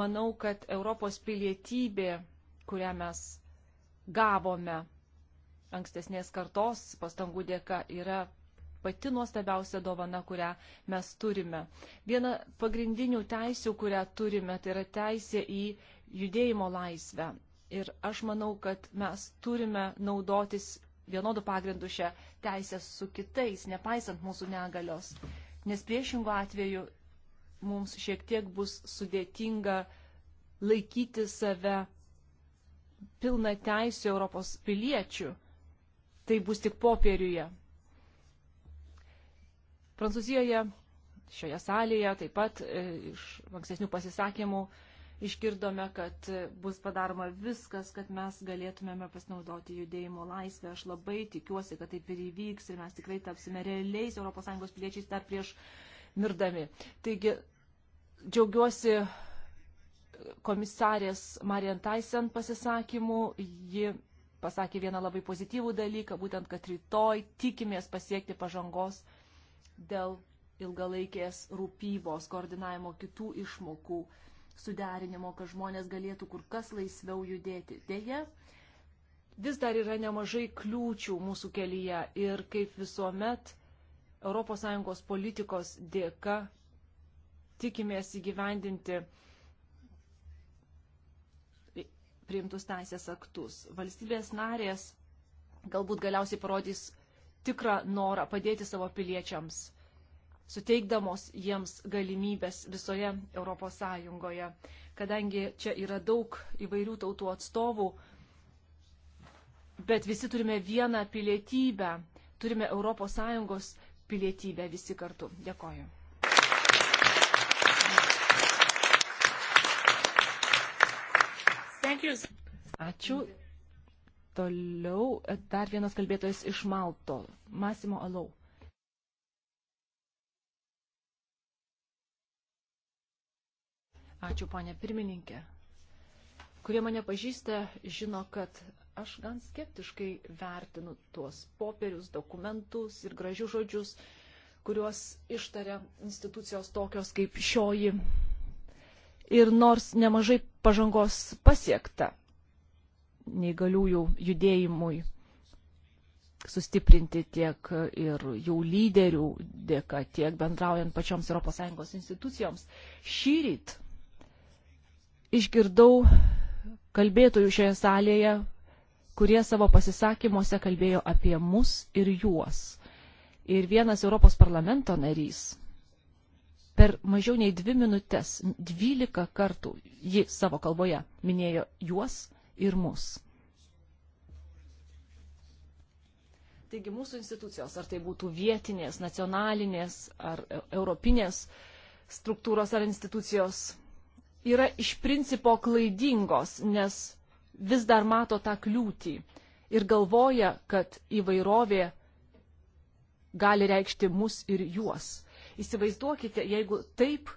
manau, kad Europos pilietybė, kurią mes gavome ankstesnės kartos pastangų dėka, yra pati nuostabiausia dovana, kurią mes turime. Viena pagrindinių teisių, kurią turime, tai yra teisė į judėjimo laisvę. Ir aš manau, kad mes turime naudotis vienodų pagrindų šią teisę su kitais, nepaisant mūsų negalios. Nes priešingų atveju mums šiek tiek bus sudėtinga laikyti save pilna teisė Europos piliečių. Tai bus tik popieriuje. Prancūzijoje, šioje salėje, taip pat e, iš ankstesnių pasisakymų e, išgirdome, kad bus padaroma viskas, kad mes galėtumėme pasinaudoti judėjimo laisvę. Aš labai tikiuosi, kad taip ir įvyks ir mes tikrai tapsime realiais ES piliečiais dar prieš mirdami. Taigi, džiaugiuosi komisarės Marian Tyson pasisakymų. Ji pasakė vieną labai pozityvų dalyką, būtent, kad rytoj tikimės pasiekti pažangos dėl ilgalaikės rūpybos, koordinavimo kitų išmokų suderinimo, kad žmonės galėtų kur kas laisviau judėti. Deja, vis dar yra nemažai kliūčių mūsų kelyje ir kaip visuomet ES politikos dėka tikimės įgyvendinti priimtus teisės aktus. Valstybės narės galbūt galiausiai parodys tikrą norą padėti savo piliečiams suteikdamos jiems galimybės visoje ES. Kadangi čia yra daug įvairių tautų atstovų, bet visi turime vieną pilietybę, turime ES pilietybę visi kartu. Dėkoju. Ačiū. Toliau dar vienas kalbėtojas iš Malto, Masimo Alau. Ačiū, ponė pirmininkė. Kurie mane pažįsta, žino, kad aš gan skeptiškai vertinu tuos popierius, dokumentus ir gražius žodžius, kuriuos ištaria institucijos tokios kaip šioji. Ir nors nemažai pažangos pasiekta neįgaliųjų judėjimui sustiprinti tiek ir jau lyderių dėka, tiek bendraujant pačioms ES institucijoms. Šyryt išgirdau kalbėtojų šioje salėje, kurie savo pasisakymuose kalbėjo apie mus ir juos. Ir vienas Europos parlamento narys per mažiau nei dvi minutės, dvylika kartų ji savo kalboje minėjo juos ir mus. Taigi mūsų institucijos, ar tai būtų vietinės, nacionalinės, ar e, europinės struktūros ar institucijos, yra iš principo klaidingos, nes vis dar mato tą kliūtį ir galvoja, kad įvairovė gali reikšti mus ir juos. Įsivaizduokite, jeigu taip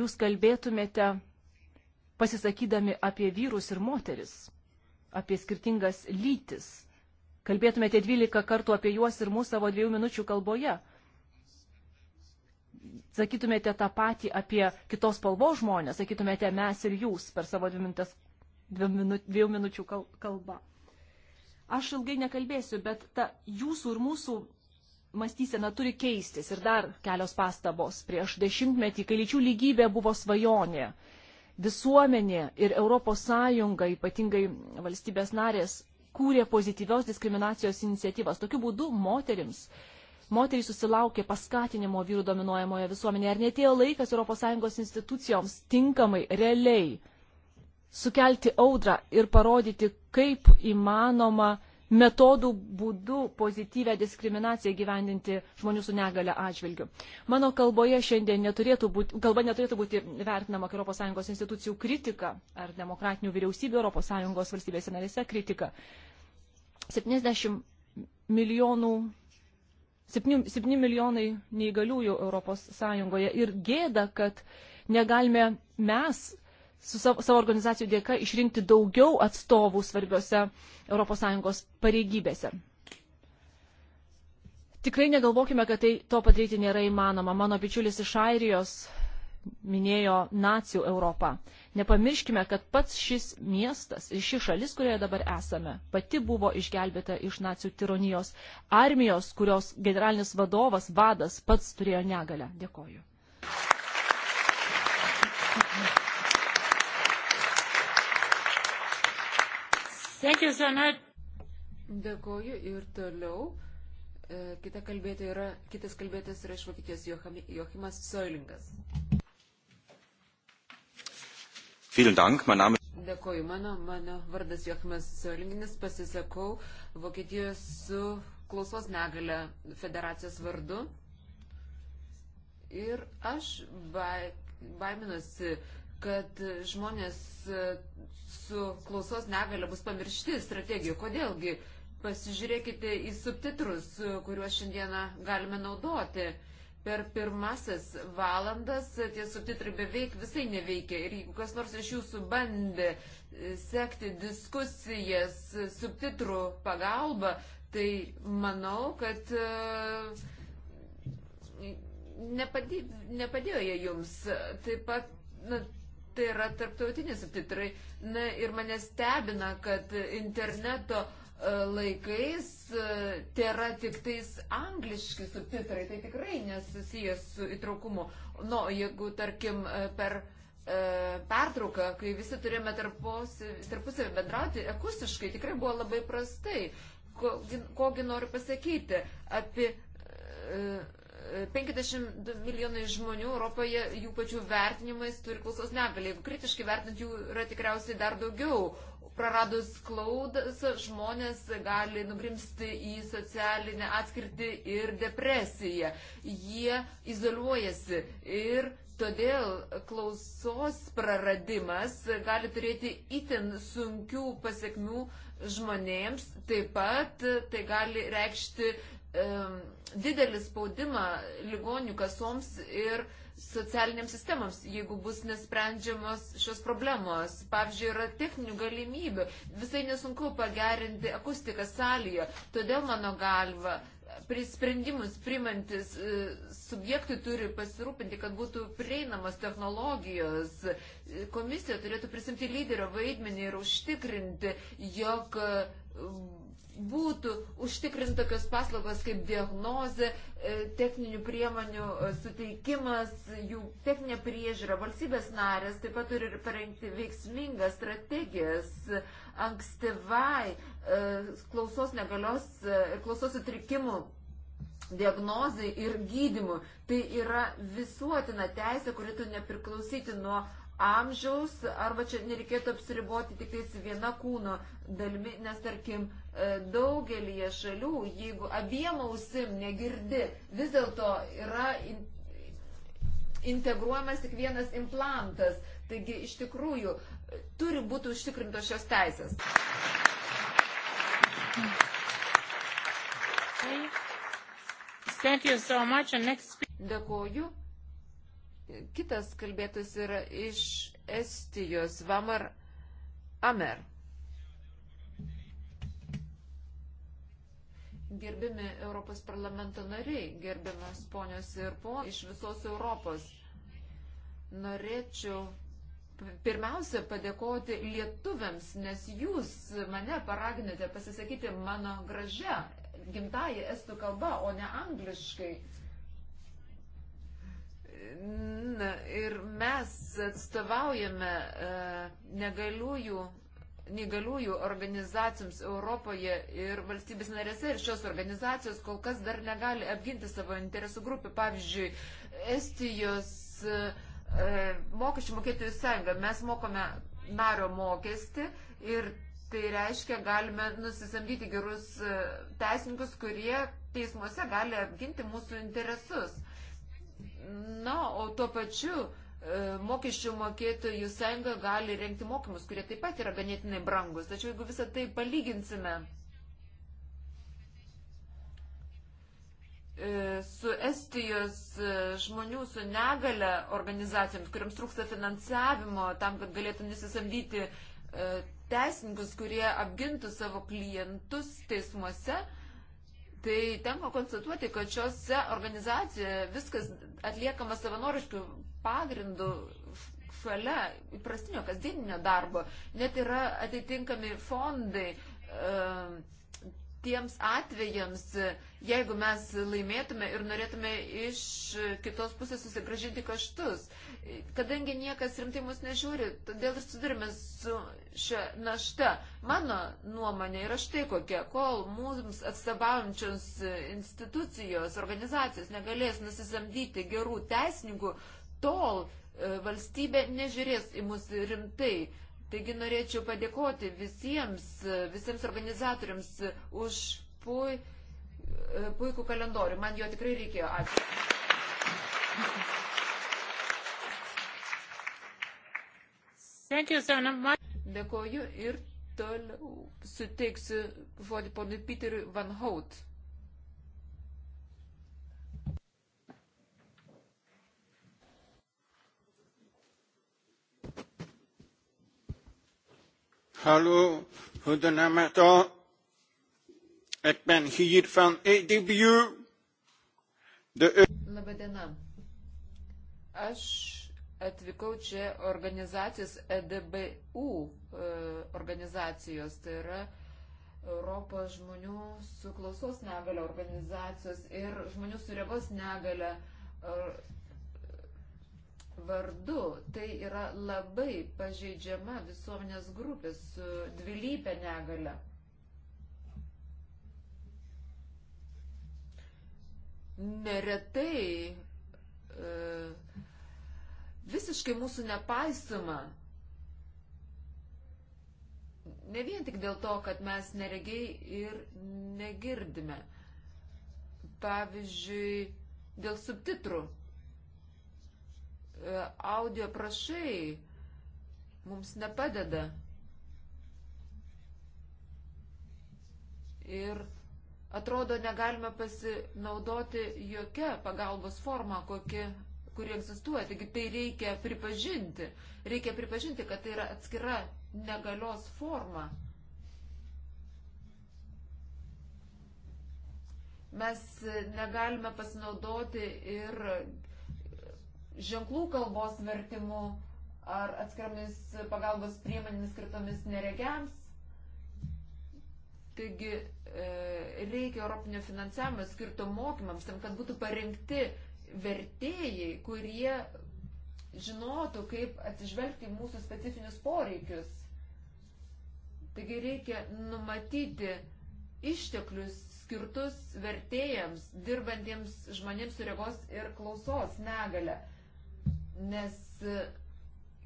jūs kalbėtumėte pasisakydami apie vyrus ir moteris, apie skirtingas lytis, kalbėtumėte 12 kartų apie juos ir mūsų savo dviejų minučių kalboje sakytumėte tą patį apie kitos spalvos žmonės, sakytumėte mes ir jūs per savo dvi minutės, dviejų minučių kalbą. Aš ilgai nekalbėsiu, bet ta jūsų ir mūsų mąstysena turi keistis. Ir dar kelios pastabos. Prieš dešimtmetį, kai lyčių lygybė buvo svajonė, visuomenė ir ES, ypatingai valstybės narės, kūrė pozityvios diskriminacijos iniciatyvas. Tokiu būdu moterims uh, moterys susilaukė paskatinimo vyrų dominuojamoje visuomenėje. Ar netėjo laikas ES institucijoms tinkamai, realiai sukelti audrą ir parodyti, kaip įmanoma metodų būdų pozityvę diskriminaciją gyvendinti žmonių su negale atžvilgiu. Mano kalboje šiandien neturėtų būti, kalba neturėtų būti vertinama kaip ES institucijų kritika ar demokratinių vyriausybių ES valstybėse narėse kritika. 70 milijonų 7, 7 milijonai neįgaliųjų Europos Sąjungoje ir gėda, kad negalime mes su savo, savo organizacijų dėka išrinkti daugiau atstovų svarbiose ES pareigybėse. Tikrai negalvokime, kad tai to padaryti nėra įmanoma. Mano bičiulis iš Airijos minėjo nacijų Europą. Nepamirškime, kad pats šis miestas ir ši šalis, kurioje dabar esame, pati buvo išgelbėta iš nacijų tironijos armijos, kurios generalinis vadovas, vadas pats turėjo negalę. Dėkoju. Dėkoju ir toliau. E, kita kalbėtė yra, kitas kalbėtas yra iš Vokietijos Jochimas Soilingas. Vielen Dank, mein Name. Dėkoju, mano, mano vardas Jochimas Solinginis, pasisakau Vokietijos su klausos negalė federacijos vardu. Ir aš bai, baiminuosi, kad žmonės su klausos negalė bus pamiršti strategijų. Kodėlgi? Pasižiūrėkite į subtitrus, kuriuos šiandieną galime naudoti per pirmasis valandas tie subtitrai beveik visai neveikia. Ir jeigu kas nors iš jūsų bandė e, sekti diskusijas subtitrų pagalba, tai manau, kad e, nepadė, nepadėjo jie jums. Taip pat, na, tai yra tarptautiniai subtitrai. Na ir mane stebina, kad interneto uh, E, laikais e, tėra tik tais angliški subtitrai, tai tikrai nesusijęs su įtraukumu. Nu, no, jeigu, tarkim, e, per e, pertrauką, kai visi turėjome tarpusavį bendrauti, akustiškai tikrai buvo labai prastai. Kogi, kogi noriu pasakyti, apie e, 50 milijonai žmonių Europoje jų pačių vertinimais turi klausos negalį. Jeigu kritiškai vertinant jų yra tikriausiai dar daugiau, praradus klaudas žmonės gali nugrimsti į socialinę atskirtį ir depresiją. Jie izoliuojasi ir todėl klausos praradimas gali turėti itin sunkių pasiekmių žmonėms. Taip pat tai gali reikšti didelį spaudimą ligonių kasoms ir socialiniams sistemams, jeigu bus nesprendžiamos šios problemos. Pavyzdžiui, yra techninių galimybių. Visai nesunku pagerinti akustiką salėje. Todėl mano galva sprendimus primantis e, subjektai turi pasirūpinti, kad būtų prieinamos technologijos. Komisija turėtų prisimti lyderio vaidmenį ir užtikrinti, jog būtų užtikrinti tokios paslaugos kaip diagnozė, e, techninių priemonių e, suteikimas, jų techninė priežiūra. Valstybės narės taip pat turi parengti veiksmingas strategijas ankstyvai e, klausos negalios ir klausos sutrikimų diagnozai ir gydimui. Tai yra visuotina teisė, kuri turi nepriklausyti nuo uh, amžiaus, arba čia nereikėtų apsiriboti tik tais viena kūno dalimi, nes tarkim e, daugelį šalių, jeigu abiem ausim negirdi, vis dėlto yra in, integruojamas tik vienas implantas. Taigi iš tikrųjų turi būti užtikrintos šios teisės. Thank you so much. Next... Dėkuoju. Kitas kalbėtas yra iš Estijos, Vamar Amer. Gerbimi Europos parlamento nariai, gerbiamas ponios ir po iš visos Europos. Norėčiau pirmiausia padėkoti lietuviams, nes jūs mane paraginate pasisakyti mano gražia, gimtaja estų kalba, o ne angliškai. Na, ir mes atstovaujame e, negaliųjų neįgaliųjų organizacijoms Europoje ir valstybės narėse ir šios organizacijos kol kas dar negali apginti savo interesų grupių. Pavyzdžiui, Estijos e, e mokesčių mokėtojų sąjunga. Mes mokome nario mokestį ir tai reiškia, galime nusisamdyti gerus e, teisininkus, kurie teismuose gali apginti mūsų interesus. Na, o tuo pačiu e, mokesčių mokėtojų sąjunga gali renkti mokymus, kurie taip pat yra ganėtinai brangus. Tačiau jeigu visą tai palyginsime e, su Estijos e, žmonių su negale organizacijoms, kuriams trūksta finansavimo tam, kad galėtų nusisamdyti teisininkus, kurie apgintų savo klientus teismuose, Tai tenka konstatuoti, kad šiose organizacijoje viskas atliekama savanoriškių pagrindų šalia įprastinio kasdieninio darbo. Net yra atitinkami fondai. Uh, e, tiems atvejams, jeigu mes laimėtume ir norėtume iš kitos pusės susigražinti kaštus. Kadangi niekas rimtai mus nežiūri, todėl ir sudarime su šia našta. Mano nuomonė yra štai kokia, kol mums atstovaujančios institucijos, organizacijos negalės nusisamdyti gerų teisininkų, tol e, valstybė nežiūrės į mus rimtai Taigi norėčiau padėkoti visiems, visiems organizatoriams už pui, puikų kalendorių. Man jo tikrai reikėjo. Ačiū. So Dėkoju ir toliau suteiksiu žodį ponui Piteriui Van Hout. Hallo, goedenavond. Ik ben hier van EDBU. De... Labadiena. Aš atvykau čia organizacijos EDBU e, organizacijos, tai yra Europos žmonių su klausos negalio organizacijos ir žmonių su regos negalio vardu. Tai yra labai pažeidžiama visuomenės grupė su dvilypė negale. Neretai e, visiškai mūsų nepaisoma. Ne vien tik dėl to, kad mes neregiai ir negirdime. Pavyzdžiui, dėl subtitrų E, audio prašai mums nepadeda. Ir atrodo, negalime pasinaudoti jokia pagalbos forma, kokia, kuri egzistuoja. Taigi tai reikia pripažinti. Reikia pripažinti, kad tai yra atskira negalios forma. Mes negalime pasinaudoti ir ženklų kalbos vertimu ar atskiriomis pagalbos priemonėmis skirtomis neregiams. Taigi e, reikia Europinio finansavimo skirto mokymams, tam, kad būtų parengti vertėjai, kurie žinotų, kaip atsižvelgti mūsų specifinius poreikius. Taigi reikia numatyti išteklius skirtus vertėjams, dirbantiems žmonėms su regos ir klausos negale nes e,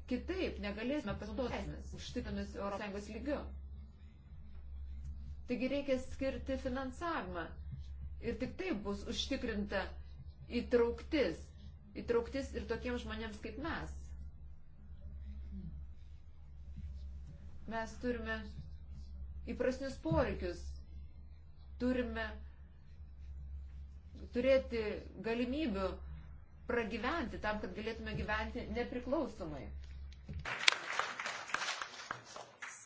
kitaip negalėsime pasinaudoti užtikrinus ES lygiu. Taigi reikia skirti finansavimą ir tik taip bus užtikrinta įtrauktis, įtrauktis ir tokiems žmonėms kaip mes. Mes turime įprasnius poreikius, turime turėti galimybių pragyventi, tam, kad galėtume gyventi nepriklausomai.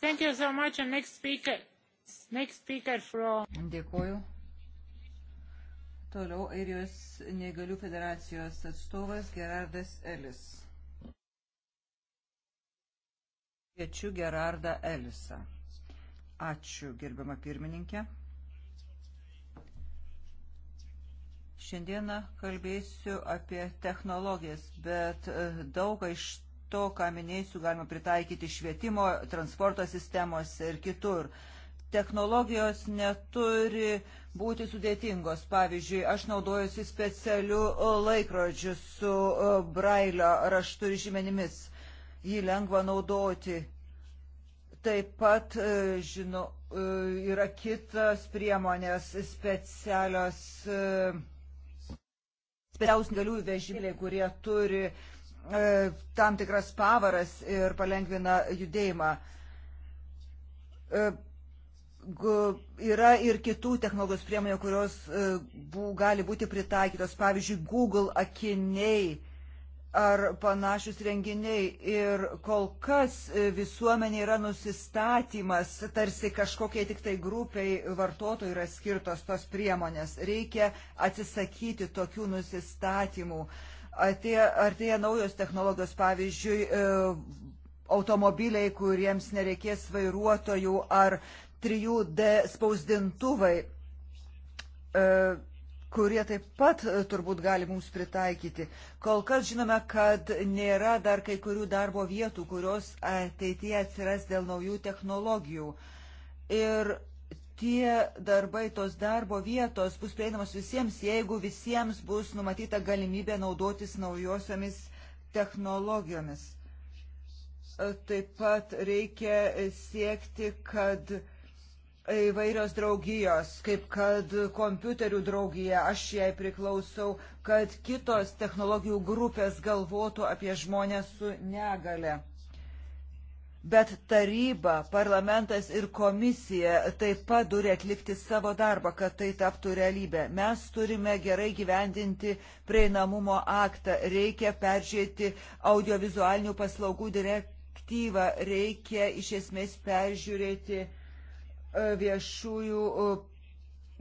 Thank you so much. And next speaker, next speaker from... Dėkuoju. Toliau Airijos negalių federacijos atstovas Gerardas Elis. Kviečiu Gerardą Elisą. Ačiū, gerbama pirmininkė. Šiandieną kalbėsiu apie technologijas, bet e, daug iš to, ką minėsiu, galima pritaikyti švietimo, transporto sistemos ir kitur. Technologijos neturi būti sudėtingos. Pavyzdžiui, aš naudojusi specialiu e, laikrodžiu su e, brailio raštu ir žymenimis. Jį lengva naudoti. Taip pat, žinau, yra kitas priemonės specialios vyriausių galiųjų vežimėliai, kurie turi e, tam tikras pavaras ir palengvina judėjimą. E, gu, yra ir kitų technologijos priemonių, kurios e, bū, gali būti pritaikytos, pavyzdžiui, Google akiniai ar panašus renginiai ir kol kas e, visuomenė yra nusistatymas, tarsi kažkokiai tik tai grupiai vartotojų yra skirtos tos priemonės. Reikia atsisakyti tokių nusistatymų. Artėja naujos technologijos, pavyzdžiui, e, automobiliai, kuriems nereikės vairuotojų ar 3D spausdintuvai e, kurie taip pat e, turbūt gali mums pritaikyti. Kol kas žinome, kad nėra dar kai kurių darbo vietų, kurios ateityje atsiras dėl naujų technologijų. Ir tie darbai, tos darbo vietos bus prieinamos visiems, jeigu visiems bus numatyta galimybė naudotis naujosiomis technologijomis. E, taip pat reikia siekti, kad įvairios draugijos, kaip kad kompiuterių draugija, aš jai priklausau, kad kitos technologijų grupės galvotų apie žmonės su negale. Bet taryba, parlamentas ir komisija taip pat turi atlikti savo darbą, kad tai taptų realybė. Mes turime gerai gyvendinti prieinamumo aktą, reikia peržiūrėti audiovizualinių paslaugų direktyvą, reikia iš esmės peržiūrėti uh, E, viešųjų e,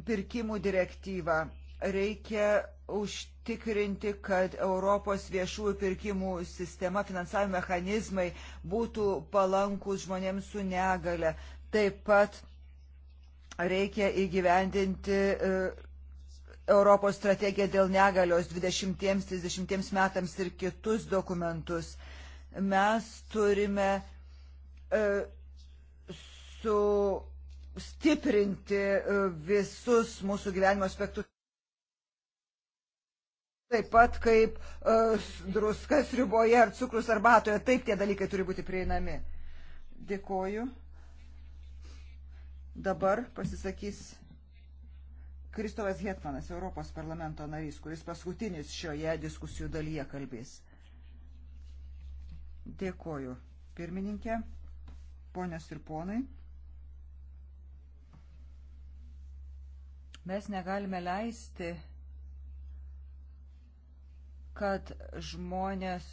pirkimų direktyvą. Reikia užtikrinti, kad Europos viešųjų pirkimų sistema, finansavimo mechanizmai būtų palankus žmonėms su negale. Taip pat reikia įgyvendinti e, Europos strategiją dėl negalios 20-30 metams ir kitus dokumentus. Mes turime su stiprinti e, visus mūsų gyvenimo aspektus. Taip pat kaip uh, e, druskas riboje ar cukrus arbatoje, taip tie dalykai turi būti prieinami. Dėkoju. Dabar pasisakys Kristovas Hetmanas, Europos parlamento narys, kuris paskutinis šioje diskusijų dalyje kalbės. Dėkoju. Pirmininkė, ponios ir ponai. Mes negalime leisti, kad žmonės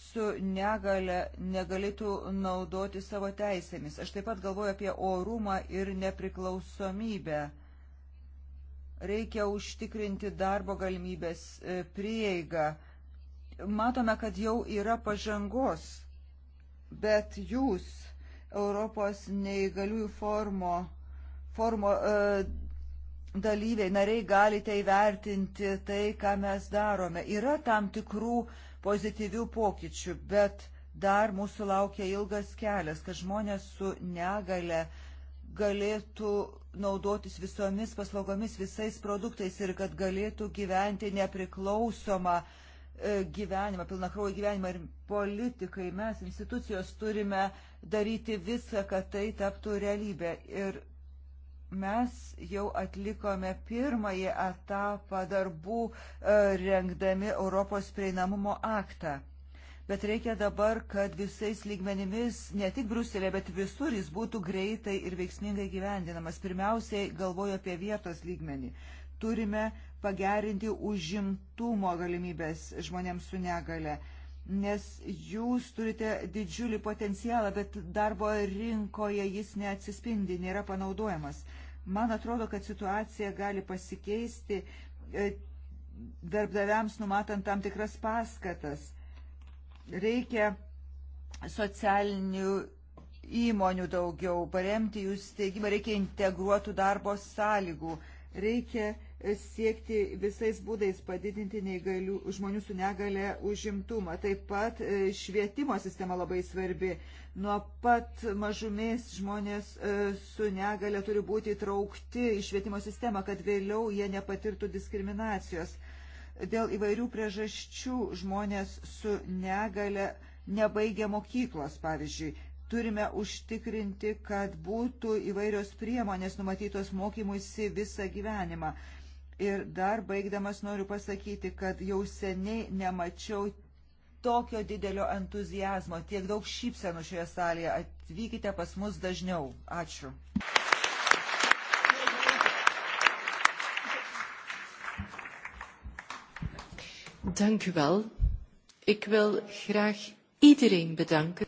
su negale negalėtų naudoti savo teisėmis. Aš taip pat galvoju apie orumą ir nepriklausomybę. Reikia užtikrinti darbo galimybės e, prieigą. Matome, kad jau yra pažangos, bet jūs Europos neįgaliųjų formo forumo e, dalyviai, nariai galite įvertinti tai, ką mes darome. Yra tam tikrų pozityvių pokyčių, bet dar mūsų laukia ilgas kelias, kad žmonės su negale galėtų naudotis visomis paslaugomis, visais produktais ir kad galėtų gyventi nepriklausomą e, gyvenimą, pilna kraujo gyvenimą ir politikai, mes institucijos turime daryti viską, kad tai taptų realybė. Ir mes jau atlikome pirmąjį etapą darbų e, rengdami Europos prieinamumo aktą. Bet reikia dabar, kad visais lygmenimis, ne tik Bruselė, bet visur jis būtų greitai ir veiksmingai gyvendinamas. Pirmiausiai galvoju apie vietos lygmenį. Turime pagerinti užimtumo galimybės žmonėms su negale nes jūs turite didžiulį potencialą, bet darbo rinkoje jis neatsispindi, nėra panaudojamas. Man atrodo, kad situacija gali pasikeisti e, darbdaviams numatant tam tikras paskatas. Reikia socialinių įmonių daugiau, paremti jų steigimą, reikia integruotų darbo sąlygų, reikia uh, siekti visais būdais padidinti neįgalių žmonių su negale užimtumą. Taip pat e, švietimo sistema labai svarbi. Nuo pat mažumės žmonės e, su negale turi būti įtraukti į švietimo sistemą, kad vėliau jie nepatirtų diskriminacijos. Dėl įvairių priežasčių žmonės su negale nebaigia mokyklos, pavyzdžiui. Turime užtikrinti, kad būtų įvairios priemonės numatytos mokymuisi visą gyvenimą. Ir dar baigdamas noriu pasakyti, kad jau seniai nemačiau tokio didelio entuzijazmo, tiek daug šypsenų šioje salėje. Atvykite pas mus dažniau. Ačiū. Dank u wel. Ik wil graag iedereen bedanken.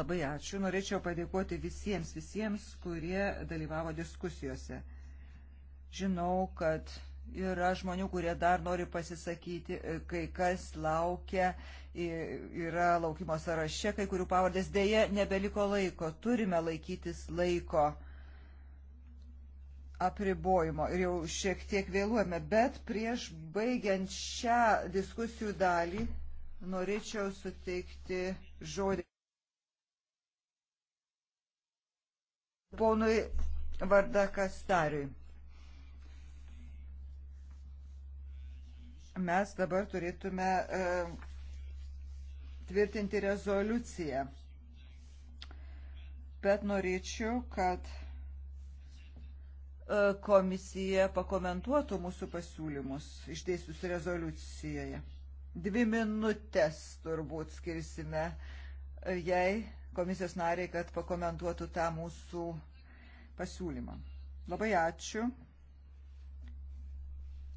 Labai ačiū. Norėčiau padėkoti visiems, visiems, kurie dalyvavo diskusijose. Žinau, kad yra žmonių, kurie dar nori pasisakyti, e, kai kas laukia, yra laukimo sąraše, kai kurių pavardės dėje nebeliko laiko, turime laikytis laiko apribojimo ir jau šiek tiek vėluojame, bet prieš baigiant šią diskusijų dalį norėčiau suteikti žodį. Ponui Vardakastariui. mes dabar turėtume e, tvirtinti rezoliuciją. Bet norėčiau, kad e, komisija pakomentuotų mūsų pasiūlymus išdėsius rezoliucijoje. Dvi minutės turbūt skirsime e, jai, komisijos nariai, kad pakomentuotų tą mūsų pasiūlymą. Labai ačiū.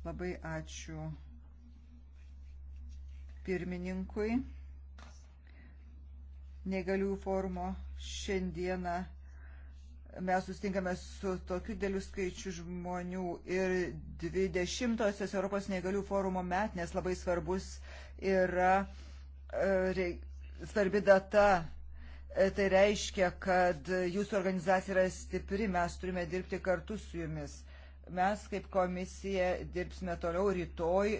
Labai ačiū pirmininkui negaliųjų forumo šiandieną mes sustinkame su tokiu dėliu skaičiu žmonių ir 20-osios Europos negalių forumo metnės labai svarbus yra e, svarbi data. E, tai reiškia, kad jūsų organizacija yra stipri, mes turime dirbti kartu su jumis. Mes kaip komisija dirbsime toliau, rytoj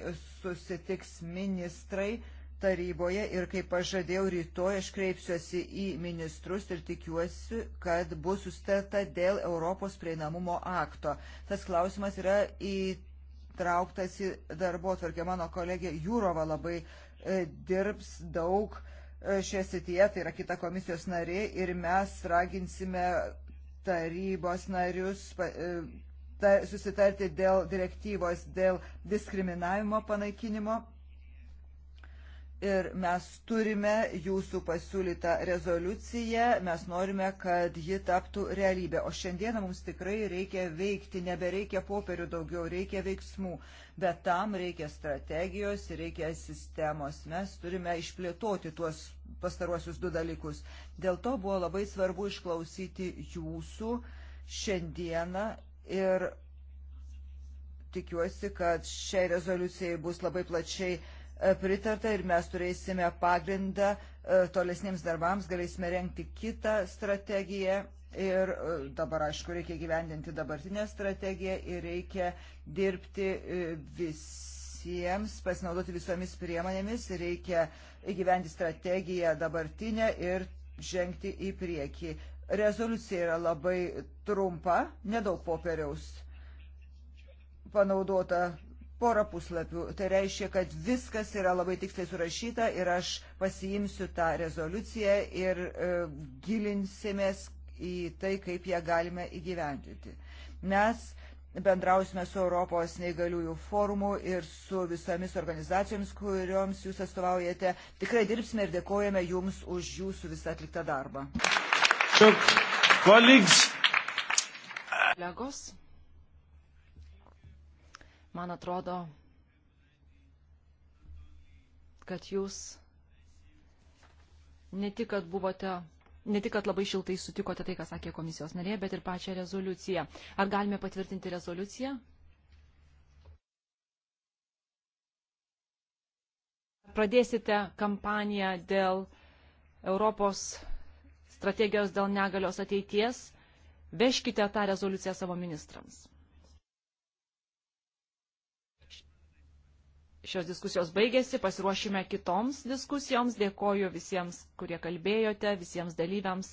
susitiks ministrai taryboje ir kaip pažadėjau, rytoj aš kreipsiuosi į ministrus ir tikiuosi, kad bus sustarta dėl Europos prieinamumo akto. Tas klausimas yra įtrauktas į darbo atvarkę. Mano kolegė Jūrova labai e, dirbs daug e, šioje srityje, tai yra kita komisijos narė ir mes raginsime tarybos narius. Pa, e, susitarti dėl direktyvos, dėl diskriminavimo panaikinimo. Ir mes turime jūsų pasiūlytą rezoliuciją, mes norime, kad ji taptų realybė. O šiandieną mums tikrai reikia veikti, nebereikia popierių daugiau, reikia veiksmų. Bet tam reikia strategijos, reikia sistemos. Mes turime išplėtoti tuos pastaruosius du dalykus. Dėl to buvo labai svarbu išklausyti jūsų šiandieną ir tikiuosi, kad šiai rezoliucijai bus labai plačiai e, pritarta ir mes turėsime pagrindą e, tolesniems darbams, galėsime renkti kitą strategiją Ir e, dabar, aišku, reikia gyvendinti dabartinę strategiją ir reikia dirbti visiems, pasinaudoti visomis priemonėmis, reikia įgyvendinti strategiją dabartinę ir žengti į priekį. Rezoliucija yra labai trumpa, nedaug popieriaus panaudota porą puslapių. Tai reiškia, kad viskas yra labai tiksliai surašyta ir aš pasiimsiu tą rezoliuciją ir e, gilinsimės į tai, kaip ją galime įgyvendinti. Mes bendrausime su Europos neįgaliųjų forumu ir su visomis organizacijomis, kurioms jūs atstovaujate. Tikrai dirbsime ir dėkojame jums už jūsų visą atliktą darbą. So, colleagues. Kolegos, man atrodo, kad jūs ne tik, kad buvote, ne tik, kad labai šiltai sutikote tai, ką sakė komisijos narė, bet ir pačią rezoliuciją. Ar galime patvirtinti rezoliuciją? Pradėsite kampaniją dėl Europos strategijos dėl negalios ateities, veškite tą rezoliuciją savo ministrams. Šios diskusijos baigėsi, pasiruošime kitoms diskusijoms. Dėkoju visiems, kurie kalbėjote, visiems dalyviams.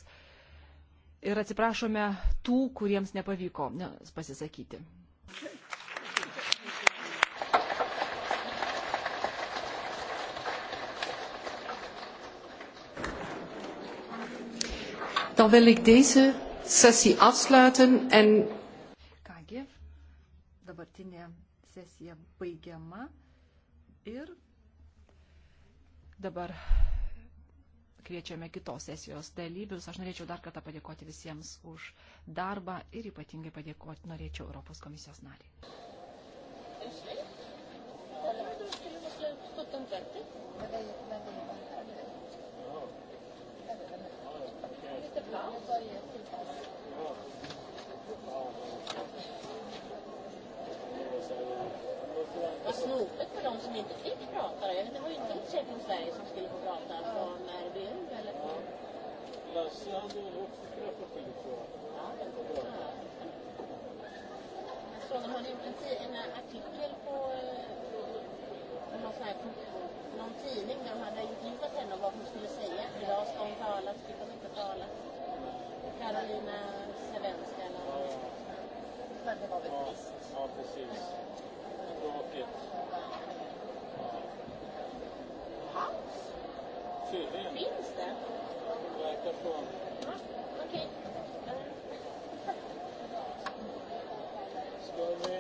Ir atsiprašome tų, kuriems nepavyko ne, pasisakyti. Okay. Dan wil ik deze sessie afsluiten en... Kągi, dabartinė sesija baigiama ir dabar kviečiame kitos sesijos dalyvius. Aš norėčiau dar kartą padėkoti visiems už darbą ir ypatingai padėkoti norėčiau Europos komisijos nariai. Thank you. snopet för de som inte fick prata. Det var ju inte Försäkring Sverige som skulle få prata från RBU eller från... Lasse hade väl också kunnat få tid tror jag. Ja, jag tror det. Jag såg de hade gjort en, en artikel på någon, eh, sån här, någon tidning där de hade intervjuat henne om vad hon skulle säga. Idag ska hon tala, så fick hon inte tala. Karolina Svenska eller vad det var väl trist. Ja, precis. Euro 40. Hans? Tydligen. Finns det? Verkar så. Ja, okej. Okay. Ska vi...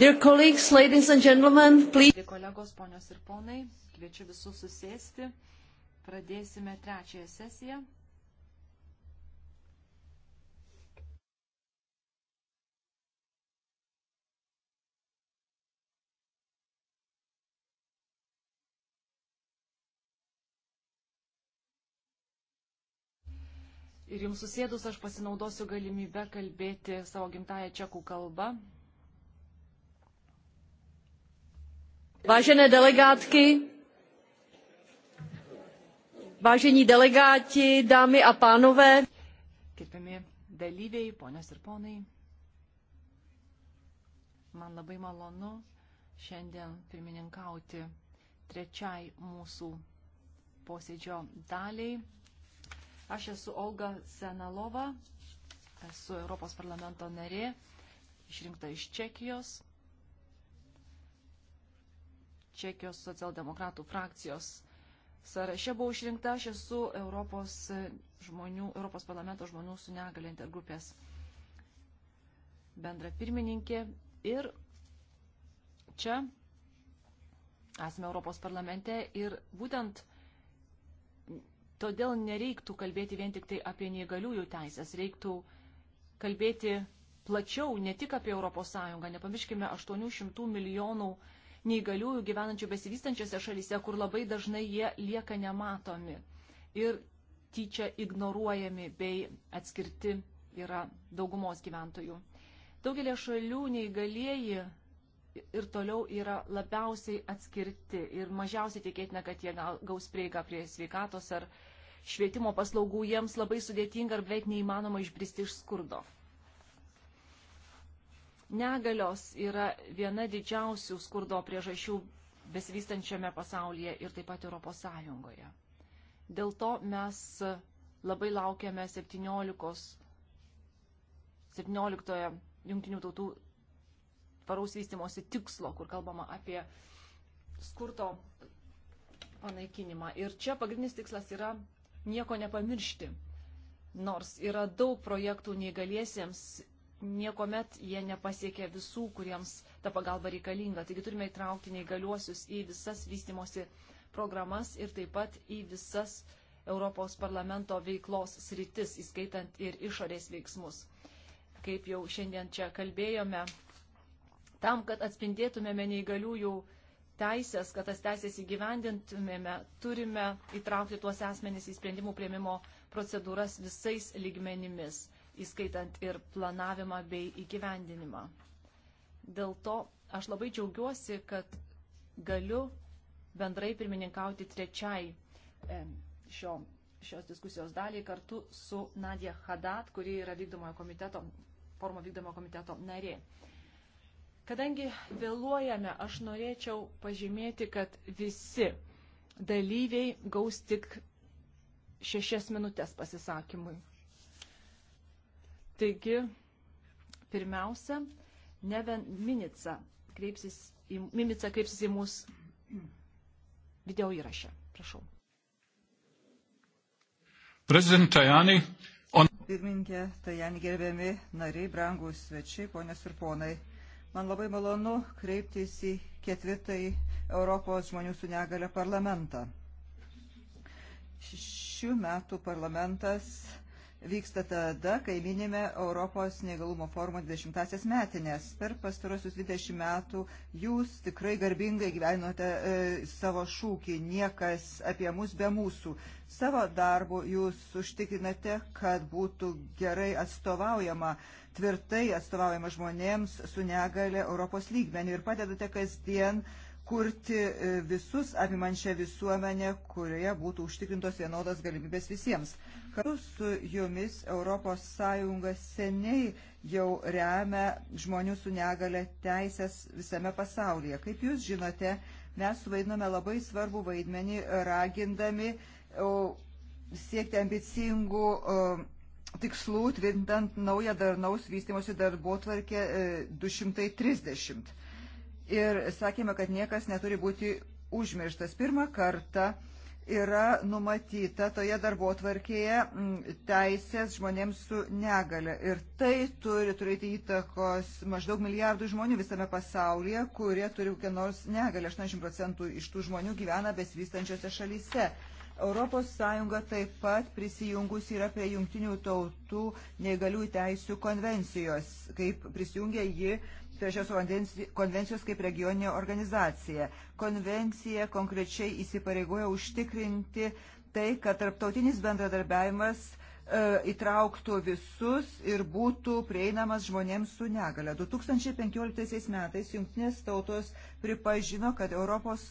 Dear colleagues, ladies and gentlemen, please. Dear kolegos, ponios ir ponai, kviečiu visus susėsti. Pradėsime trečiąją sesiją. Ir jums susėdus aš pasinaudosiu galimybę kalbėti savo gimtają čekų kalbą, Vážené delegátky, vážení delegáti, dámy a pánové. Gerbiami dalyviai, ponios ir ponai, man labai malonu šiandien pirmininkauti trečiai mūsų posėdžio daliai. Aš esu Olga Senalova, esu Europos parlamento narė, išrinkta iš Čekijos Čekijos socialdemokratų frakcijos sąraše buvau išrinkta, aš esu Europos, e, žmonių, Europos parlamento žmonių su negalė intergrupės bendra pirmininkė ir čia esame Europos parlamente ir būtent todėl nereiktų kalbėti vien tik tai apie neįgaliųjų teisės, reiktų kalbėti plačiau ne tik apie ES, nepamirškime 800 milijonų žmonių neįgaliųjų gyvenančių besivystančiose šalyse, kur labai dažnai jie lieka nematomi ir tyčia ignoruojami bei atskirti yra daugumos gyventojų. Daugelė šalių neįgalieji ir toliau yra labiausiai atskirti ir mažiausiai tikėtina, kad jie gaus prieigą prie sveikatos ar švietimo paslaugų, jiems labai sudėtinga ar beveik neįmanoma išbristi iš skurdo. Negalios yra viena didžiausių skurdo priežasčių besivystančiame pasaulyje ir taip pat Europos Sąjungoje. Dėl to mes labai laukiame 17, 17 jungtinių tautų tvaraus vystimosi tikslo, kur kalbama apie skurto panaikinimą. Ir čia pagrindinis tikslas yra nieko nepamiršti. Nors yra daug projektų neįgaliesiems niekuomet jie nepasiekia visų, kuriems ta pagalba reikalinga. Taigi turime įtraukti neįgaliuosius į visas vystimosi programas ir taip pat į visas Europos parlamento veiklos sritis, įskaitant ir išorės veiksmus. Kaip jau šiandien čia kalbėjome, tam, kad atspindėtumėme neįgaliųjų teisės, kad tas teisės įgyvendintumėme, turime įtraukti tuos asmenys į sprendimų prieimimo procedūras visais lygmenimis įskaitant ir planavimą bei įgyvendinimą. Dėl to aš labai džiaugiuosi, kad galiu bendrai pirmininkauti trečiai e, šio, šios diskusijos daliai kartu su Nadja Hadat, kuri yra vykdomojo komiteto, formo vykdomojo komiteto narė. Kadangi vėluojame, aš norėčiau pažymėti, kad visi dalyviai gaus tik šešias minutės pasisakymui. Taigi, pirmiausia, Neven Minica kreipsis į, Mimica kreipsis į mūsų video įrašą. Prašau. President Tajani. On... Pirmininkė Tajani, gerbiami nariai, brangūs svečiai, ponios ir ponai. Man labai malonu kreiptis į ketvirtąjį Europos žmonių su negale parlamentą. Šių metų parlamentas vyksta tada, kai minime Europos neįgalumo forumo 20-asias metinės. Per pastarosius 20 metų jūs tikrai garbingai gyvenote e, savo šūkį niekas apie mus be mūsų. Savo darbu jūs užtikrinate, kad būtų gerai atstovaujama, tvirtai atstovaujama žmonėms su negale Europos lygmenį ir padedate kasdien kurti e, visus apimančią visuomenę, kurioje būtų užtikrintos vienodas galimybės visiems. Mhm Kartu su jumis ES seniai jau remia žmonių su negale teisės visame pasaulyje. Kaip jūs žinote, mes suvaidiname labai svarbų vaidmenį, ragindami siekti ambicingų tikslų, tvirtinant naują darnaus vystimosi darbo tvarkę 230. Ir sakėme, kad niekas neturi būti užmirštas. Pirmą kartą yra numatyta toje darbo tvarkėje teisės žmonėms su negale. Ir tai turi turėti įtakos maždaug milijardų žmonių visame pasaulyje, kurie turi kokią nors negalę. 80 procentų iš tų žmonių gyvena besivystančiose šalyse. ES taip pat prisijungus yra prie jungtinių tautų neįgalių teisių konvencijos, kaip prisijungia ji trečios konvencijos kaip regioninė organizacija. Konvencija konkrečiai įsipareigoja užtikrinti tai, kad tarptautinis bendradarbiavimas e, įtrauktų visus ir būtų prieinamas žmonėms su negale. 2015 metais Junktinės tautos pripažino, kad ES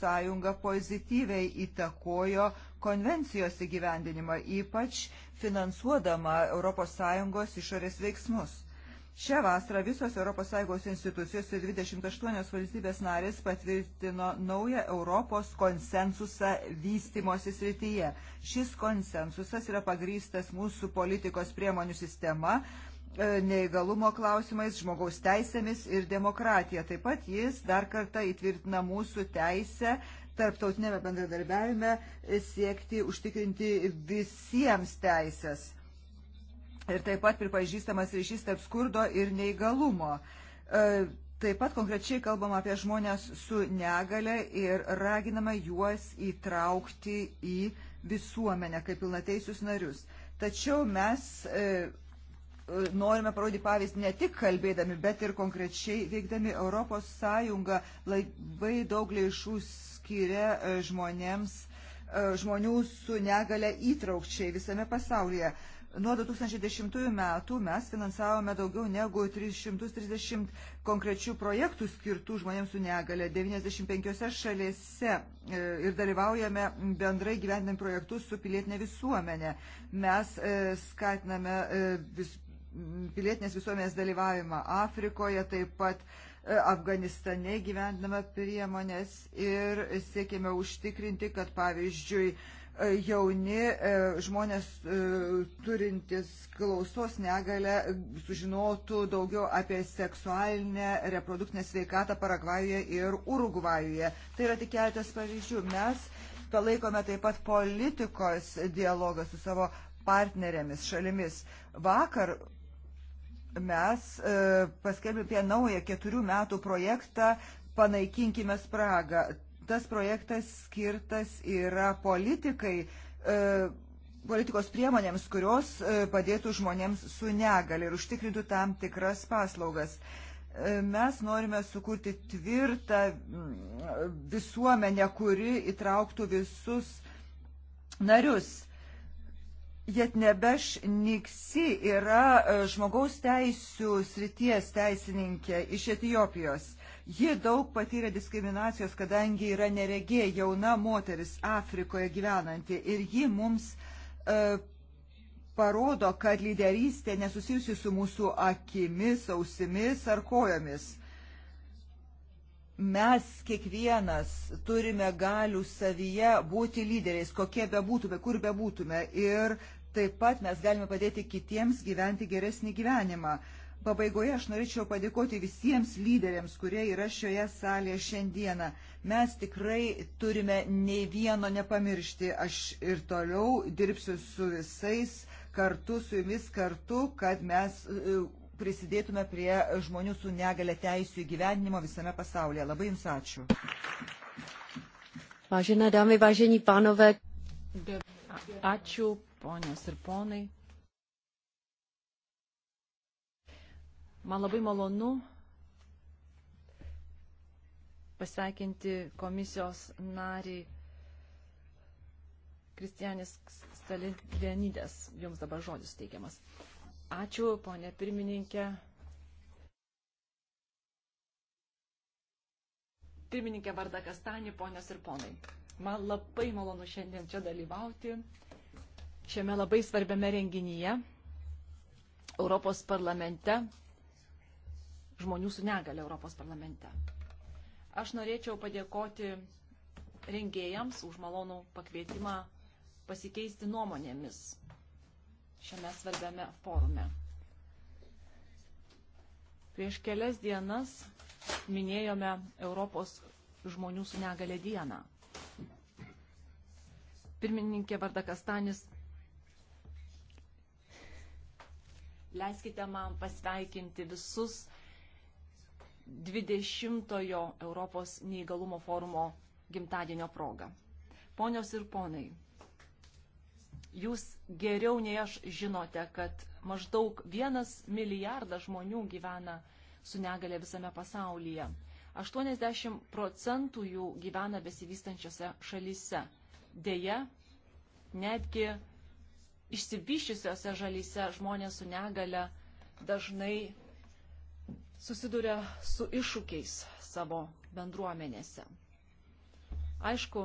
pozityviai įtakojo konvencijos įgyvendinimą, ypač finansuodama ES išorės veiksmus. Šią vasarą visos ES institucijos ir 28 valstybės narės patvirtino naują Europos konsensusą vystimosi srityje. Šis konsensusas yra pagrystas mūsų politikos priemonių sistema, e, neįgalumo klausimais, žmogaus teisėmis ir demokratija. Taip pat jis dar kartą įtvirtina mūsų teisę tarptautinėme bendradarbiavime siekti užtikrinti visiems teisės Ir taip pat pripažįstamas ryšys tarp skurdo ir neįgalumo. E, taip pat konkrečiai kalbam apie žmonės su negale ir raginama juos įtraukti į visuomenę kaip pilnateisius narius. Tačiau mes e, norime parodyti pavyzdį ne tik kalbėdami, bet ir konkrečiai veikdami. Europos Sąjunga labai daug lėšų skiria e, žmonėms, žmonių su negale įtraukčiai visame pasaulyje. Nuo 2010 metų mes finansavome daugiau negu 330 konkrečių projektų skirtų žmonėms su negale 95 šalėse e, ir dalyvaujame bendrai gyvendami projektus su pilietinė visuomenė. Mes e, skatiname e, vis, pilietinės visuomenės dalyvavimą Afrikoje, taip pat Afganistane gyvendame priemonės ir siekime užtikrinti, kad pavyzdžiui, jauni e, žmonės e, turintis klausos negalę sužinotų daugiau apie seksualinę reproduktinę sveikatą Paragvajuje ir Urugvajuje. Tai yra tik keletas pavyzdžių. Mes palaikome taip pat politikos dialogą su savo partnerėmis, šalimis. Vakar mes e, paskelbėme apie naują keturių metų projektą Panaikinkime spragą tas projektas skirtas yra politikai, e, politikos priemonėms, kurios e, padėtų žmonėms su negali ir užtikrintų tam tikras paslaugas. E, mes norime sukurti tvirtą visuomenę, kuri įtrauktų visus narius. Jetnebeš Niksi yra žmogaus teisų srities teisininkė iš Etijopijos. Ji daug patyrė diskriminacijos, kadangi yra neregė jauna moteris Afrikoje gyvenanti ir ji mums e, parodo, kad lyderystė nesusijusi su mūsų akimis, ausimis ar kojomis. Mes kiekvienas turime galių savyje būti lyderiais, kokie bebūtume, kur bebūtume. Ir taip pat mes galime padėti kitiems gyventi geresnį gyvenimą. E, Pabaigoje aš norėčiau padėkoti visiems lyderiams, kurie yra šioje salėje šiandieną. Mes tikrai turime nei vieno nepamiršti. Aš ir toliau dirbsiu su visais kartu, su jumis kartu, kad mes e, prisidėtume prie žmonių su negale teisų įgyvendinimo visame pasaulyje. Labai jums ačiū. Vážené dámy, vážení pánové. Ačiū, ponios ir ponai. Man labai malonu pasveikinti komisijos narį Kristianis Stalienidės. Jums dabar žodis teikiamas. Ačiū, ponė pirmininkė. Pirmininkė Varda Kastani, ponios ir ponai. Man labai malonu šiandien čia dalyvauti šiame labai svarbiame renginyje Europos parlamente žmonių su negale Europos parlamente. Aš norėčiau padėkoti rengėjams už malonų pakvietimą pasikeisti nuomonėmis šiame svarbiame forume. Prieš kelias dienas minėjome Europos žmonių su negale dieną. Pirmininkė Varda Kastanis, leiskite man pasveikinti visus 20-ojo Europos neįgalumo forumo gimtadienio proga. Ponios ir ponai, jūs geriau nei aš žinote, kad maždaug vienas milijardas žmonių gyvena su negale visame pasaulyje. 80 procentų jų gyvena besivystančiose šalyse. Deja, netgi išsivyščiusiose šalyse žmonės su negale dažnai susiduria su iššūkiais savo bendruomenėse. Aišku,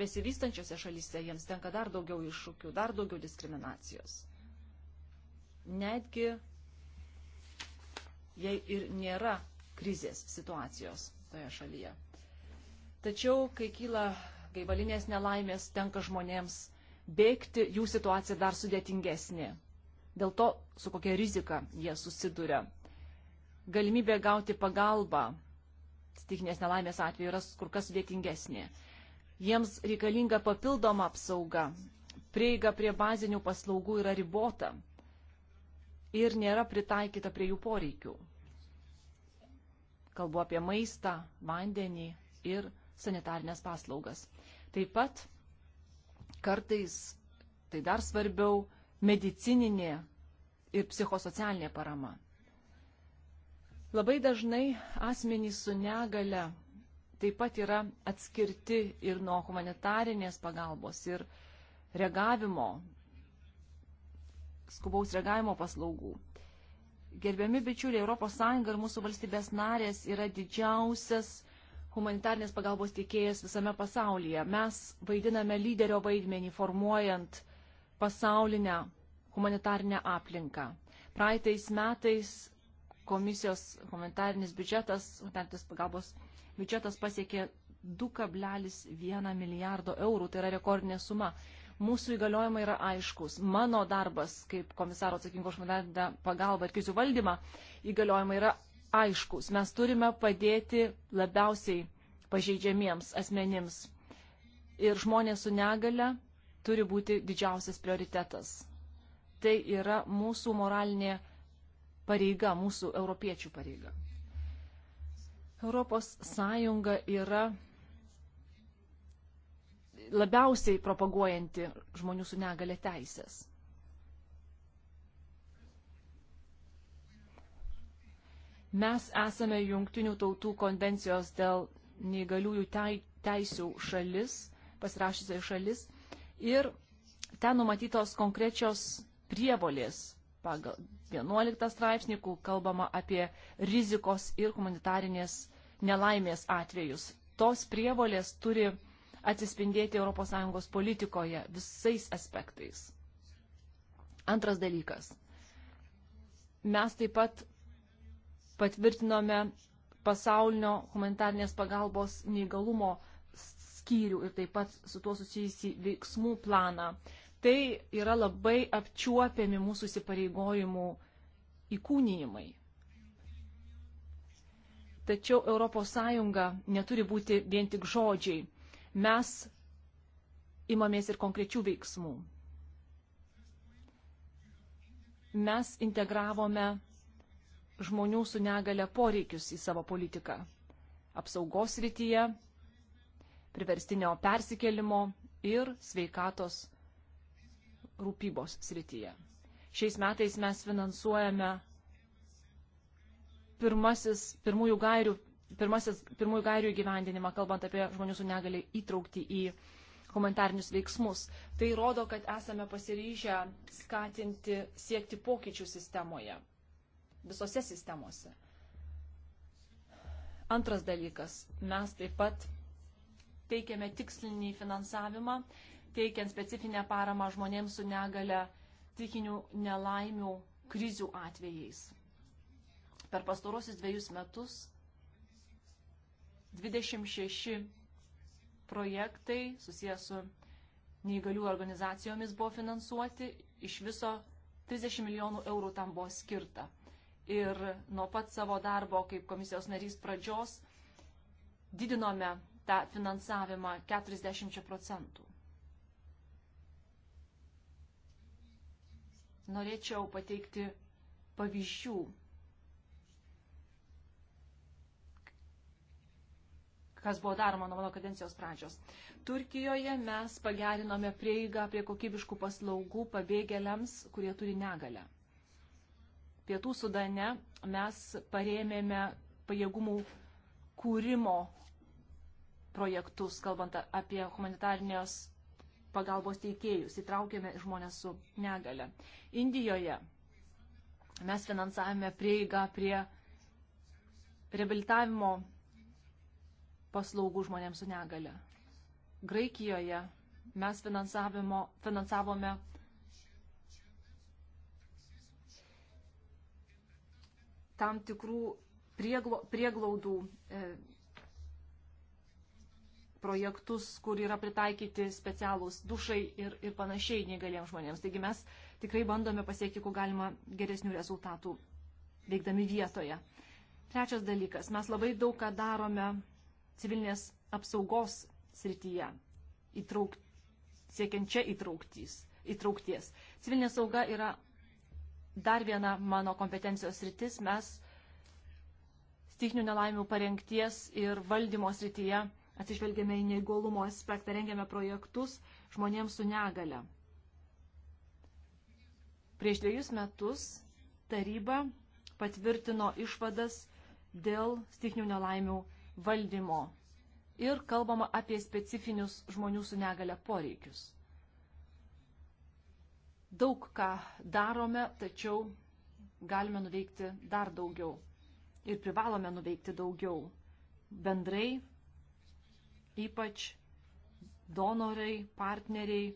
besivystančiose šalyse jiems tenka dar daugiau iššūkių, dar daugiau diskriminacijos. Netgi jei ir nėra krizės situacijos toje šalyje. Tačiau, kai kyla gaivalinės nelaimės, tenka žmonėms bėgti, jų situacija dar sudėtingesnė. Dėl to, su kokia rizika jie susiduria galimybė gauti pagalbą stikinės nelaimės atveju yra kur kas sudėtingesnė. Jiems reikalinga papildoma apsauga, prieiga prie bazinių paslaugų yra ribota ir nėra pritaikyta prie jų poreikių. Kalbu apie maistą, vandenį ir sanitarnės paslaugas. Taip pat kartais, tai dar svarbiau, medicininė ir psichosocialinė parama. Labai dažnai asmenys su negale taip pat yra atskirti ir nuo humanitarinės pagalbos, ir reagavimo, skubaus reagavimo paslaugų. Gerbiami bičiuliai, ES ir mūsų valstybės narės yra didžiausias humanitarnės pagalbos teikėjas visame pasaulyje. Mes vaidiname lyderio vaidmenį formuojant pasaulinę humanitarnę aplinką. Praeitais metais komisijos humanitarinis biudžetas, humanitarinis pagalbos biudžetas pasiekė 2,1 milijardo eurų, tai yra rekordinė suma. Mūsų įgaliojimai yra aiškus. Mano darbas kaip komisaro atsakingo už humanitarinę pagalbą ir krizių valdymą įgaliojimai yra aiškus. Mes turime padėti labiausiai pažeidžiamiems asmenims. Ir žmonės su negale turi būti didžiausias prioritetas. Tai yra mūsų moralinė pareiga, mūsų europiečių pareiga. Europos Sąjunga yra labiausiai propaguojanti žmonių su negale teisės. Mes esame Junktinių tautų konvencijos dėl neįgaliųjų teisių šalis, pasirašysiai šalis, ir ten numatytos konkrečios prievolės pagal 11 straipsnį, kur kalbama apie rizikos ir humanitarinės nelaimės atvejus. Tos prievolės turi atsispindėti ES politikoje visais aspektais. Antras dalykas. Mes taip pat patvirtinome pasaulinio humanitarnės pagalbos neįgalumo skyrių ir taip pat su tuo susijusi veiksmų planą tai yra labai apčiuopiami mūsų įsipareigojimų įkūnijimai. Tačiau ES neturi būti vien tik žodžiai. Mes imamės ir konkrečių veiksmų. Mes integravome žmonių su negale poreikius į savo politiką. Apsaugos rytyje, priverstinio persikelimo ir sveikatos rūpybos srityje. Šiais metais mes finansuojame pirmasis, pirmųjų gairių, pirmasis, pirmųjų gairių įgyvendinimą, kalbant apie žmonių su negali įtraukti į humanitarnius veiksmus. Tai rodo, kad esame pasiryžę skatinti siekti pokyčių sistemoje, visose sistemose. Antras dalykas, mes taip pat teikiame tikslinį finansavimą teikiant specifinę paramą žmonėms su negale tikinių nelaimių krizių atvejais. Per pastarosius dviejus metus 26 projektai susijęs su neįgalių organizacijomis buvo finansuoti, iš viso 30 milijonų eurų tam buvo skirta. Ir nuo pat savo darbo kaip komisijos narys pradžios didinome tą finansavimą 40 procentų. norėčiau pateikti pavyzdžių, kas buvo daroma nuo mano kadencijos pradžios. Turkijoje mes pagerinome prieigą prie kokybiškų paslaugų pabėgėliams, kurie turi negalę. Pietų Sudane mes parėmėme pajėgumų kūrimo projektus, kalbant apie humanitarnės pagalbos teikėjus, įtraukėme žmonės su negale. Indijoje mes finansavome prieigą prie reabilitavimo paslaugų žmonėms su negale. Graikijoje mes finansavome tam tikrų prieglaudų e, projektus, kur yra pritaikyti specialūs dušai ir, ir panašiai negaliems žmonėms. Taigi mes tikrai bandome pasiekti, kuo galima geresnių rezultatų veikdami vietoje. Trečias dalykas, mes labai daug ką darome civilinės apsaugos srityje, įtrauk, siekiant čia įtrauktis, įtraukties. Civilinė sauga yra dar viena mano kompetencijos sritis. Mes stichnių nelaimių parengties ir valdymo srityje atsižvelgiame į neįgalumo aspektą, rengiame projektus žmonėms su negale. Prieš dviejus metus taryba patvirtino išvadas dėl stichnių nelaimių valdymo ir kalbama apie specifinius žmonių su negale poreikius. Daug ką darome, tačiau galime nuveikti dar daugiau ir privalome nuveikti daugiau bendrai ypač donorai, partneriai.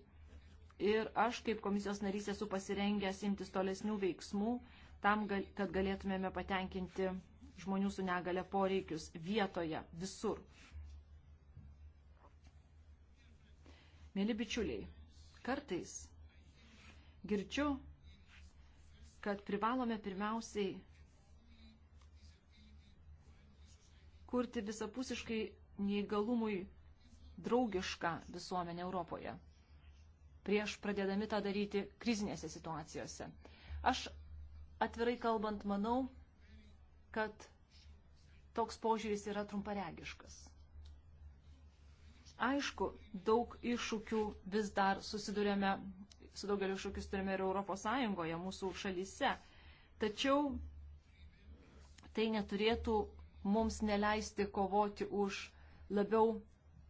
Ir aš kaip komisijos narys esu pasirengęs imtis tolesnių veiksmų tam, kad galėtumėme patenkinti žmonių su negale poreikius vietoje, visur. Mėly bičiuliai, kartais girdžiu, kad privalome pirmiausiai kurti visapusiškai neįgalumui draugišką visuomenę Europoje, prieš pradėdami tą daryti krizinėse situacijose. Aš atvirai kalbant manau, kad toks požiūris yra trumparegiškas. Aišku, daug iššūkių vis dar susidurėme, su daugeliu iššūkius turime ir Europos Sąjungoje, mūsų šalyse. Tačiau tai neturėtų mums neleisti kovoti už labiau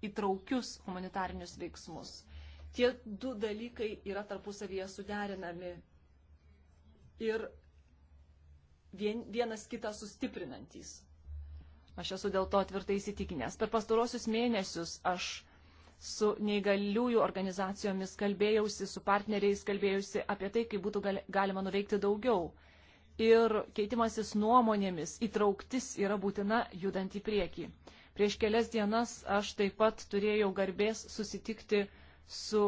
įtraukius humanitarinius veiksmus. Tie du dalykai yra tarpusavyje suderinami ir vien, vienas kitą sustiprinantis. Aš esu dėl to tvirtai įsitikinęs. Per pastarosius mėnesius aš su neįgaliųjų organizacijomis kalbėjausi, su partneriais kalbėjausi apie tai, kaip būtų galima nuveikti daugiau. Ir keitimasis nuomonėmis įtrauktis yra būtina judant į priekį. Prieš kelias dienas aš taip pat turėjau garbės susitikti su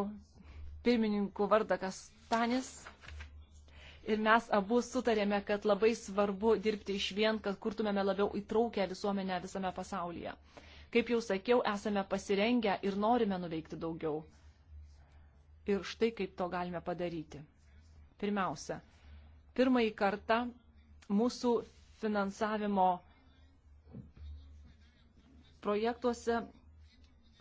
pirmininku Vardakas Tanis. Ir mes abu sutarėme, kad labai svarbu dirbti iš vien, kad kurtumėme labiau įtraukę visuomenę visame pasaulyje. Kaip jau sakiau, esame pasirengę ir norime nuveikti daugiau. Ir štai kaip to galime padaryti. Pirmiausia, pirmąjį kartą mūsų finansavimo projektuose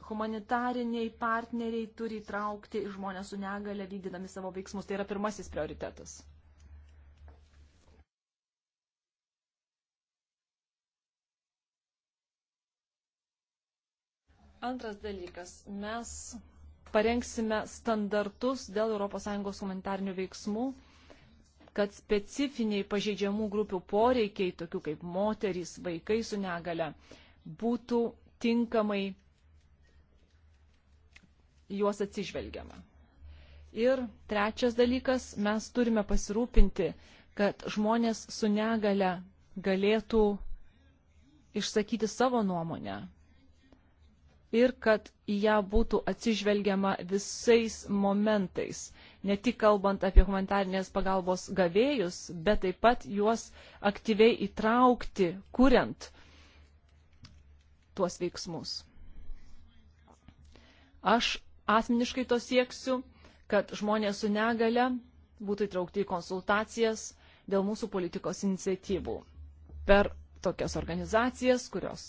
humanitariniai partneriai turi įtraukti žmonės su negale vykdydami savo veiksmus. Tai yra pirmasis prioritetas. Antras dalykas. Mes parengsime standartus dėl ES humanitarnių veiksmų, kad specifiniai pažeidžiamų grupių poreikiai, tokių kaip moterys, vaikai su negale, būtų tinkamai juos atsižvelgiama. Ir trečias dalykas, mes turime pasirūpinti, kad žmonės su negale galėtų išsakyti savo nuomonę ir kad į ją būtų atsižvelgiama visais momentais, ne tik kalbant apie humanitarnės pagalbos gavėjus, bet taip pat juos aktyviai įtraukti, kuriant uh, tuos veiksmus. Aš asmeniškai to sieksiu, kad žmonės su negale būtų įtraukti į konsultacijas dėl mūsų politikos iniciatyvų. Per tokias organizacijas, kurios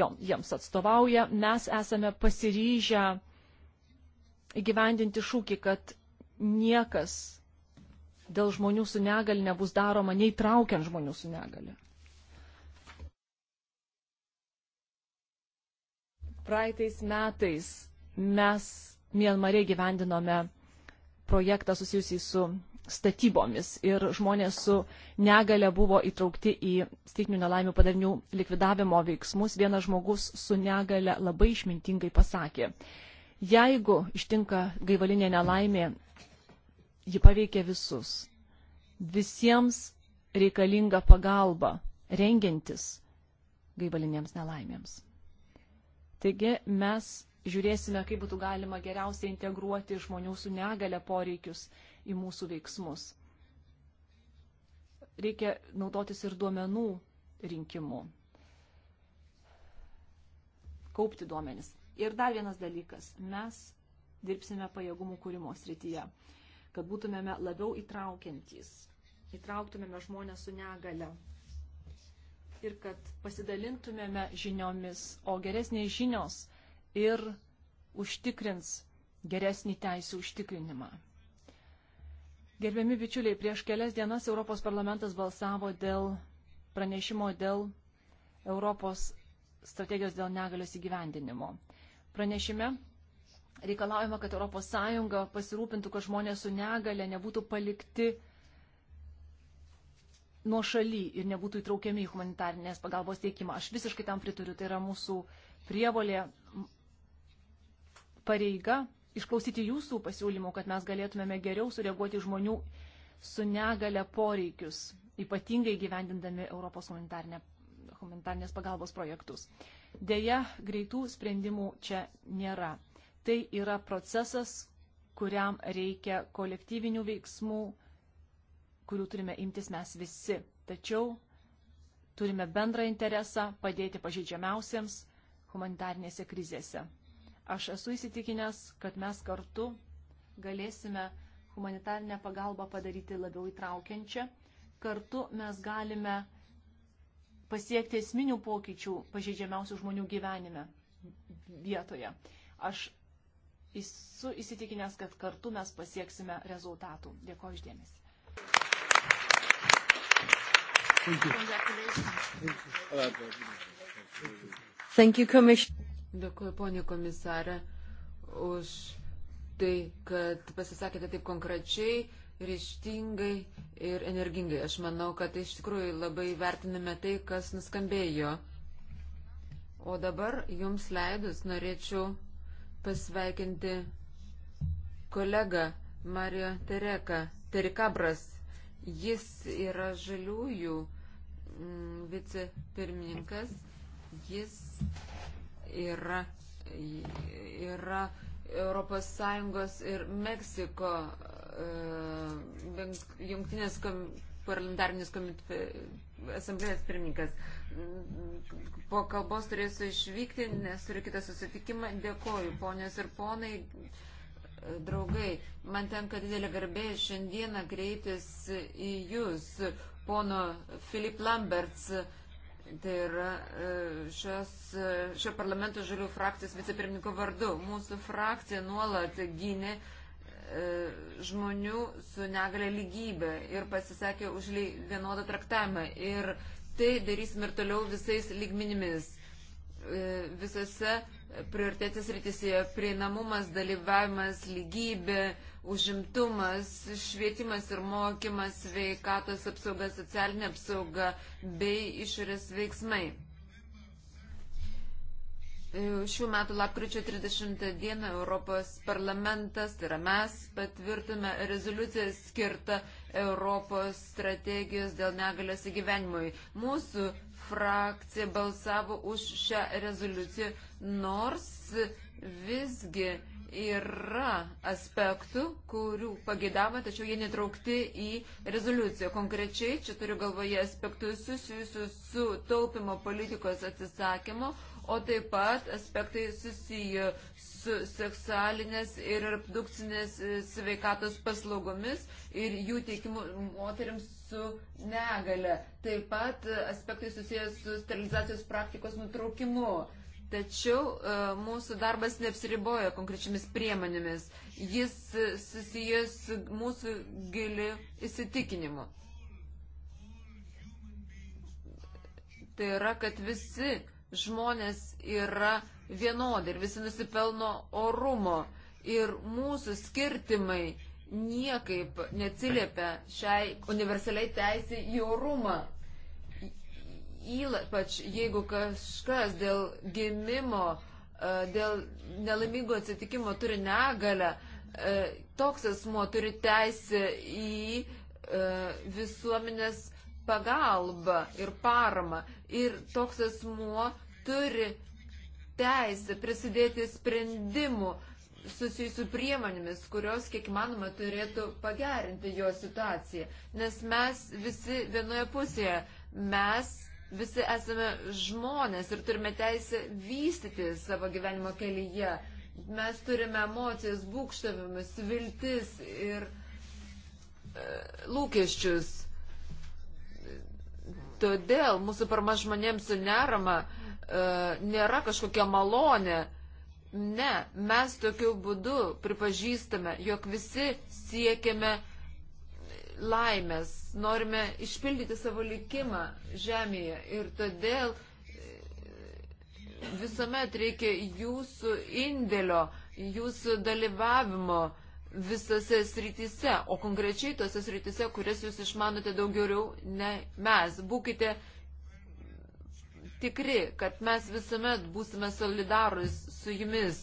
jom, jiems atstovauja, mes esame pasiryžę įgyvendinti šūkį, kad niekas dėl žmonių su negali nebus daroma, neįtraukiant žmonių su negali. Praeitais metais mes Mienmarė gyvendinome projektą susijusį su statybomis ir žmonės su negale buvo įtraukti į stikinių nelaimių padarinių likvidavimo veiksmus. Vienas žmogus su negale labai išmintingai pasakė, jeigu ištinka gaivalinė nelaimė, ji paveikia visus. Visiems reikalinga pagalba rengiantis gaivalinėms nelaimėms. Taigi mes žiūrėsime, kaip būtų galima geriausiai integruoti žmonių su negale poreikius į mūsų veiksmus. Reikia naudotis ir duomenų rinkimu. Kaupti duomenis. Ir dar vienas dalykas. Mes dirbsime pajėgumų kūrimo srityje, kad būtumėme labiau įtraukiantys, įtrauktumėme žmonės su negale ir kad pasidalintumėme žiniomis, o geresnės žinios ir užtikrins geresnį teisų užtikrinimą. Gerbiami bičiuliai, prieš kelias dienas Europos parlamentas balsavo dėl pranešimo dėl Europos strategijos dėl negalios įgyvendinimo. Pranešime reikalaujama, kad ES pasirūpintų, kad žmonės su negale nebūtų palikti nuo šaly ir nebūtų įtraukiami į humanitarnės pagalbos teikimą. Aš visiškai tam prituriu, tai yra mūsų prievolė pareiga išklausyti jūsų pasiūlymų, kad mes galėtumėme geriau sureaguoti žmonių su negale poreikius, ypatingai gyvendindami Europos humanitarnė, humanitarnės pagalbos projektus. Deja, greitų sprendimų čia nėra. Tai yra procesas, kuriam reikia kolektyvinių veiksmų, kurių turime imtis mes visi. Tačiau turime bendrą interesą padėti pažeidžiamiausiems humanitarnėse krizėse. Aš esu įsitikinęs, kad mes kartu galėsime humanitarnę pagalbą padaryti labiau įtraukiančią. Kartu mes galime pasiekti esminių pokyčių pažeidžiamiausių žmonių gyvenime vietoje. Aš esu įsitikinęs, kad kartu mes pasieksime rezultatų. Dėkuoju išdėmesi. Thank you. Thank you, Commissioner. Dėkuoju, ponė komisarė, už tai, kad pasisakėte taip konkrečiai, ryštingai ir energingai. Aš manau, kad iš tikrųjų labai vertiname tai, kas nuskambėjo. O dabar jums leidus norėčiau pasveikinti kolegą Mario Tereka, Terikabras. Jis yra žaliųjų mm, vicepirmininkas, jis yra, yra ES ir Meksiko uh, jungtinės kom, parlamentarnės asamblėjos pirmininkas. Po kalbos turėsiu išvykti, nes turiu kitą susitikimą. Dėkoju, ponios ir ponai draugai. Man tenka didelė garbė šiandieną kreiptis į Jūs, pono Filip Lamberts, tai yra e, šios, e, šio parlamento žalių frakcijos vicepirmininko vardu. Mūsų frakcija nuolat gynė e, žmonių su negale lygybė ir pasisakė už vienodą traktavimą. Ir tai darysime ir toliau visais lygminimis E, visose prioritetės rytise - prieinamumas, dalyvavimas, lygybė, užimtumas, švietimas ir mokymas, veikatos apsauga, socialinė apsauga bei išorės veiksmai. E, šių metų lapkričio 30 dieną Europos parlamentas, tai yra mes, patvirtume rezoliuciją skirtą Europos strategijos dėl negalios įgyvenimui. Mūsų frakcija balsavo už šią rezoliuciją, nors visgi yra aspektų, kurių pagėdama, tačiau jie netraukti į rezoliuciją. Konkrečiai čia turiu galvoje aspektus susijusius su taupimo politikos atsisakymu, o taip pat aspektai susiję su seksualinės ir reprodukcinės sveikatos paslaugomis ir jų teikimu moteriams su negale, taip pat e, aspektai susijęs su sterilizacijos praktikos nutraukimu. Tačiau e, mūsų darbas neapsiriboja konkrečiamis priemonėmis. Jis e, susijęs su mūsų giliu įsitikinimu. Tai yra, kad visi žmonės yra vienodi ir visi nusipelno orumo. Ir mūsų skirtimai niekaip neatsiliepia šiai universaliai teisė į orumą. Ypač jeigu kažkas dėl gimimo, e, dėl nelaimingo atsitikimo turi negalę, e, toks asmo turi teisę į e, visuomenės pagalbą ir paramą. Ir toks asmuo turi teisę prisidėti sprendimų uh, susijusių priemonėmis, kurios kiek manoma turėtų pagerinti jo situaciją. Nes mes visi vienoje pusėje, mes visi esame žmonės ir turime teisę vystyti savo gyvenimo kelyje. Mes turime emocijas, būkštavimus, viltis ir e, lūkesčius. Todėl mūsų parma žmonėms su nerama e, nėra kažkokia malonė. E, Ne, mes tokiu būdu pripažįstame, jog visi siekiame laimės, norime išpildyti savo likimą žemėje ir todėl e, visuomet reikia jūsų indėlio, jūsų dalyvavimo visose srityse, o konkrečiai tose srityse, kurias jūs išmanote daug geriau, ne mes. Būkite uh, tikri, kad mes visuomet būsime solidarus su jumis,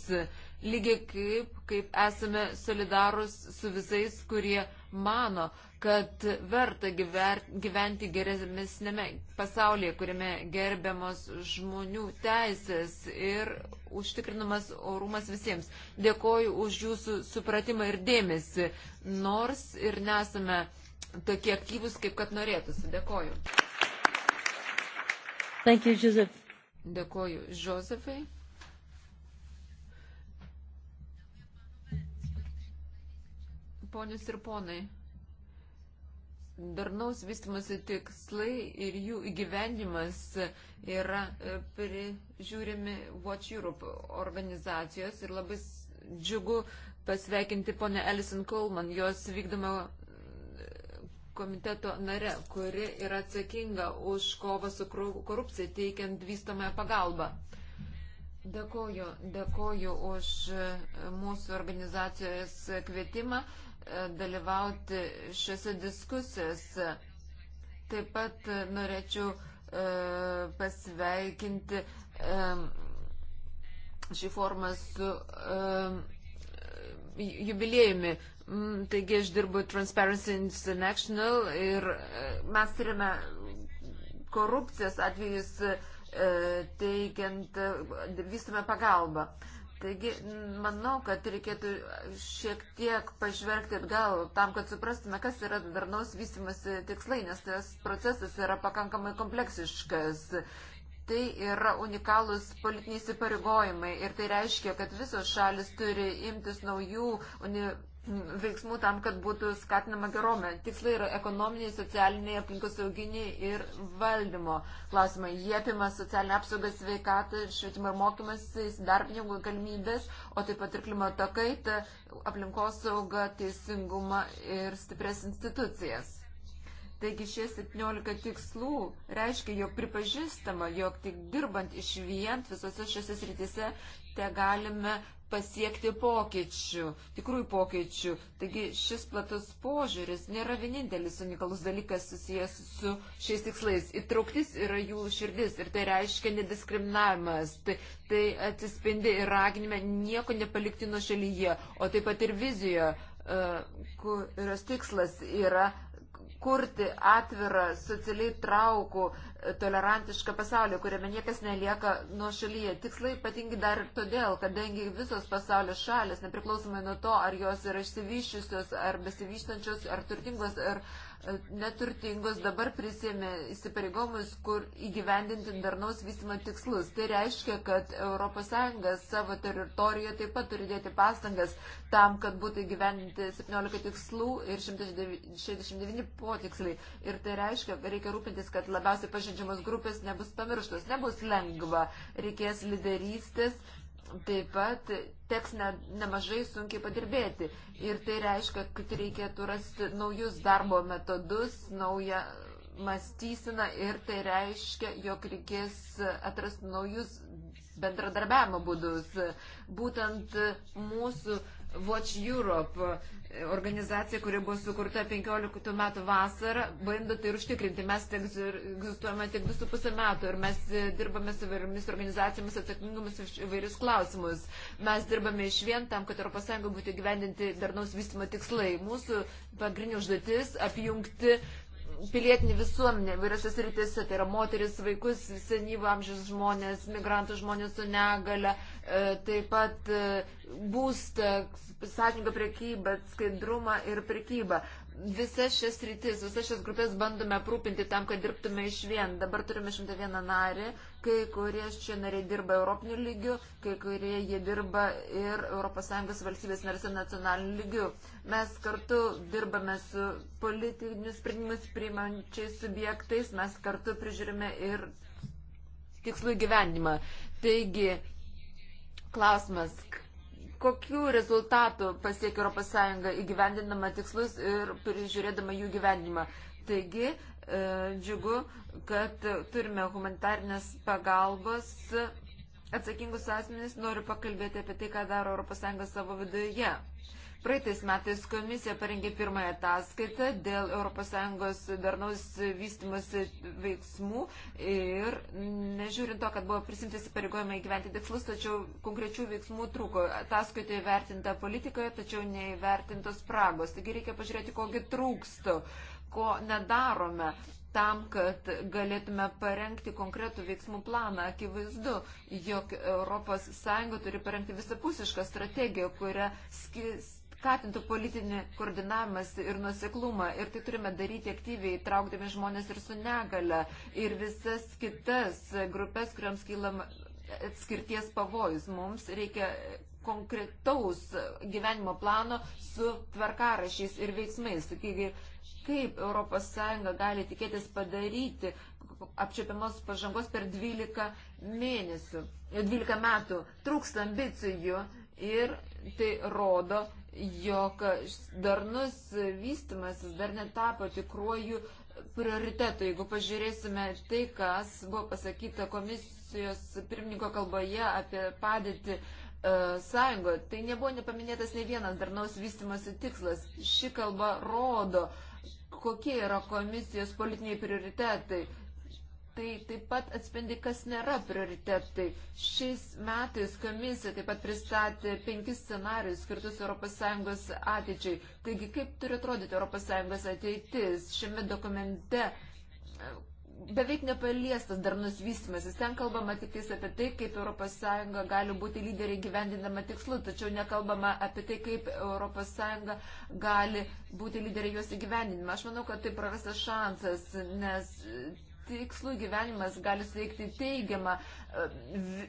lygiai kaip, kaip esame solidarus su visais, kurie mano, kad verta gyver, gyventi geresnėme pasaulyje, kuriame gerbiamos žmonių teisės ir užtikrinamas orumas visiems. Dėkoju už jūsų supratimą ir dėmesį, nors ir nesame tokie aktyvus, kaip kad norėtųsi. Dėkoju. Thank you, Joseph. Dėkuoju, Josefai. Ponius ir ponai, darnaus vystimasi tikslai ir jų įgyvendimas yra e, prižiūrimi Watch Europe organizacijos ir labai džiugu pasveikinti ponę Alison Coleman, jos vykdomą komiteto nare, kuri yra atsakinga už kovą su korupcija teikiant vystamąją pagalbą. Dėkoju, dėkoju už e, mūsų organizacijos kvietimą e, dalyvauti šiuose diskusijose. Taip pat norėčiau e, pasveikinti šį formą su jubilėjumi Mm, taigi aš dirbu Transparency International ir e, mes turime korupcijos atvejus e, teikiant, e, vystome pagalbą. Taigi, manau, kad reikėtų šiek tiek pažvelgti atgal tam, kad suprastume, kas yra darnaus vystimasi tikslai, nes tas procesas yra pakankamai kompleksiškas. Tai yra unikalūs politiniai įsipareigojimai ir tai reiškia, kad visos šalis turi imtis naujų uni veiksmų tam, kad būtų skatinama gerome. Tikslai yra ekonominiai, socialiniai, aplinkos sauginiai ir valdymo klausimai. Jie apima socialinę apsaugą, sveikatą, švietimą ir mokymas, įsidarbinimų galimybės, o taip pat ir klimato kaitą, aplinkos saugą, teisingumą ir stipres institucijas. Taigi šie 17 tikslų reiškia, jog pripažįstama, jog tik dirbant iš vien visose šiose srityse te galime pasiekti pokyčių, tikrųjų pokyčių. Taigi šis platus požiūris nėra vienintelis unikalus dalykas susijęs su šiais tikslais. Įtrauktis yra jų širdis ir tai reiškia nediskriminavimas. Tai, tai atsispindi ir raginime nieko nepalikti nuo šalyje, o taip pat ir vizijoje, e, kurios tikslas yra kurti atvirą, socialiai traukų, e, tolerantišką pasaulį, kuriame niekas nelieka nuo šalyje. Tikslai ypatingi dar ir todėl, kadangi visos pasaulio šalis, nepriklausomai nuo to, ar jos yra išsivyščiusios, ar besivyštančios, ar turtingos, ar neturtingos dabar prisėmė įsipareigomus, kur įgyvendinti darnaus vystimo tikslus. Tai reiškia, kad ES savo teritorijoje taip pat turi dėti pastangas tam, kad būtų įgyvendinti 17 tikslų ir 169 potiksliai. Ir tai reiškia, kad reikia rūpintis, kad labiausiai pažydžiamos grupės nebus pamirštos. Nebus lengva, reikės lyderystės Taip pat teks ne, nemažai sunkiai padirbėti. Ir tai reiškia, kad reikėtų rasti naujus darbo metodus, naują mąstyseną ir tai reiškia, jog reikės atrasti naujus bendradarbiavimo būdus. Būtent mūsų Watch Europe e, organizacija, kuri buvo sukurta 15 metų vasarą, bando tai užtikrinti. Mes egzistuojame tik 2,5 metų ir mes dirbame su vairiomis organizacijomis atsakingomis už įvairius klausimus. Mes dirbame iš vien tam, kad ES būtų gyvendinti darnaus vystimo tikslai. Mūsų pagrindinė užduotis apjungti pilietinį visuomenę vairiose sritise, tai yra moteris, vaikus, senyvo amžiaus žmonės, migrantų žmonės su negale, e, taip pat e, būstą, sąžininką prekybą, skaidrumą ir prekybą. Visas šias rytis, visas šias grupės bandome aprūpinti tam, kad dirbtume iš vien. Dabar turime 101 narį, Kai kurie čia nariai dirba Europinių lygių, kai kurie jie dirba ir ES valstybės narėse nacionalinių lygių. Mes kartu dirbame su politinius sprendimus priimančiais subjektais, mes kartu prižiūrime ir tikslų gyvenimą. Taigi, klausimas, kokių rezultatų pasiekia ES įgyvendinama tikslus ir prižiūrėdama jų gyvenimą. Taigi, E, džiugu, kad turime humanitarnės pagalbos atsakingus asmenys. Noriu pakalbėti apie tai, ką daro ES savo viduje. Praeitais metais komisija parengė pirmąją ataskaitą dėl ES darnaus vystimosi veiksmų ir nežiūrint to, kad buvo prisimti įsipareigojimai gyventi tikslus, tačiau konkrečių veiksmų trūko. Ataskaitoje vertinta politikoje, tačiau neįvertintos spragos. Taigi reikia pažiūrėti, kogi trūksto. Uh, ko nedarome tam, kad galėtume parengti konkretų veiksmų planą. Akivaizdu, jog ES turi parengti visapusišką strategiją, kuria skatintų politinį koordinavimas ir nuseklumą. Ir tai turime daryti aktyviai, traukdami žmonės ir su negale, ir visas kitas grupės, kuriams kylam atskirties pavojus. Mums reikia konkretaus gyvenimo plano su tvarkarašiais ir veiksmais. Taigi kaip ES gali tikėtis padaryti apčiopiamos pažangos per 12 mėnesių, 12 e, metų. Trūksta ambicijų ir tai rodo, jog darnus vystimasis dar netapo tikruoju prioritetu. Jeigu pažiūrėsime tai, kas buvo pasakyta komisijos pirmininko kalboje apie padėtį e, sąjungoje, tai nebuvo nepaminėtas ne vienas darnaus vystimasi tikslas. Ši kalba rodo, e, kokie yra komisijos politiniai prioritetai. Tai taip pat atspindi, kas nėra prioritetai. Šiais metais komisija taip pat pristatė penkis scenarius skirtus ES ateičiai. Taigi, kaip turi atrodyti ES ateitis? Šiame dokumente beveik nepaliestas darnus vystimasis. Ten kalbama tik apie tai, kaip ES gali būti lyderiai gyvendinama tikslu, tačiau nekalbama apie tai, kaip ES gali būti lyderiai juos įgyvendinama. Aš manau, kad tai prarastas šansas, nes tikslų gyvenimas gali suteikti teigiamą e,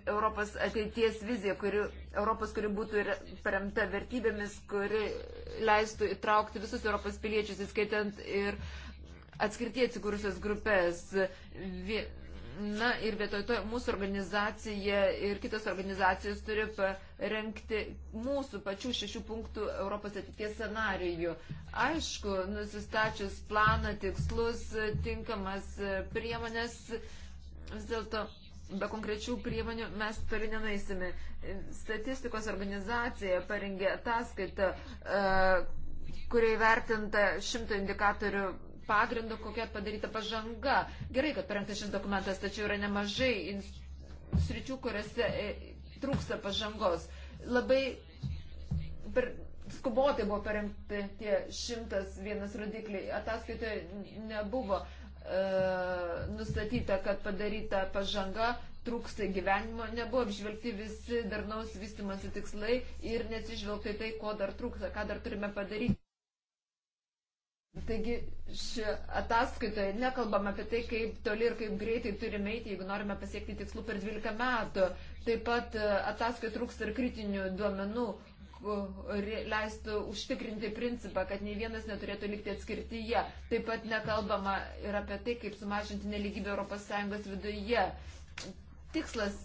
Europos ateities viziją, kuri, Europos, kuri būtų paremta vertybėmis, kuri leistų įtraukti visus Europos piliečius, įskaitant ir uh, atskirtie atsikūrusios grupės. Na ir vietoj to mūsų organizacija ir kitos organizacijos turi parengti mūsų pačių šešių punktų Europos ateities scenarijų. Aišku, nusistačius planą, tikslus, tinkamas priemonės, vis dėlto be konkrečių priemonių mes toli nenaisime. Statistikos organizacija parengė ataskaitą, e, kuriai vertinta šimto indikatorių pagrindu, kokia padaryta pažanga. Gerai, kad parengtas šis dokumentas, tačiau yra nemažai sričių, kuriuose e, trūksta pažangos. Labai per, skubotai buvo parengti tie 101 rodikliai. Ataskaitoje nebuvo e, nustatyta, kad padaryta pažanga, trūksta gyvenimo, nebuvo apžvelgti visi darnaus vystimasi tikslai ir nesižvelgti tai, ko dar trūksta, ką dar turime padaryti. Taigi šioje ataskaitoje nekalbam apie tai, kaip toli ir kaip greitai turime eiti, jeigu norime pasiekti tikslų per 12 metų. Taip pat e, ataskaitoje trūksta ir kritinių duomenų, leistų užtikrinti principą, kad nei vienas neturėtų likti atskirtyje. Taip pat nekalbama ir apie tai, kaip sumažinti neligybę ES viduje. Tikslas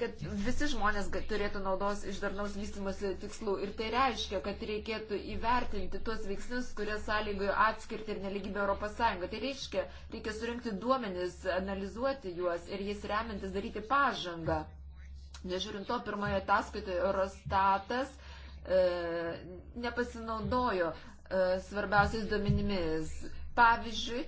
kad visi žmonės turėtų naudos iš darnaus vystimosi tikslų. Ir tai reiškia, kad reikėtų įvertinti tuos veiksnius, kurie sąlygojo atskirti ir neligybę Europos Sąjungą. Tai reiškia, reikia surinkti duomenis, analizuoti juos ir jais remiantis daryti pažangą. Nežiūrint to, pirmoje ataskaitoje Eurostatas e, nepasinaudojo e, svarbiausiais duomenimis. Pavyzdžiui,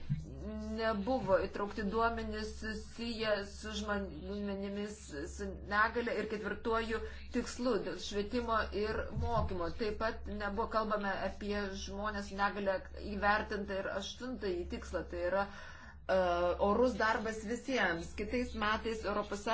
nebuvo įtraukti duomenys susiję su žmonėmis su negale ir ketvirtuoju tikslu dėl švietimo ir mokymo. Taip pat nebuvo kalbame apie žmonės su negale įvertintą ir aštuntąjį tikslą, tai yra uh, Uh, orus darbas visiems. Kitais metais ES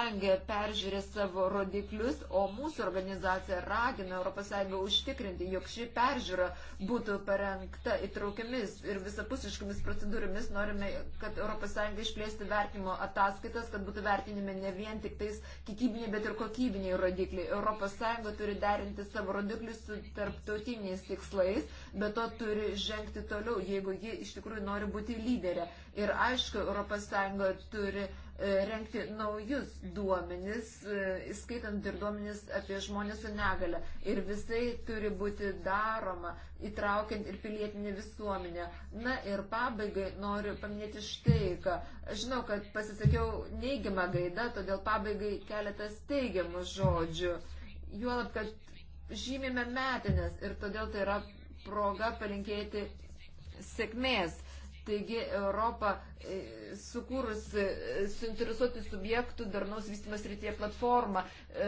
peržiūrė savo rodiklius, o mūsų organizacija ragina ES užtikrinti, jog ši peržiūra būtų parengta įtraukiamis ir visapusiškomis procedūrimis. Norime, kad ES išplėsti vertinimo ataskaitas, kad būtų vertinime ne vien tik tais kiekybiniai, bet ir kokybiniai rodikliai. ES turi derinti savo rodiklius su tarptautiniais tikslais bet to turi žengti toliau, jeigu ji iš tikrųjų nori būti lyderė. Ir aišku, ES turi e, renkti naujus duomenis, e, įskaitant ir duomenis apie žmonės su negale. Ir visai turi būti daroma, įtraukiant ir pilietinį visuomenę. Na ir pabaigai noriu paminėti štai, kad žinau, kad pasisakiau neigiamą gaidą, todėl pabaigai keletas teigiamų žodžių. Juolab, kad žymime metinės ir todėl tai yra proga palinkėti sėkmės. Taigi Europą e, sukūrus e, suinteresuotų subjektų darnaus vystimas rytie platforma, e,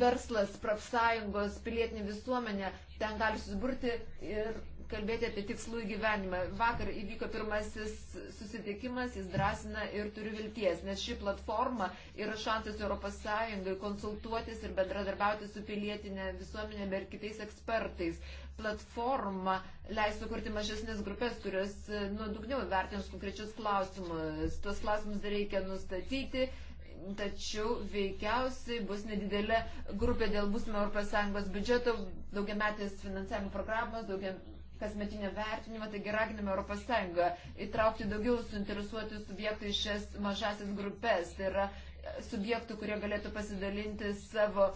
verslas, profsąjungos, pilietinė visuomenė ten gali susiburti ir kalbėti apie tikslų įgyvenimą. Vakar įvyko pirmasis susitikimas, jis drąsina ir turi vilties, nes ši platforma yra šansas ES konsultuotis ir bendradarbiauti su pilietinė visuomenė ir kitais ekspertais platforma leis sukurti mažesnės grupės, kurios e, nuodugniau vertins konkrečius klausimus. Tuos klausimus reikia nustatyti, tačiau veikiausiai bus nedidelė grupė dėl būsimo ES biudžeto, daugiametės finansavimo programos, daugia kasmetinio vertinimo, taigi raginame ES įtraukti daugiau suinteresuotų subjektų į šias mažasis grupės. Tai yra subjektų, kurie galėtų pasidalinti savo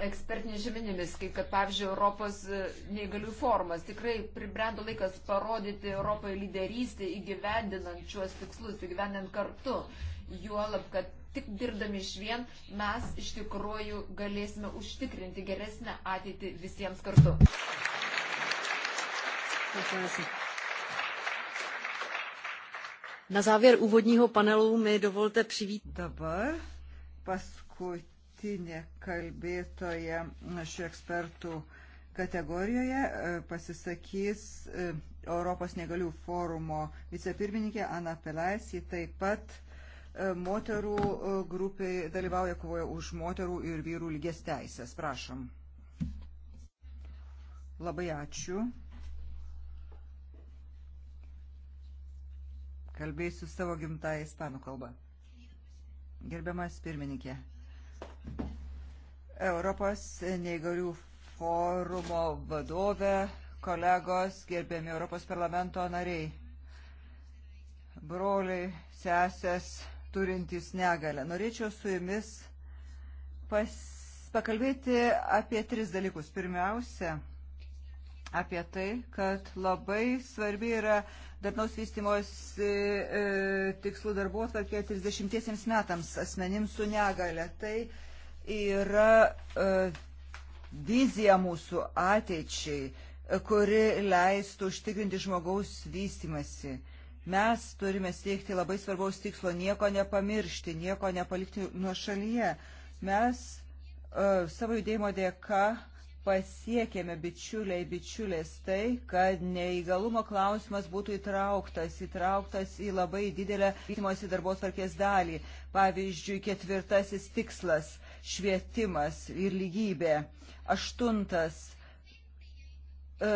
ekspertinės žeminimis, kaip kad, pavyzdžiui, Europos e, neįgalių formas. Tikrai pribrendo laikas parodyti Europoje lyderystę įgyvendinant šiuos tikslus, įgyvendinant kartu. Juolab, kad tik dirbdami iš vien mes iš tikrųjų galėsime užtikrinti geresnę ateitį visiems kartu. Na závěr úvodního panelu mi dovolte přivítat. Dabar paskut paskutinė kalbėtoja šių ekspertų kategorijoje e, pasisakys e, Europos negalių forumo vicepirmininkė Ana Pelais. Ji taip pat e, moterų grupiai dalyvauja kovoje už moterų ir vyrų lygės teisės. Prašom. Labai ačiū. Kalbėsiu savo gimtąją ispanų kalbą. Gerbiamas pirmininkė, Europos neįgalių forumo vadovė, kolegos, gerbiami Europos parlamento nariai, broliai, sesės, turintys negalę. Norėčiau su jumis pas, pakalbėti apie tris dalykus. Pirmiausia, apie tai, kad labai svarbi yra darnaus vystimos e, tikslų darbuotvarkė 30 metams asmenims su negale. Tai yra e, vizija mūsų ateičiai, kuri leistų užtikrinti žmogaus vystimasi. Mes turime siekti labai svarbaus tikslo - nieko nepamiršti, nieko nepalikti nuo šalyje. Mes uh, savo judėjimo dėka pasiekėme bičiuliai, bičiulės tai, kad neįgalumo klausimas būtų įtrauktas, įtrauktas į labai didelę vystymosi darbos varkės dalį. Pavyzdžiui, ketvirtasis tikslas švietimas ir lygybė. Aštuntas e,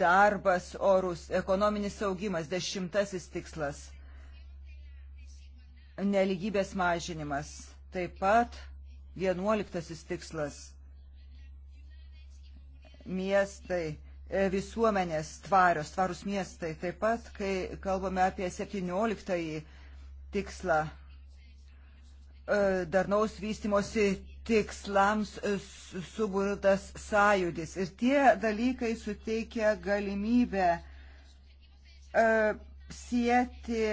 darbas orus, ekonominis augimas, dešimtasis tikslas, neligybės mažinimas, taip pat vienuoliktasis tikslas, miestai, e, visuomenės tvarios, tvarus miestai, taip pat, kai kalbame apie septynioliktąjį tikslą, E, darnaus vystimosi tikslams e, suburtas sąjūdis. Ir tie dalykai suteikia galimybę e, sieti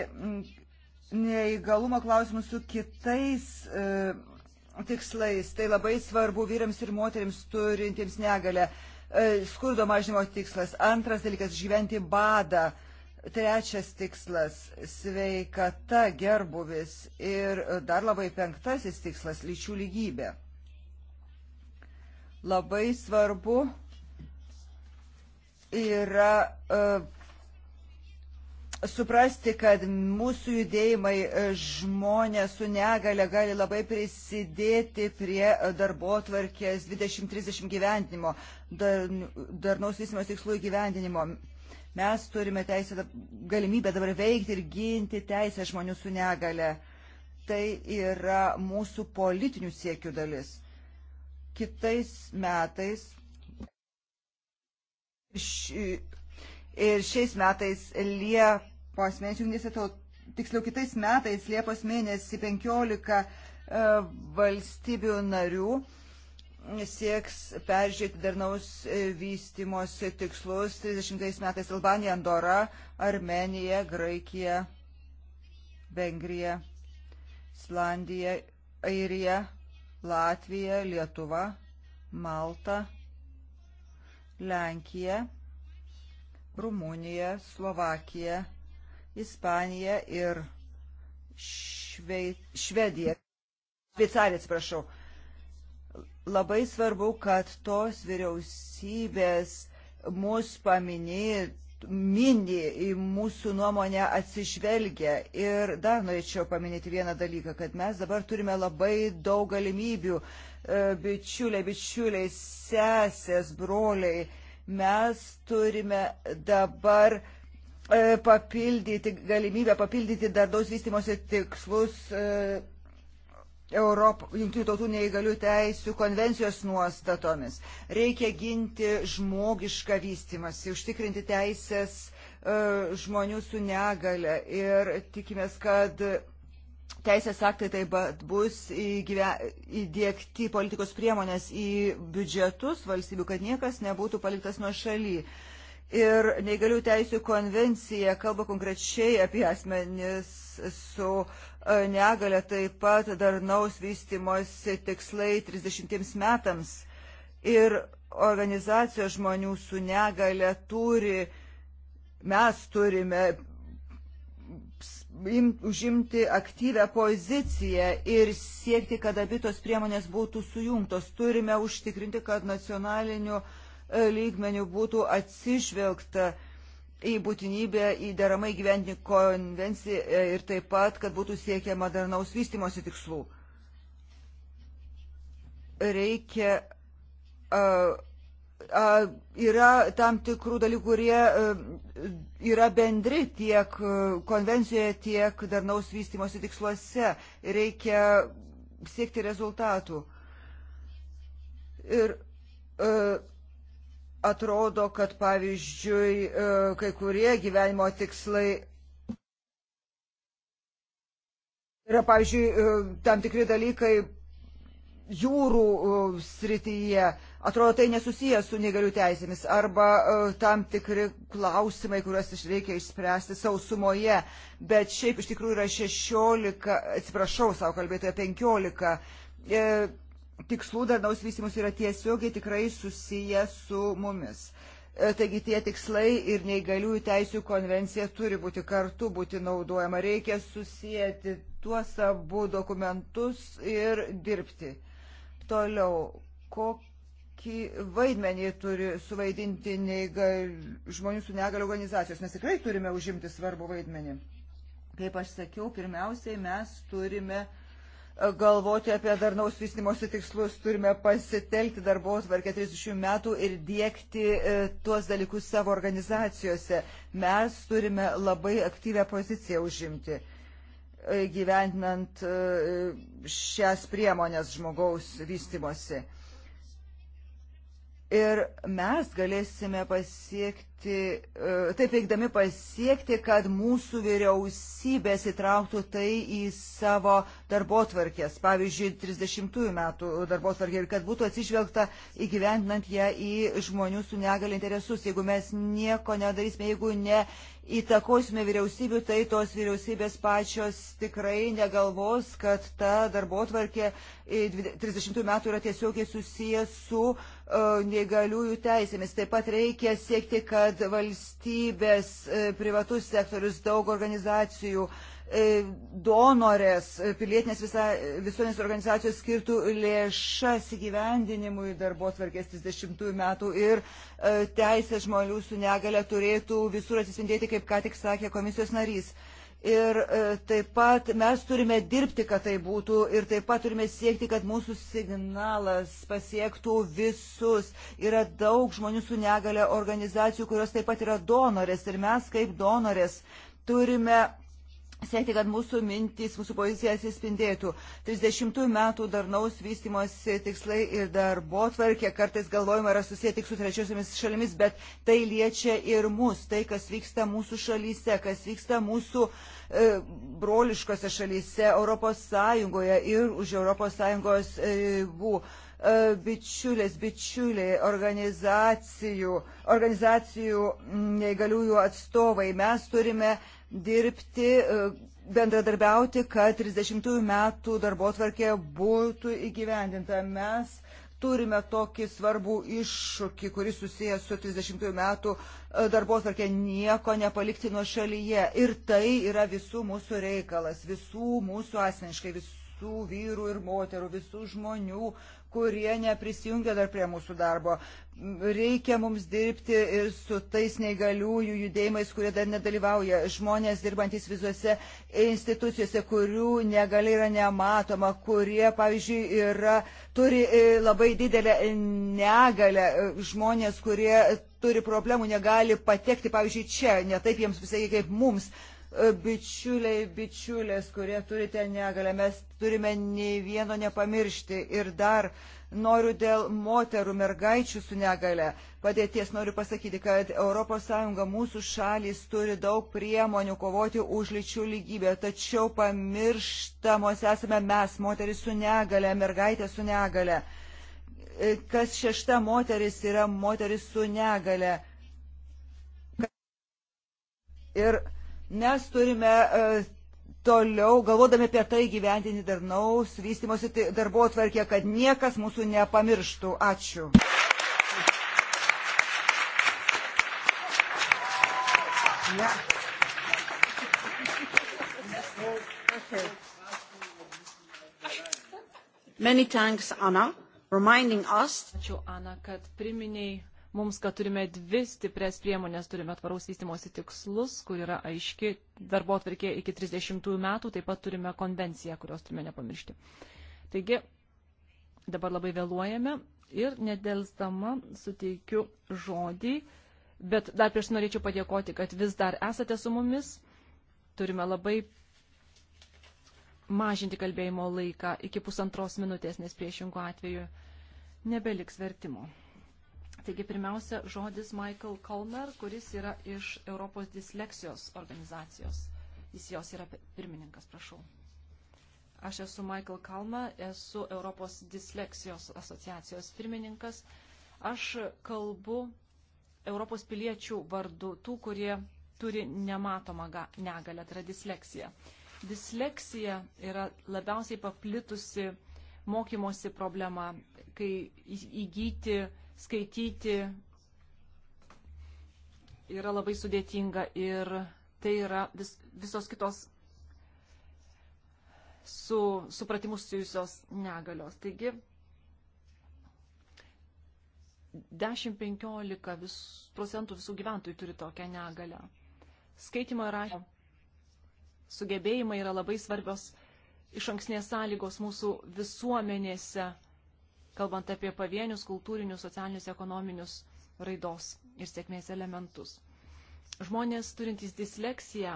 neįgalumo klausimus su kitais tikslais. Tai labai svarbu vyrams ir moteriams turintiems negalę. Skurdo mažinimo tikslas. Antras dalykas - išgyventi badą. Trečias tikslas - sveikata, gerbuvis. Ir dar labai penktasis tikslas - lyčių lygybė. Labai svarbu yra uh, suprasti, kad mūsų judėjimai e, žmonės su negale gali labai prisidėti prie darbo tvarkės 2030 gyvendinimo, dar, darnaus vystimos tikslų įgyvendinimo. Mes turime teisę, galimybę dabar veikti ir ginti teisę žmonių su negale. Tai yra mūsų politinių siekių dalis. Kitais metais ši, ir šiais metais Liepos mėnesį, jungtinėse to, tiksliau kitais metais Liepos mėnesį 15 e, valstybių narių sieks peržiūrėti darnaus e, vystimosi tikslus 30 metais Albanija, Andora, Armenija, Graikija, Vengrija, Islandija, Airija, Latvija, Lietuva, Malta, Lenkija, Rumunija, Slovakija, Ispanija ir Švei... Švedija. Šveicarija, atsiprašau labai svarbu, kad tos vyriausybės mus paminėtų mini į mūsų nuomonę atsižvelgia. Ir dar norėčiau paminėti vieną dalyką, kad mes dabar turime labai daug galimybių, e, bičiuliai, bičiuliai, sesės, broliai, mes turime dabar e, papildyti galimybę, papildyti dardaus vystimosi tikslus e, Junktinių tautų neįgalių teisių konvencijos nuostatomis. Reikia ginti žmogišką vystimąsi, užtikrinti teisės e, žmonių su negale ir tikimės, kad Teisės aktai taip pat bus įgyve, įdėkti politikos priemonės į biudžetus valstybių, kad niekas nebūtų paliktas nuo šaly. Ir neįgalių teisų konvencija kalba konkrečiai apie asmenis su uh, negalę, taip pat darnaus vystimosi tikslai 30 metams. Ir organizacijos žmonių su negale turi, mes turime im, užimti aktyvę poziciją ir siekti, kad abi tos priemonės būtų sujungtos. Turime užtikrinti, kad nacionaliniu e, lygmeniu būtų atsižvelgta uh, į būtinybę įderamai gyventi konvenciją e, ir taip pat, kad būtų siekiama darnaus vystimosi tikslų. Reikia, a, a, yra tam tikrų dalykų, kurie a, e, yra bendri tiek e, konvencijoje, tiek darnaus vystimosi tiksluose. Reikia siekti rezultatų. Ir a, atrodo, kad pavyzdžiui e, kai kurie gyvenimo tikslai yra, pavyzdžiui, e, tam tikri dalykai jūrų e, srityje, atrodo, tai nesusijęs su negalių teisėmis arba tam tikri klausimai, kuriuos reikia išspręsti sausumoje, bet šiaip iš tikrųjų yra 16, atsiprašau savo kalbėtoje, 15 tikslų darnaus vystimus yra tiesiogiai tikrai susiję su mumis. E, taigi tie tikslai ir neįgaliųjų teisų konvencija turi būti kartu, būti naudojama. Reikia susijęti tuos abu dokumentus ir dirbti. Toliau, kokį vaidmenį turi suvaidinti neįgal... žmonių su negalio organizacijos? Mes tikrai turime užimti svarbu vaidmenį. Kaip aš sakiau, pirmiausiai mes turime uh, galvoti apie darnaus vystimosi tikslus, turime pasitelkti darbo tvarkę 30 metų ir dėkti e, tuos dalykus savo organizacijose. Mes turime labai aktyvę poziciją užimti e, gyventinant e, šias priemonės žmogaus vystimosi. Ir mes galėsime pasiekti, e, taip veikdami pasiekti, kad mūsų vyriausybės įtrauktų tai į savo darbo tvarkės, pavyzdžiui, 30-ųjų metų darbo tvarkė, ir kad būtų atsižvelgta įgyvendinant ją į žmonių su negali interesus. Jeigu mes nieko nedarysime, jeigu ne įtakosime vyriausybių, tai tos vyriausybės pačios tikrai negalvos, kad ta darbo tvarkė 30 metų yra tiesiogiai susijęs su uh, neįgaliųjų teisėmis. Taip pat reikia siekti, kad valstybės, e, privatus sektorius, daug organizacijų uh, E, donorės, e, pilietinės visa, visuomenės organizacijos skirtų lėšas įgyvendinimui darbo tvarkės 30 metų ir e, teisė žmonių su negale turėtų visur atsispindėti, kaip ką tik sakė komisijos narys. Ir taip pat mes turime dirbti, kad tai būtų ir taip pat turime siekti, kad mūsų signalas pasiektų visus. Yra daug žmonių su negale organizacijų, kurios taip pat yra donorės ir mes kaip donorės turime siekti, kad mūsų mintys, mūsų pozicija atsispindėtų. 30 metų darnaus vystimosi tikslai ir darbo tvarkė kartais galvojama yra susiję tik su trečiosiomis šalimis, bet tai liečia ir mus, tai kas vyksta mūsų šalyse, kas vyksta mūsų e, broliškose šalyse, Europos Sąjungoje ir už Europos Sąjungos ribų. E, bičiulės, bičiuliai, organizacijų, organizacijų neįgaliųjų atstovai. Mes turime dirbti, e, bendradarbiauti, kad 30 metų darbo tvarkė būtų įgyvendinta. Mes turime tokį svarbų iššūkį, kuris susijęs su 30 metų e, darbo tvarkė nieko nepalikti nuo šalyje. Ir tai yra visų mūsų reikalas, visų mūsų asmeniškai, visų vyrų ir moterų, visų žmonių, kurie neprisijungia dar prie mūsų darbo. Reikia mums dirbti ir su tais neįgaliųjų judėjimais, kurie dar nedalyvauja. Žmonės dirbantys visuose institucijose, kurių negali yra nematoma, kurie, pavyzdžiui, yra, turi e, labai didelę negalę. Žmonės, kurie turi problemų, negali patekti, pavyzdžiui, čia, netaip jiems visai kaip mums. E, bičiuliai, bičiulės, kurie turite negalę, mes turime nei vieno nepamiršti. Ir dar noriu dėl moterų, mergaičių su negale padėties, noriu pasakyti, kad ES mūsų šalis turi daug priemonių kovoti už lyčių lygybę, tačiau pamirštamos esame mes, moteris su negale, mergaitė su negale. E, kas šešta moteris yra moteris su negale. Ir Mes turime e, toliau, galvodami apie tai, gyventinį darnaus vystimosi tai darbo atvarkę, kad niekas mūsų nepamirštų. Ačiū. Yeah. Okay. Many thanks, Anna, reminding us. Ačiū, Ana, kad priminiai mums, kad turime dvi stipres priemonės, turime tvaraus vystimosi tikslus, kur yra aiški darbo atvarkė iki 30 metų, taip pat turime konvenciją, kurios turime nepamiršti. Taigi, dabar labai vėluojame ir nedelsdama suteikiu žodį, bet dar prieš tai norėčiau padėkoti, kad vis dar esate su mumis. Turime labai mažinti kalbėjimo laiką iki pusantros minutės, nes priešingų atveju nebeliks vertimo. Taigi pirmiausia žodis Michael Kalmer, kuris yra iš Europos disleksijos organizacijos. Jis jos yra pirmininkas, prašau. Aš esu Michael Kalmer, esu Europos disleksijos asociacijos pirmininkas. Aš kalbu Europos piliečių vardu tų, kurie turi nematomą negalę, tai yra disleksija. Disleksija yra labiausiai paplitusi mokymosi problema, kai įgyti skaityti yra labai sudėtinga ir tai yra vis, visos kitos su supratimu susijusios negalios. Taigi 10-15 vis, procentų visų gyventojų turi tokią negalę. Skaitimo ir rašymo sugebėjimai yra labai svarbios iš anksnės sąlygos mūsų visuomenėse kalbant apie pavienius kultūrinius, socialinius, ekonominius raidos ir sėkmės elementus. Žmonės turintys disleksiją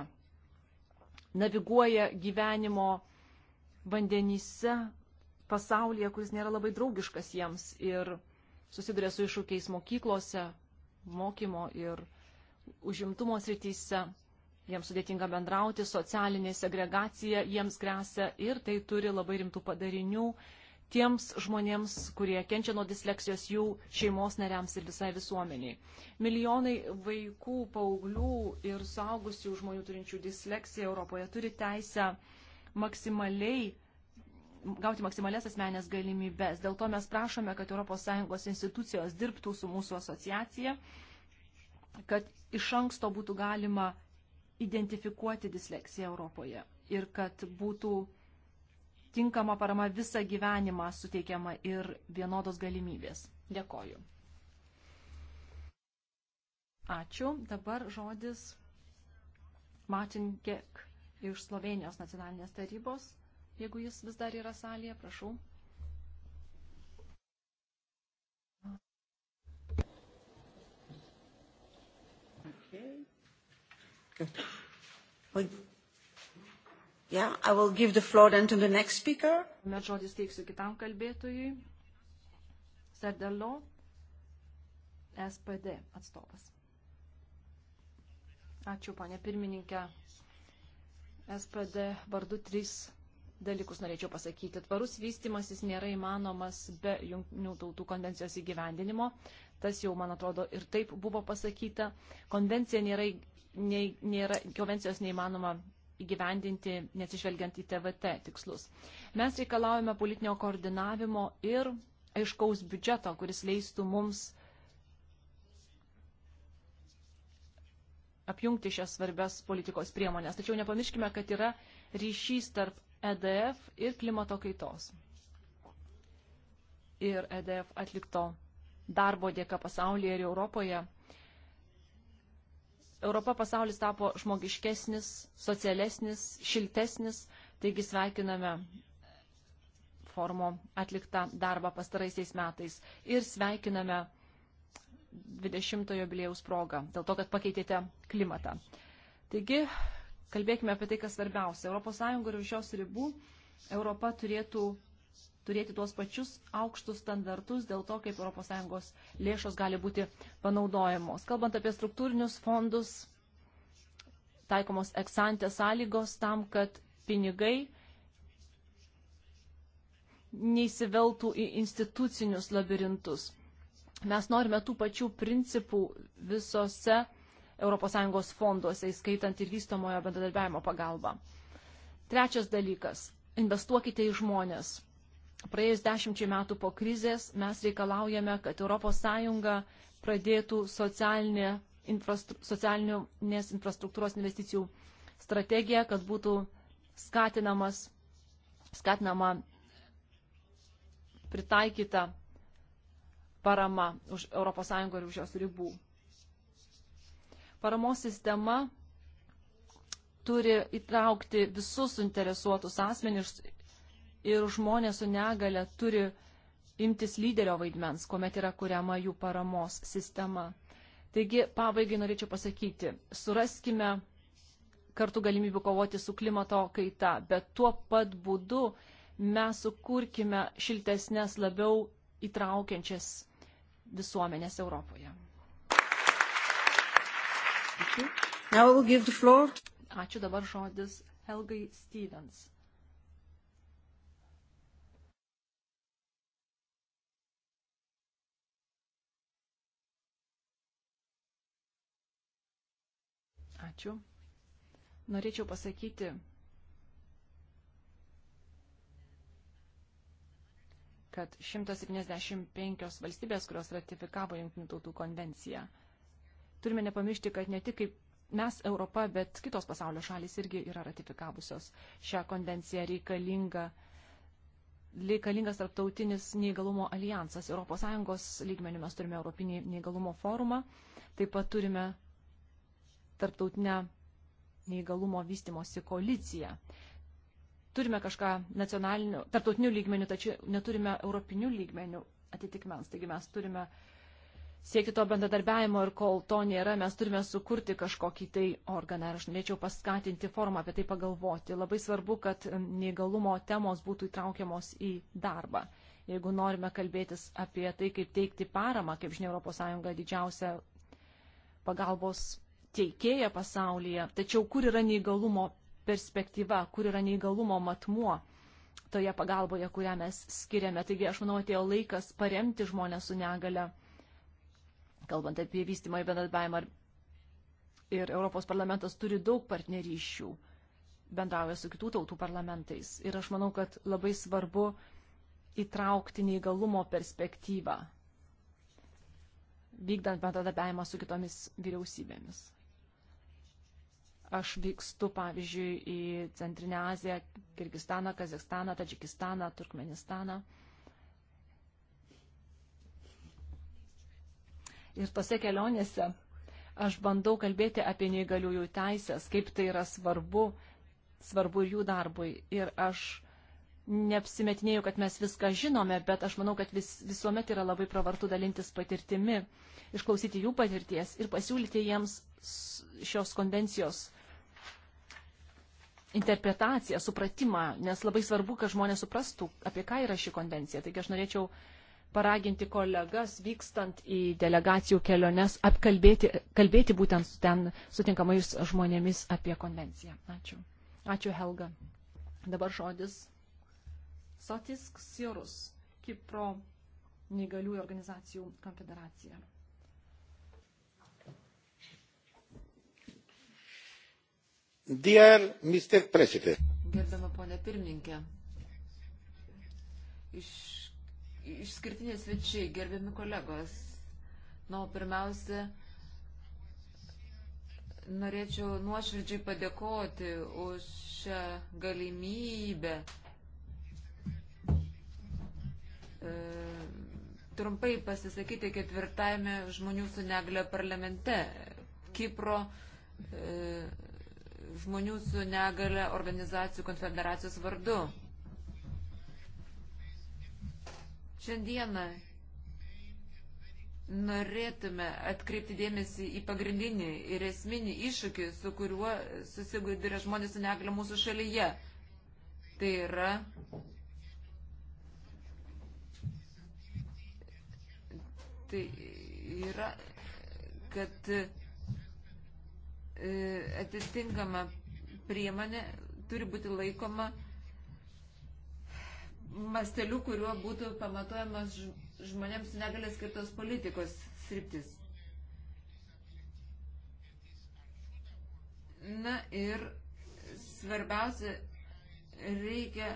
naviguoja gyvenimo vandenyse pasaulyje, kuris nėra labai draugiškas jiems ir susiduria su iššūkiais mokyklose, mokymo ir užimtumo srityse. Jiems sudėtinga bendrauti, socialinė segregacija jiems grėsia ir tai turi labai rimtų padarinių tiems žmonėms, kurie kenčia nuo disleksijos, jų šeimos nariams ir visai visuomeniai. Milijonai vaikų, paauglių ir suaugusių žmonių turinčių disleksiją Europoje turi teisę maksimaliai gauti maksimalės asmenės galimybės. Dėl to mes prašome, kad ES institucijos dirbtų su mūsų asociacija, kad iš anksto būtų galima identifikuoti disleksiją Europoje ir kad būtų tinkama parama visą gyvenimą suteikiama ir vienodos galimybės. Dėkoju. Ačiū. Dabar žodis Martin Gek iš Slovenijos nacionalinės tarybos. Jeigu jis vis dar yra salėje, prašau. Okay. Good. Yeah, I will give the floor then to the next speaker. Mes žodis teiksiu kitam kalbėtojui. Sardelo, SPD atstovas. Ačiū, ponė pirmininkė. SPD vardu trys dalykus norėčiau pasakyti. Tvarus vystimasis nėra įmanomas be jungtinių tautų konvencijos įgyvendinimo. Tas jau, man atrodo, ir taip buvo pasakyta. Konvencija nėra, nė, nėra, konvencijos neįmanoma įgyvendinti, nesižvelgiant į TVT tikslus. Mes reikalaujame politinio koordinavimo ir aiškaus biudžeto, kuris leistų mums apjungti šias svarbias politikos priemonės. Tačiau nepamirškime, kad yra ryšys tarp EDF ir klimato kaitos. Ir EDF atlikto darbo dėka pasaulyje ir Europoje Europa pasaulis tapo žmogiškesnis, socialesnis, šiltesnis, taigi sveikiname forumo atliktą darbą pastaraisiais metais ir sveikiname 20-ojo bilėjaus progą dėl to, kad pakeitėte klimatą. Taigi, kalbėkime apie tai, kas svarbiausia. ES ir už jos ribų Europa turėtų turėti tuos pačius aukštus standartus dėl to, kaip ES lėšos gali būti panaudojamos. Kalbant apie struktūrinius fondus, taikomos eksantės sąlygos tam, kad pinigai neįsiveltų į institucinius labirintus. Mes norime tų pačių principų visose ES fonduose, įskaitant ir vystomojo bendradarbiavimo pagalbą. Trečias dalykas - investuokite į žmonės praėjus dešimčiai metų po krizės mes reikalaujame, kad ES pradėtų socialinė infrastru, socialinės infrastruktūros investicijų strategiją, kad būtų skatinamas, skatinama pritaikyta parama už ES ir už jos ribų. Paramos sistema turi įtraukti visus suinteresuotus asmenys ir žmonės su negale turi imtis lyderio vaidmens, kuomet yra kuriama jų paramos sistema. Taigi, pabaigai norėčiau pasakyti, suraskime kartu galimybių kovoti su klimato kaita, bet tuo pat būdu mes sukurkime šiltesnės, labiau įtraukiančias visuomenės Europoje. Ačiū. Ačiū dabar žodis Helgai Stevens. Ačiū. Norėčiau pasakyti, kad 175 valstybės, kurios ratifikavo Junktinių tautų konvenciją. Turime nepamiršti, kad ne tik kaip mes Europa, bet kitos pasaulio šalis irgi yra ratifikavusios šią konvenciją reikalinga. Reikalingas tarptautinis neįgalumo alijansas. ES lygmenių mes turime Europinį neįgalumo forumą, taip pat turime tarptautinę neįgalumo vystimosi koaliciją. Turime kažką nacionaliniu, tarptautiniu lygmeniu, tačiau neturime europinių lygmenių atitikmens. Taigi mes turime siekti to bendradarbiavimo ir kol to nėra, mes turime sukurti kažkokį tai organą. Ir aš norėčiau paskatinti formą apie tai pagalvoti. Labai svarbu, kad neįgalumo temos būtų įtraukiamos į darbą. Jeigu norime kalbėtis apie tai, kaip teikti paramą, kaip žinia, ES didžiausia pagalbos teikėja pasaulyje, tačiau kur yra neįgalumo perspektyva, kur yra neįgalumo matmuo toje pagalboje, kurią mes skiriame. Taigi aš manau, atėjo laikas paremti žmonės su negale, kalbant apie vystimą ir bendradarbiavimą. Ir Europos parlamentas turi daug partnerysčių, bendrauja su kitų tautų parlamentais. Ir aš manau, kad labai svarbu įtraukti neįgalumo perspektyvą, vykdant bendradarbiavimą su kitomis vyriausybėmis aš vykstu, pavyzdžiui, į Centrinę Aziją, Kirgistaną, Kazakstaną, Tadžikistaną, Turkmenistaną. Ir tose kelionėse aš bandau kalbėti apie neįgaliųjų teisės, kaip tai yra svarbu, svarbu ir jų darbui. Ir aš neapsimetinėjau, kad mes viską žinome, bet aš manau, kad vis, visuomet yra labai pravartu dalintis patirtimi, išklausyti jų patirties ir pasiūlyti jiems šios konvencijos interpretaciją, supratimą, nes labai svarbu, kad žmonės suprastų, apie ką yra ši konvencija. Taigi aš norėčiau paraginti kolegas, vykstant į delegacijų keliones, apkalbėti kalbėti būtent ten sutinkamais žmonėmis apie konvenciją. Ačiū. Ačiū, Helga. Dabar žodis. Sotis Ksirus, Kipro neįgaliųjų organizacijų konfederacija. Dear Mr. President. Gerbama ponė pirmininkė. Iš, išskirtiniai svečiai, gerbiami kolegos. Na, nu, pirmiausia, norėčiau nuoširdžiai padėkoti už šią galimybę e, trumpai pasisakyti ketvirtame žmonių su negle parlamente Kipro e, žmonių su negale organizacijų konfederacijos vardu. Šiandieną norėtume atkreipti dėmesį į pagrindinį ir esminį iššūkį, su kuriuo susiduria žmonės su negale mūsų šalyje. Tai yra tai yra, kad E, atitinkama priemonė turi būti laikoma masteliu, kuriuo būtų pamatuojamas žmonėms su negalė skirtos politikos sritis. Na ir svarbiausia, reikia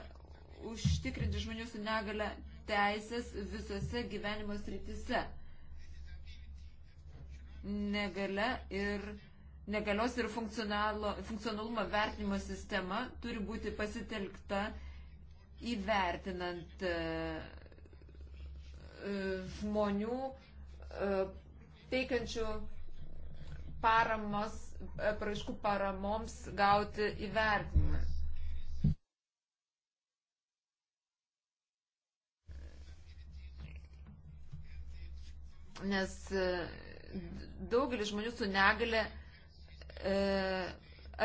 užtikrinti žmonių su negalė teisės visose gyvenimo srityse. Negale ir negalios ir funkcionalumo vertinimo sistema turi būti pasitelkta įvertinant e, žmonių e, teikiančių paramos, e, praaiškų paramoms gauti įvertinimą. Nes daugelis žmonių su negale E,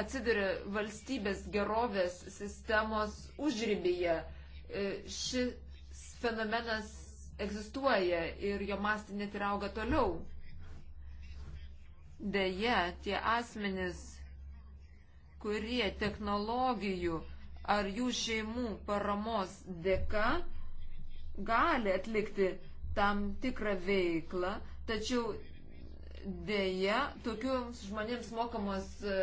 atsiduria valstybės gerovės sistemos užrybėje. E, šis fenomenas egzistuoja ir jo mastai net ir auga toliau. Deja, tie asmenys, kurie technologijų ar jų šeimų paramos dėka gali atlikti tam tikrą veiklą, tačiau dėja tokiems žmonėms mokamos e,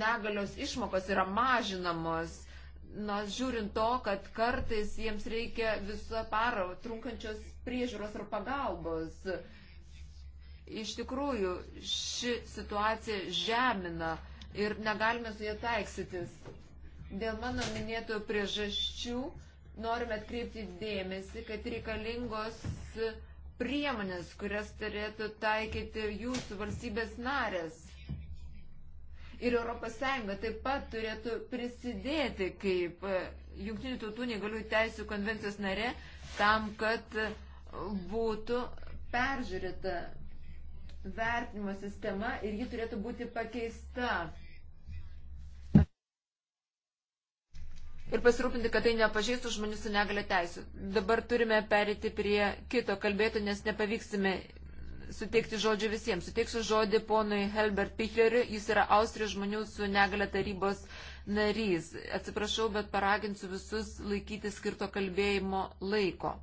negalios išmokos yra mažinamos, nors žiūrint to, kad kartais jiems reikia visą parą trunkančios priežiūros ar pagalbos. Iš tikrųjų, ši situacija žemina ir negalime su ją taiksytis. Dėl mano minėtų priežasčių norime atkreipti dėmesį, kad reikalingos uh, priemonės, kurias turėtų taikyti jūsų valstybės narės. Ir ES taip pat turėtų prisidėti kaip e, Junktinių tautų negalių teisų konvencijos narė tam, kad e, būtų peržiūrėta vertinimo sistema ir ji turėtų būti pakeista. ir pasirūpinti, kad tai nepažeistų žmonių su negale teisų. Dabar turime perėti prie kito kalbėtų, nes nepavyksime suteikti žodžių visiems. Suteiksiu žodį ponui Helbert Pichleriui, jis yra Austrijos žmonių su negale tarybos narys. Atsiprašau, bet paraginsiu visus laikyti skirto kalbėjimo laiko.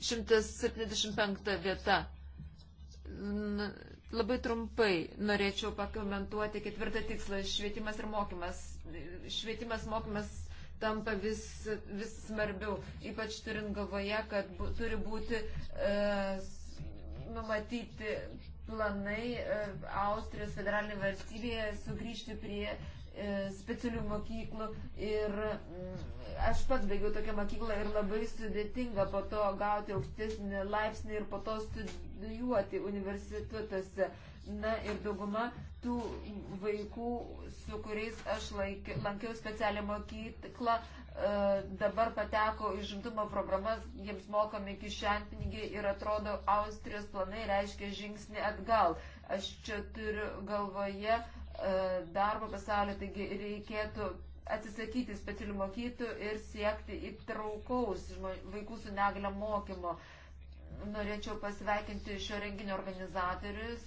175 vieta. Labai trumpai norėčiau pakomentuoti ketvirtą tikslą - švietimas ir mokymas. Švietimas, mokymas tampa vis, vis svarbiau, ypač turint galvoje, kad bu, turi būti e, numatyti planai e, Austrijos federalinė valstybėje sugrįžti prie e, specialių mokyklų ir mm, aš pats baigiau tokią mokyklą ir labai sudėtinga po to gauti aukštesnį laipsnį ir po to studi studijuoti universitetuose. Na ir dauguma tų vaikų, su kuriais aš laikiau, lankiau specialią mokyklą, e, dabar pateko į žimtumo programas, jiems mokami kišenpinigiai ir atrodo, Austrijos planai reiškia žingsnį atgal. Aš čia turiu galvoje e, darbo pasaulio, taigi reikėtų atsisakyti specialių mokytų ir siekti įtraukaus vaikų su negale mokymo. Uh, norėčiau pasveikinti šio renginio organizatorius,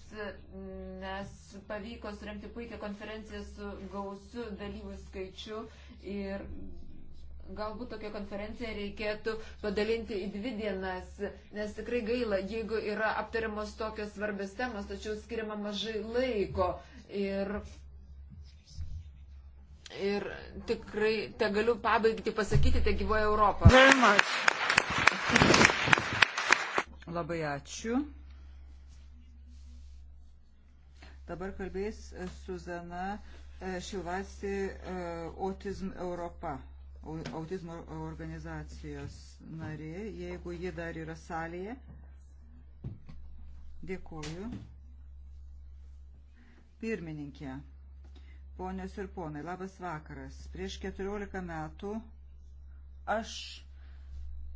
nes pavyko surengti puikią konferenciją su gausiu dalyvių skaičiu ir galbūt tokią konferenciją reikėtų padalinti į dvi dienas, nes tikrai gaila, jeigu yra aptariamos tokios svarbios temos, tačiau skiriama mažai laiko. Ir Ir tikrai te galiu pabaigti pasakyti, te gyvoja Europą. Very much. Labai ačiū. Dabar kalbės e, Suzana e, Šilvasi e, Autism Europa, autizmo organizacijos narė, jeigu ji dar yra salėje. Dėkuoju. Pirmininkė, ponios ir ponai, labas vakaras. Prieš 14 metų aš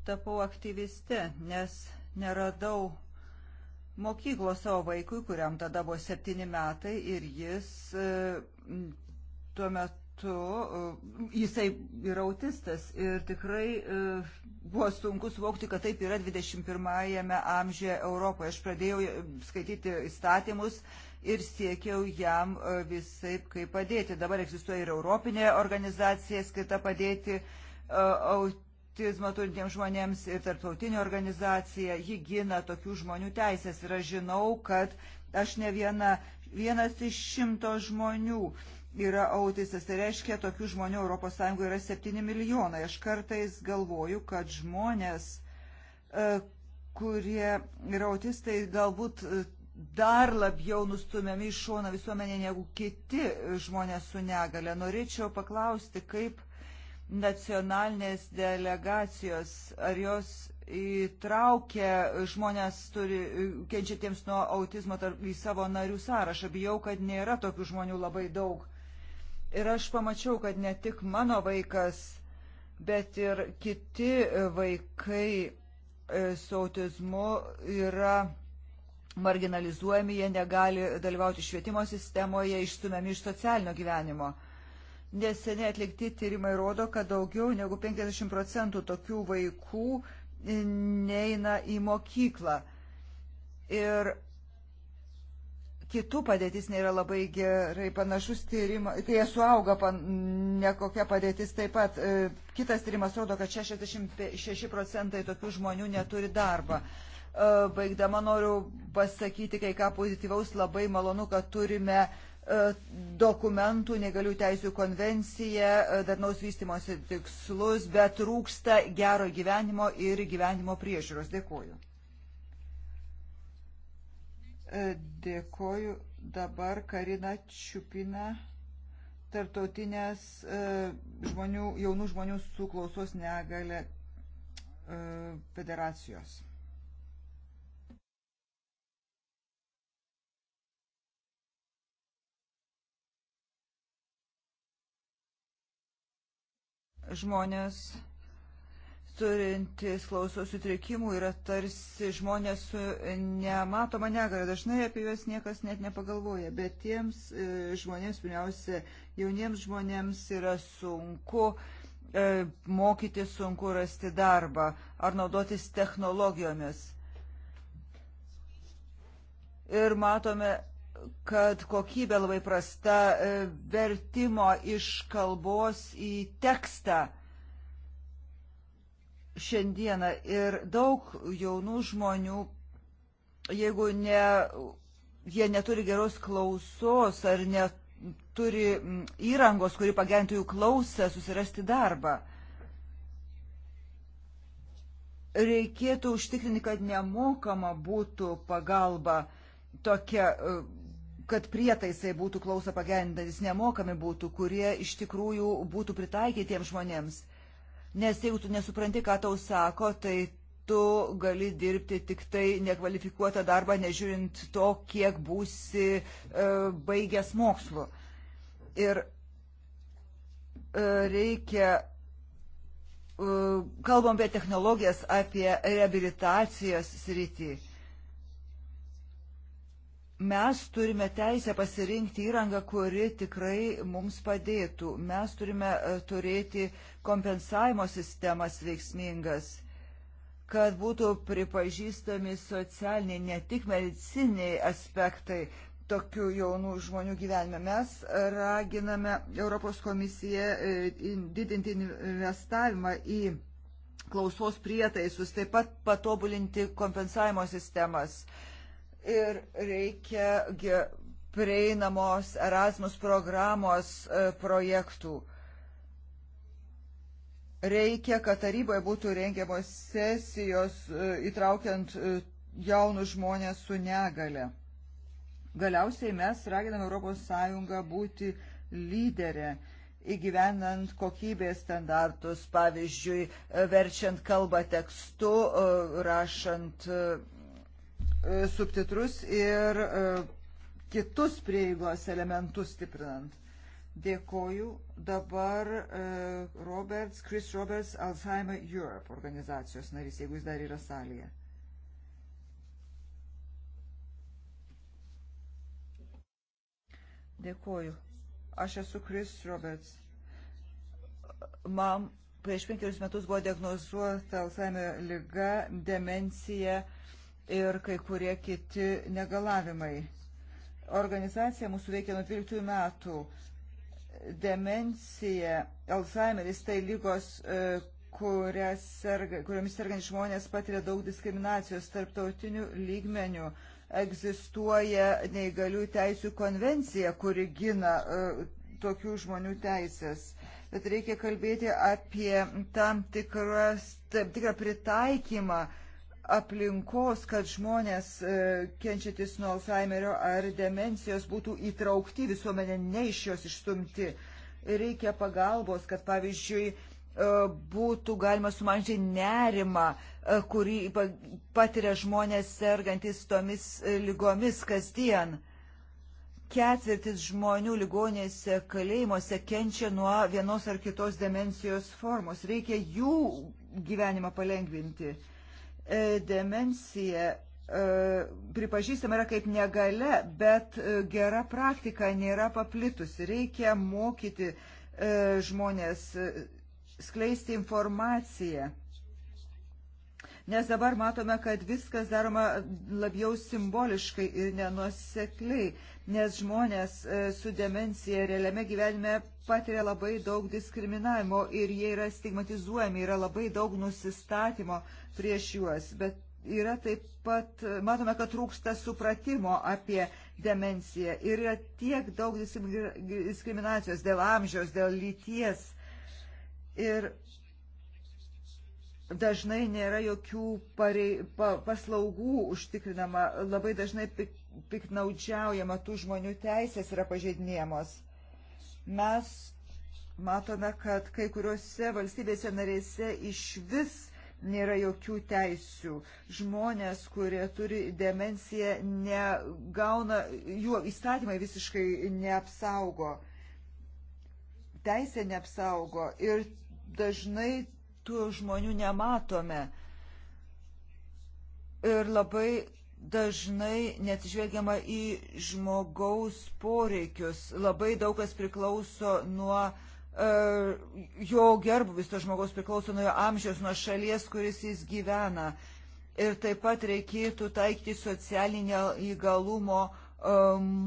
tapau aktyviste, nes neradau mokyklos savo vaikui, kuriam tada buvo septyni metai ir jis e, tuo metu, e, jisai yra autistas ir tikrai e, buvo sunku suvokti, kad taip yra 21-ame amžiuje Europoje. Aš pradėjau skaityti įstatymus ir siekiau jam visai kaip padėti. Dabar egzistuoja ir Europinė organizacija skirta padėti autistam autizmą turintiems žmonėms ir tarptautinė organizacija, ji gina tokių žmonių teisės ir aš žinau, kad aš ne viena, vienas iš šimto žmonių yra autistas. Tai reiškia, tokių žmonių ES yra 7 milijonai. Aš kartais galvoju, kad žmonės, e, kurie yra autistai, galbūt e, dar labiau nustumiami į šoną visuomenė negu kiti žmonės su negale. Norėčiau paklausti, kaip nacionalinės delegacijos, ar jos įtraukia žmonės turi, kenčiantiems nuo autizmo tarp, į savo narių sąrašą. Bijau, kad nėra tokių žmonių labai daug. Ir aš pamačiau, kad ne tik mano vaikas, bet ir kiti vaikai e, su autizmu yra marginalizuojami, jie negali dalyvauti švietimo sistemoje, išstumiami iš socialinio gyvenimo. Neseniai atlikti tyrimai rodo, kad daugiau negu 50 procentų tokių vaikų neina į mokyklą. Ir kitų padėtis nėra labai gerai panašus tyrimas, kai jie suauga, pan, nekokia padėtis taip pat. E, kitas tyrimas rodo, kad 66 procentai tokių žmonių neturi darbą. E, baigdama noriu pasakyti kai ką pozityvaus, labai malonu, kad turime E, dokumentų, negalių teisų konvenciją, e, darnaus vystimosi tikslus, bet rūksta gero gyvenimo ir gyvenimo priežiūros. Dėkuoju. E, dėkuoju dabar Karina Čiupina, tartautinės žmonių, jaunų žmonių su klausos negale federacijos. žmonės turintys klausos sutrikimų yra tarsi žmonės su nematoma negara. Dažnai apie juos niekas net nepagalvoja, bet tiems e, žmonėms, pirmiausia, jauniems žmonėms yra sunku e, mokyti, sunku rasti darbą ar naudotis technologijomis. Ir matome kad kokybė labai prasta e, vertimo iš kalbos į tekstą šiandieną ir daug jaunų žmonių, jeigu ne, jie neturi geros klausos ar neturi įrangos, kuri pagerintų jų klausą, susirasti darbą. Reikėtų užtikrinti, kad nemokama būtų pagalba tokia e, kad prietaisai būtų klausą pagerindantis, nemokami būtų, kurie iš tikrųjų būtų pritaikytiems žmonėms. Nes jeigu tu nesupranti, ką tau sako, tai tu gali dirbti tik tai nekvalifikuotą darbą, nežiūrint to, kiek būsi e, baigęs mokslu. Ir e, reikia e, kalbam apie technologijas, apie rehabilitacijos sritį. Mes turime teisę pasirinkti įrangą, kuri tikrai mums padėtų. Mes turime e, turėti kompensavimo sistemas veiksmingas, kad būtų pripažįstami socialiniai, ne tik mediciniai aspektai tokių jaunų žmonių gyvenime. Mes raginame Europos komisiją e, didinti investavimą į klausos prietaisus, taip pat patobulinti kompensavimo sistemas ir reikia prieinamos Erasmus programos e, projektų. Reikia, kad taryboje būtų rengiamos sesijos e, įtraukiant e, jaunus žmonės su negale. Galiausiai mes raginame ES būti lyderė įgyvenant kokybės standartus, pavyzdžiui, verčiant kalbą tekstu, rašant E, subtitrus ir e, kitus prieigos elementus stiprinant. Dėkoju dabar e, Roberts, Chris Roberts, Alzheimer Europe organizacijos narys, jeigu jis dar yra salėje. Dėkoju. Aš esu Chris Roberts. Man prieš penkerius metus buvo diagnozuota Alzheimer lyga, demencija ir kai kurie kiti negalavimai. Organizacija mūsų veikia nuo 12 metų. Demencija, Alzheimeris tai lygos, e, serga, kuriomis sergant žmonės patiria daug diskriminacijos tarptautinių lygmenių egzistuoja neįgalių teisų konvencija, kuri gina uh, tokių žmonių teisės. Bet reikia kalbėti apie tam, tikras, tam tikrą pritaikymą uh, aplinkos, kad žmonės e, kenčiantis nuo Alzheimerio ar demencijos būtų įtraukti visuomenė, ne iš jos išstumti. Reikia pagalbos, kad pavyzdžiui e, būtų galima sumažinti nerimą, e, kurį patiria žmonės sergantis tomis lygomis kasdien. Ketvirtis žmonių ligonėse, kalėjimuose kenčia nuo vienos ar kitos demencijos formos. Reikia jų gyvenimą palengvinti. E, demencija e, pripažįstama yra kaip negale, bet e, gera praktika nėra paplitusi. Reikia mokyti žmonės, skleisti informaciją. Nes dabar matome, kad viskas daroma labiau simboliškai ir nenusekliai, nes žmonės su demencija realiame gyvenime patiria labai daug diskriminavimo ir jie yra stigmatizuojami, yra labai daug nusistatymo prieš juos, bet yra taip pat, matome, kad trūksta supratimo apie demenciją ir yra tiek daug diskriminacijos dėl amžiaus, dėl lyties ir dažnai nėra jokių parei, pa, paslaugų užtikrinama, labai dažnai pik, piknaudžiaujama tų žmonių teisės yra pažeidinėjamos. Mes matome, kad kai kuriuose valstybėse narėse iš vis nėra jokių teisių. Žmonės, kurie turi demenciją, negauna, jų įstatymai visiškai neapsaugo. Teisė neapsaugo ir dažnai tų žmonių nematome. Ir labai dažnai neatsižvelgiama į žmogaus poreikius. Labai daug kas priklauso nuo uh, E, jo gerbuvis to žmogaus priklauso nuo jo amžiaus, nuo šalies, kuris jis gyvena. Ir taip pat reikėtų taikyti socialinio įgalumo e,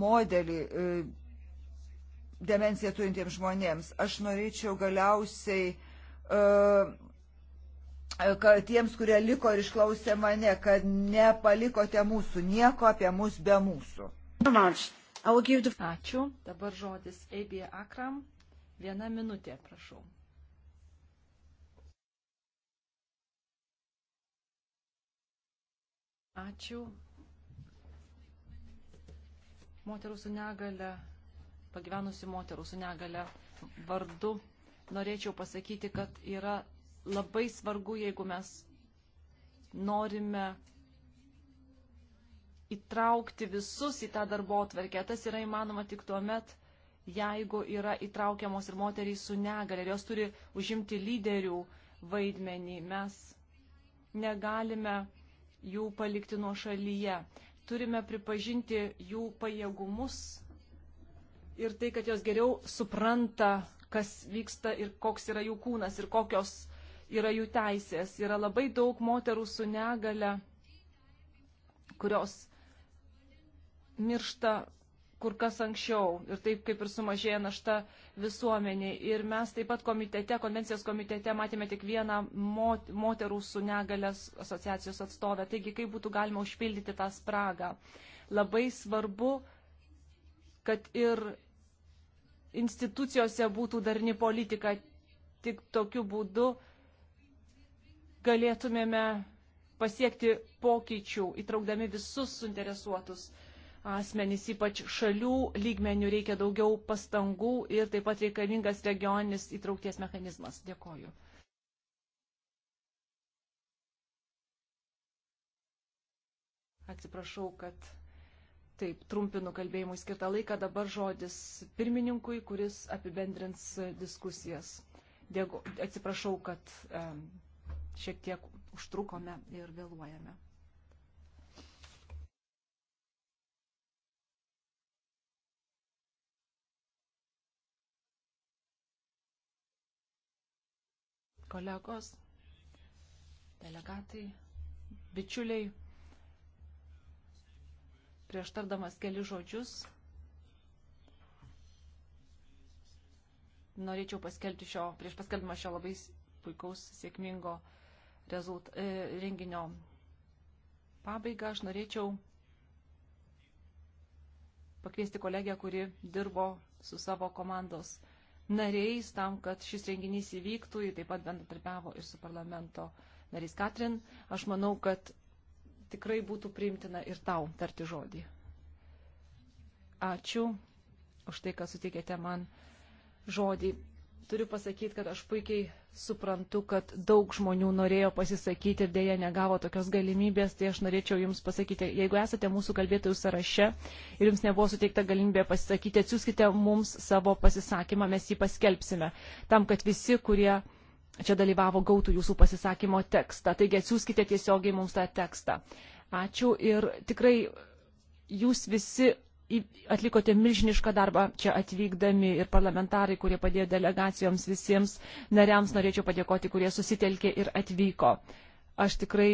modelį e, demenciją turintiems žmonėms. Aš norėčiau galiausiai, kad tiems, kurie liko ir išklausė mane, kad nepalikote mūsų, nieko apie mus be mūsų. Ačiū. Dabar žodis Eibė Akram, Viena minutė, prašau. Ačiū. Moterų su negale, pagyvenusi moterų su negale vardu, norėčiau pasakyti, kad yra labai svarbu, jeigu mes norime įtraukti visus į tą darbo atverkę. Tas yra įmanoma tik tuo met, jeigu yra įtraukiamos ir moterys su negale, ir jos turi užimti lyderių vaidmenį. Mes negalime jų palikti nuo šalyje. Turime pripažinti jų pajėgumus ir tai, kad jos geriau supranta, kas vyksta ir koks yra jų kūnas ir kokios yra jų teisės. Yra labai daug moterų su negale, kurios miršta kur kas anksčiau ir taip kaip ir sumažėja našta visuomeniai. Ir mes taip pat komitete, konvencijos komitete matėme tik vieną mot, moterų su negalės asociacijos atstovę. Taigi, kaip būtų galima užpildyti tą spragą. Labai svarbu, kad ir institucijose būtų darni politika. Tik tokiu būdu galėtumėme pasiekti pokyčių, įtraukdami visus suinteresuotus asmenys, ypač šalių lygmenių reikia daugiau pastangų ir taip pat reikalingas regioninis įtraukties mechanizmas. Dėkoju. Atsiprašau, kad taip trumpinu kalbėjimui skirtą laiką. Dabar žodis pirmininkui, kuris apibendrins diskusijas. Dėgo, atsiprašau, kad um, šiek tiek užtrukome ir vėluojame. kolegos, delegatai, bičiuliai, prieš tardamas keli žodžius, norėčiau paskelbti šio, prieš paskelbimą šio labai puikaus, sėkmingo rezult, e, renginio pabaigą, aš norėčiau pakviesti kolegę, kuri dirbo su savo komandos nariais tam, kad šis renginys įvyktų, ji taip pat bendradarbiavo ir su parlamento nariais Katrin. Aš manau, kad tikrai būtų priimtina ir tau tarti žodį. Ačiū už tai, kad sutikėte man žodį turiu pasakyti, kad aš puikiai suprantu, kad daug žmonių norėjo pasisakyti ir dėja negavo tokios galimybės, tai aš norėčiau Jums pasakyti, jeigu esate mūsų kalbėtojų sąraše ir Jums nebuvo suteikta galimybė pasisakyti, atsiųskite mums savo pasisakymą, mes jį paskelbsime, tam, kad visi, kurie čia dalyvavo, gautų Jūsų pasisakymo tekstą. Taigi atsiųskite tiesiogiai mums tą tekstą. Ačiū ir tikrai Jūs visi atlikote milžinišką darbą čia atvykdami ir parlamentarai, kurie padėjo delegacijoms visiems nariams, norėčiau padėkoti, kurie susitelkė ir atvyko. Aš tikrai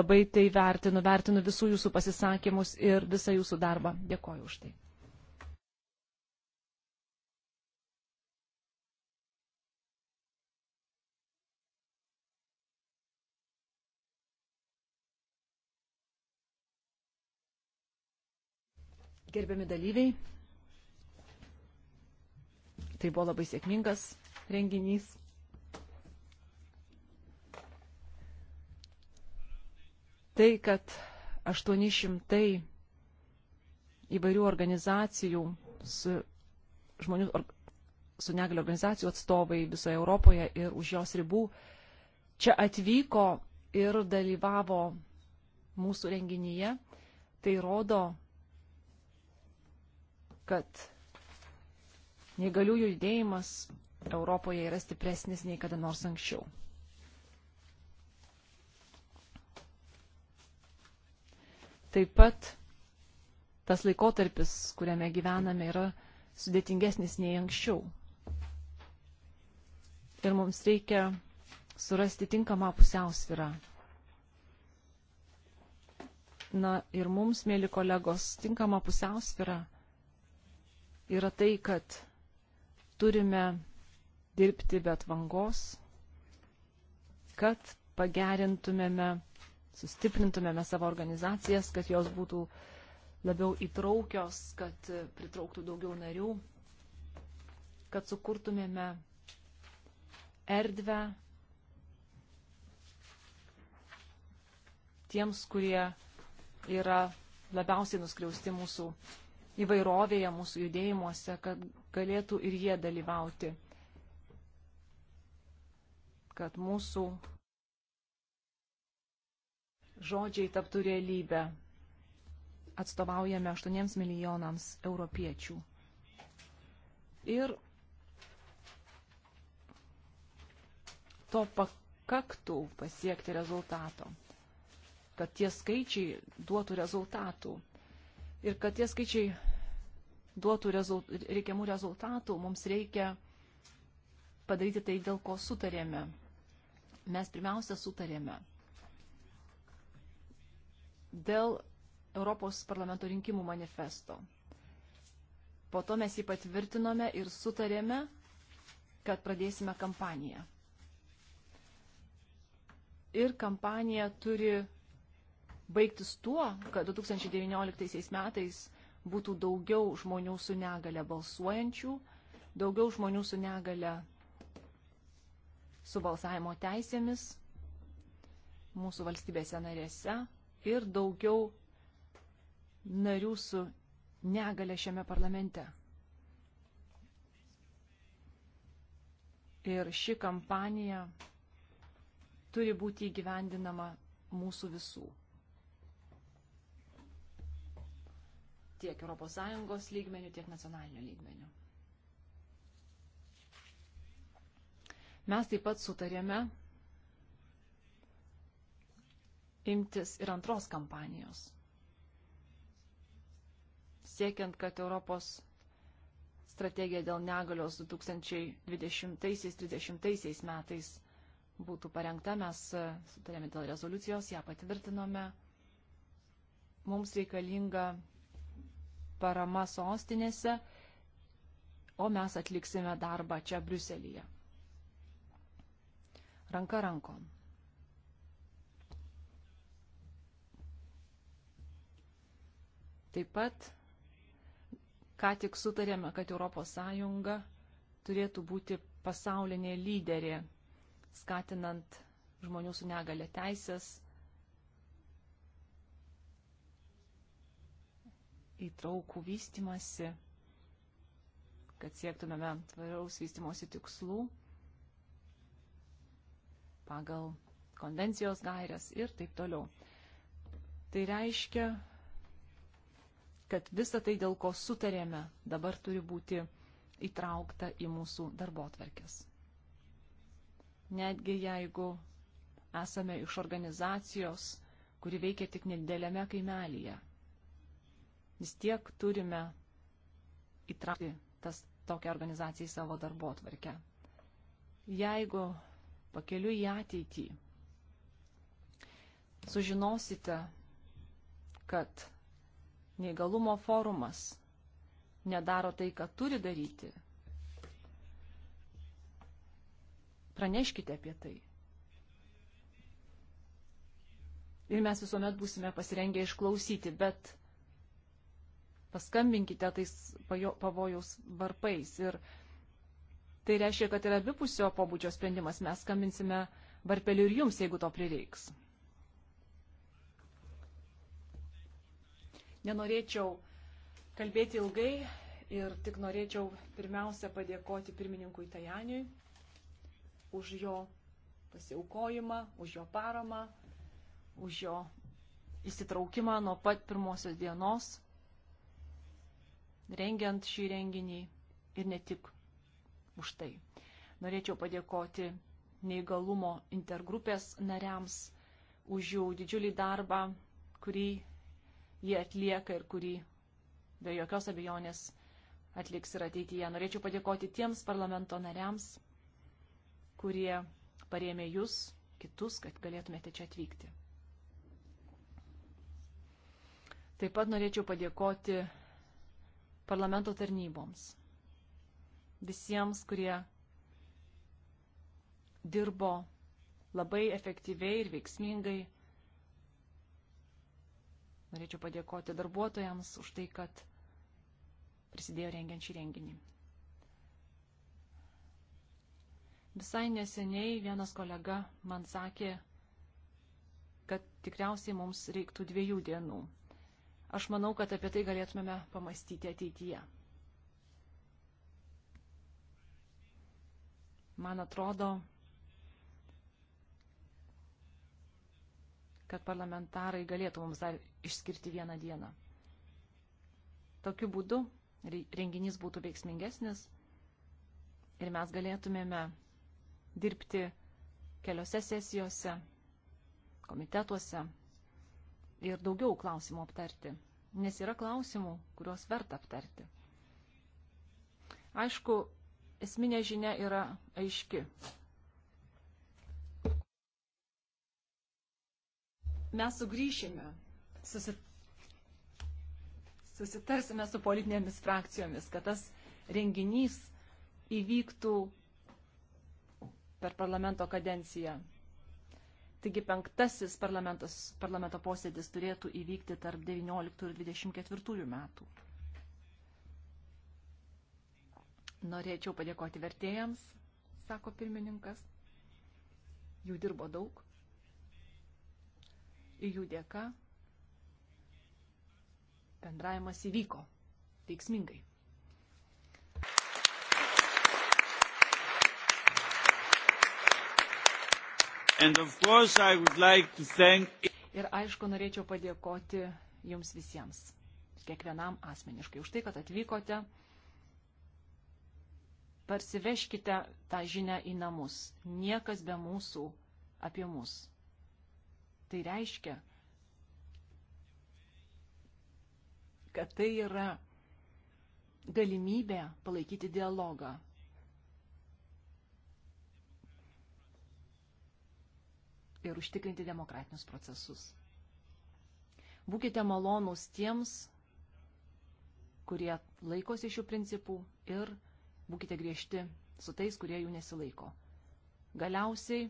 labai tai vertinu, vertinu visų jūsų pasisakymus ir visą jūsų darbą. Dėkoju už tai. Gerbiami dalyviai, tai buvo labai sėkmingas renginys. Tai, kad 800 įvairių organizacijų su žmonių or, su negalio organizacijų atstovai visoje Europoje ir už jos ribų čia atvyko ir dalyvavo mūsų renginyje. Tai rodo, kad neįgaliųjų judėjimas Europoje yra stipresnis nei kada nors anksčiau. Taip pat tas laikotarpis, kuriame gyvename, yra sudėtingesnis nei anksčiau. Ir mums reikia surasti tinkamą pusiausvyrą. Na ir mums, mėly kolegos, tinkamą pusiausvyrą yra tai, kad turime dirbti bet vangos, kad pagerintumėme, sustiprintumėme savo organizacijas, kad jos būtų labiau įtraukios, kad pritrauktų daugiau narių, kad sukurtumėme erdvę tiems, kurie yra labiausiai nuskriausti mūsų įvairovėje, mūsų judėjimuose, kad galėtų ir jie dalyvauti, kad mūsų žodžiai taptų realybę. Atstovaujame 8 milijonams europiečių. Ir to pakaktų pasiekti rezultato, kad tie skaičiai duotų rezultatų ir kad tie skaičiai duotų rezult, reikiamų rezultatų, mums reikia padaryti tai, dėl ko sutarėme. Mes pirmiausia sutarėme dėl Europos parlamento rinkimų manifesto. Po to mes jį patvirtinome ir sutarėme, kad pradėsime kampaniją. Ir kampanija turi baigtis tuo, kad 2019 metais būtų daugiau žmonių su negale balsuojančių, daugiau žmonių su negale su balsavimo teisėmis mūsų valstybėse narėse ir daugiau narių su negale šiame parlamente. Ir ši kampanija turi būti įgyvendinama mūsų visų. tiek ES lygmenių, tiek nacionalinių lygmenių. Mes taip pat sutarėme imtis ir antros kampanijos, siekiant, kad Europos strategija dėl negalios 2020-2030 metais būtų parengta, mes e, sutarėme dėl rezoliucijos, ją patvirtinome. Mums reikalinga parama sostinėse, o mes atliksime darbą čia Briuselyje. Ranka rankon. Taip pat, ką tik sutarėme, kad ES turėtų būti pasaulinė lyderė, skatinant žmonių su negale teisės, įtraukų vystimasi, kad siektumėme tvariaus vystimosi tikslų pagal konvencijos gairias ir taip toliau. Tai reiškia, kad visa tai, dėl ko sutarėme, dabar turi būti įtraukta į mūsų darbo atvarkės. Netgi jeigu esame iš organizacijos, kuri veikia tik nedidelėme kaimelyje, vis tiek turime įtraukti tas tokią organizaciją į savo darbo atvarkę. Jeigu pakeliu į ateitį sužinosite, kad neįgalumo forumas nedaro tai, ką turi daryti, praneškite apie tai. Ir mes visuomet būsime pasirengę išklausyti, bet paskambinkite tais pavojaus varpais. Ir tai reiškia, kad yra abipusio pobūdžio sprendimas. Mes skambinsime varpeliu ir jums, jeigu to prireiks. Nenorėčiau kalbėti ilgai ir tik norėčiau pirmiausia padėkoti pirmininkui Tajaniui už jo pasiaukojimą, už jo paramą, už jo įsitraukimą nuo pat pirmosios dienos rengiant šį renginį ir ne tik už tai. Norėčiau padėkoti neįgalumo intergrupės nariams už jų didžiulį darbą, kurį jie atlieka ir kurį be jokios abejonės atliks ir ateityje. Norėčiau padėkoti tiems parlamento nariams, kurie parėmė jūs, kitus, kad galėtumėte čia atvykti. Taip pat norėčiau padėkoti parlamento tarnyboms, visiems, kurie dirbo labai efektyviai ir veiksmingai. Norėčiau padėkoti darbuotojams už tai, kad prisidėjo rengiant šį renginį. Visai neseniai vienas kolega man sakė, kad tikriausiai mums reiktų dviejų dienų Aš manau, kad apie tai galėtumėme pamastyti ateityje. Man atrodo, kad parlamentarai galėtų mums dar išskirti vieną dieną. Tokiu būdu renginys būtų veiksmingesnis ir mes galėtumėme dirbti keliose sesijose, komitetuose, ir daugiau klausimų aptarti, nes yra klausimų, kuriuos verta aptarti. Aišku, esminė žinia yra aiški. Mes sugrįšime, susit... susitarsime su politinėmis frakcijomis, kad tas renginys įvyktų per parlamento kadenciją Taigi penktasis parlamento posėdis turėtų įvykti tarp 19 ir 24 metų. Norėčiau padėkoti vertėjams, sako pirmininkas. Jų dirbo daug. Ir jų dėka bendravimas įvyko veiksmingai. Like thank... Ir aišku, norėčiau padėkoti jums visiems, kiekvienam asmeniškai, už tai, kad atvykote. Parsiveškite tą žinę į namus. Niekas be mūsų apie mus. Tai reiškia, kad tai yra galimybė palaikyti dialogą ir užtikrinti demokratinius procesus. Būkite malonūs tiems, kurie laikosi šių principų ir būkite griežti su tais, kurie jų nesilaiko. Galiausiai,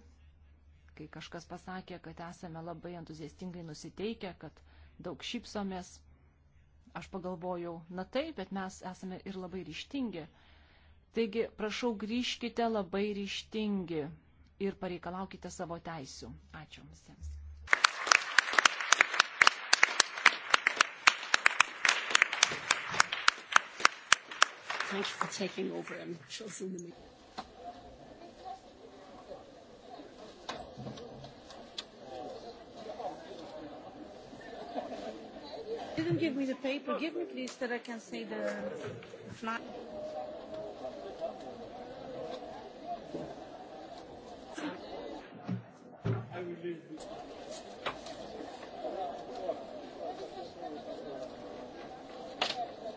kai kažkas pasakė, kad esame labai entuziastingai nusiteikę, kad daug šypsomės, aš pagalvojau, na taip, bet mes esame ir labai ryštingi. Taigi, prašau, grįžkite labai ryštingi ir pareikalaukite savo teisių. Ačiū visiems. Thank you for taking over and choosing the meeting. didn't give me the paper. Give me, please, that I can say the flag. Thank you.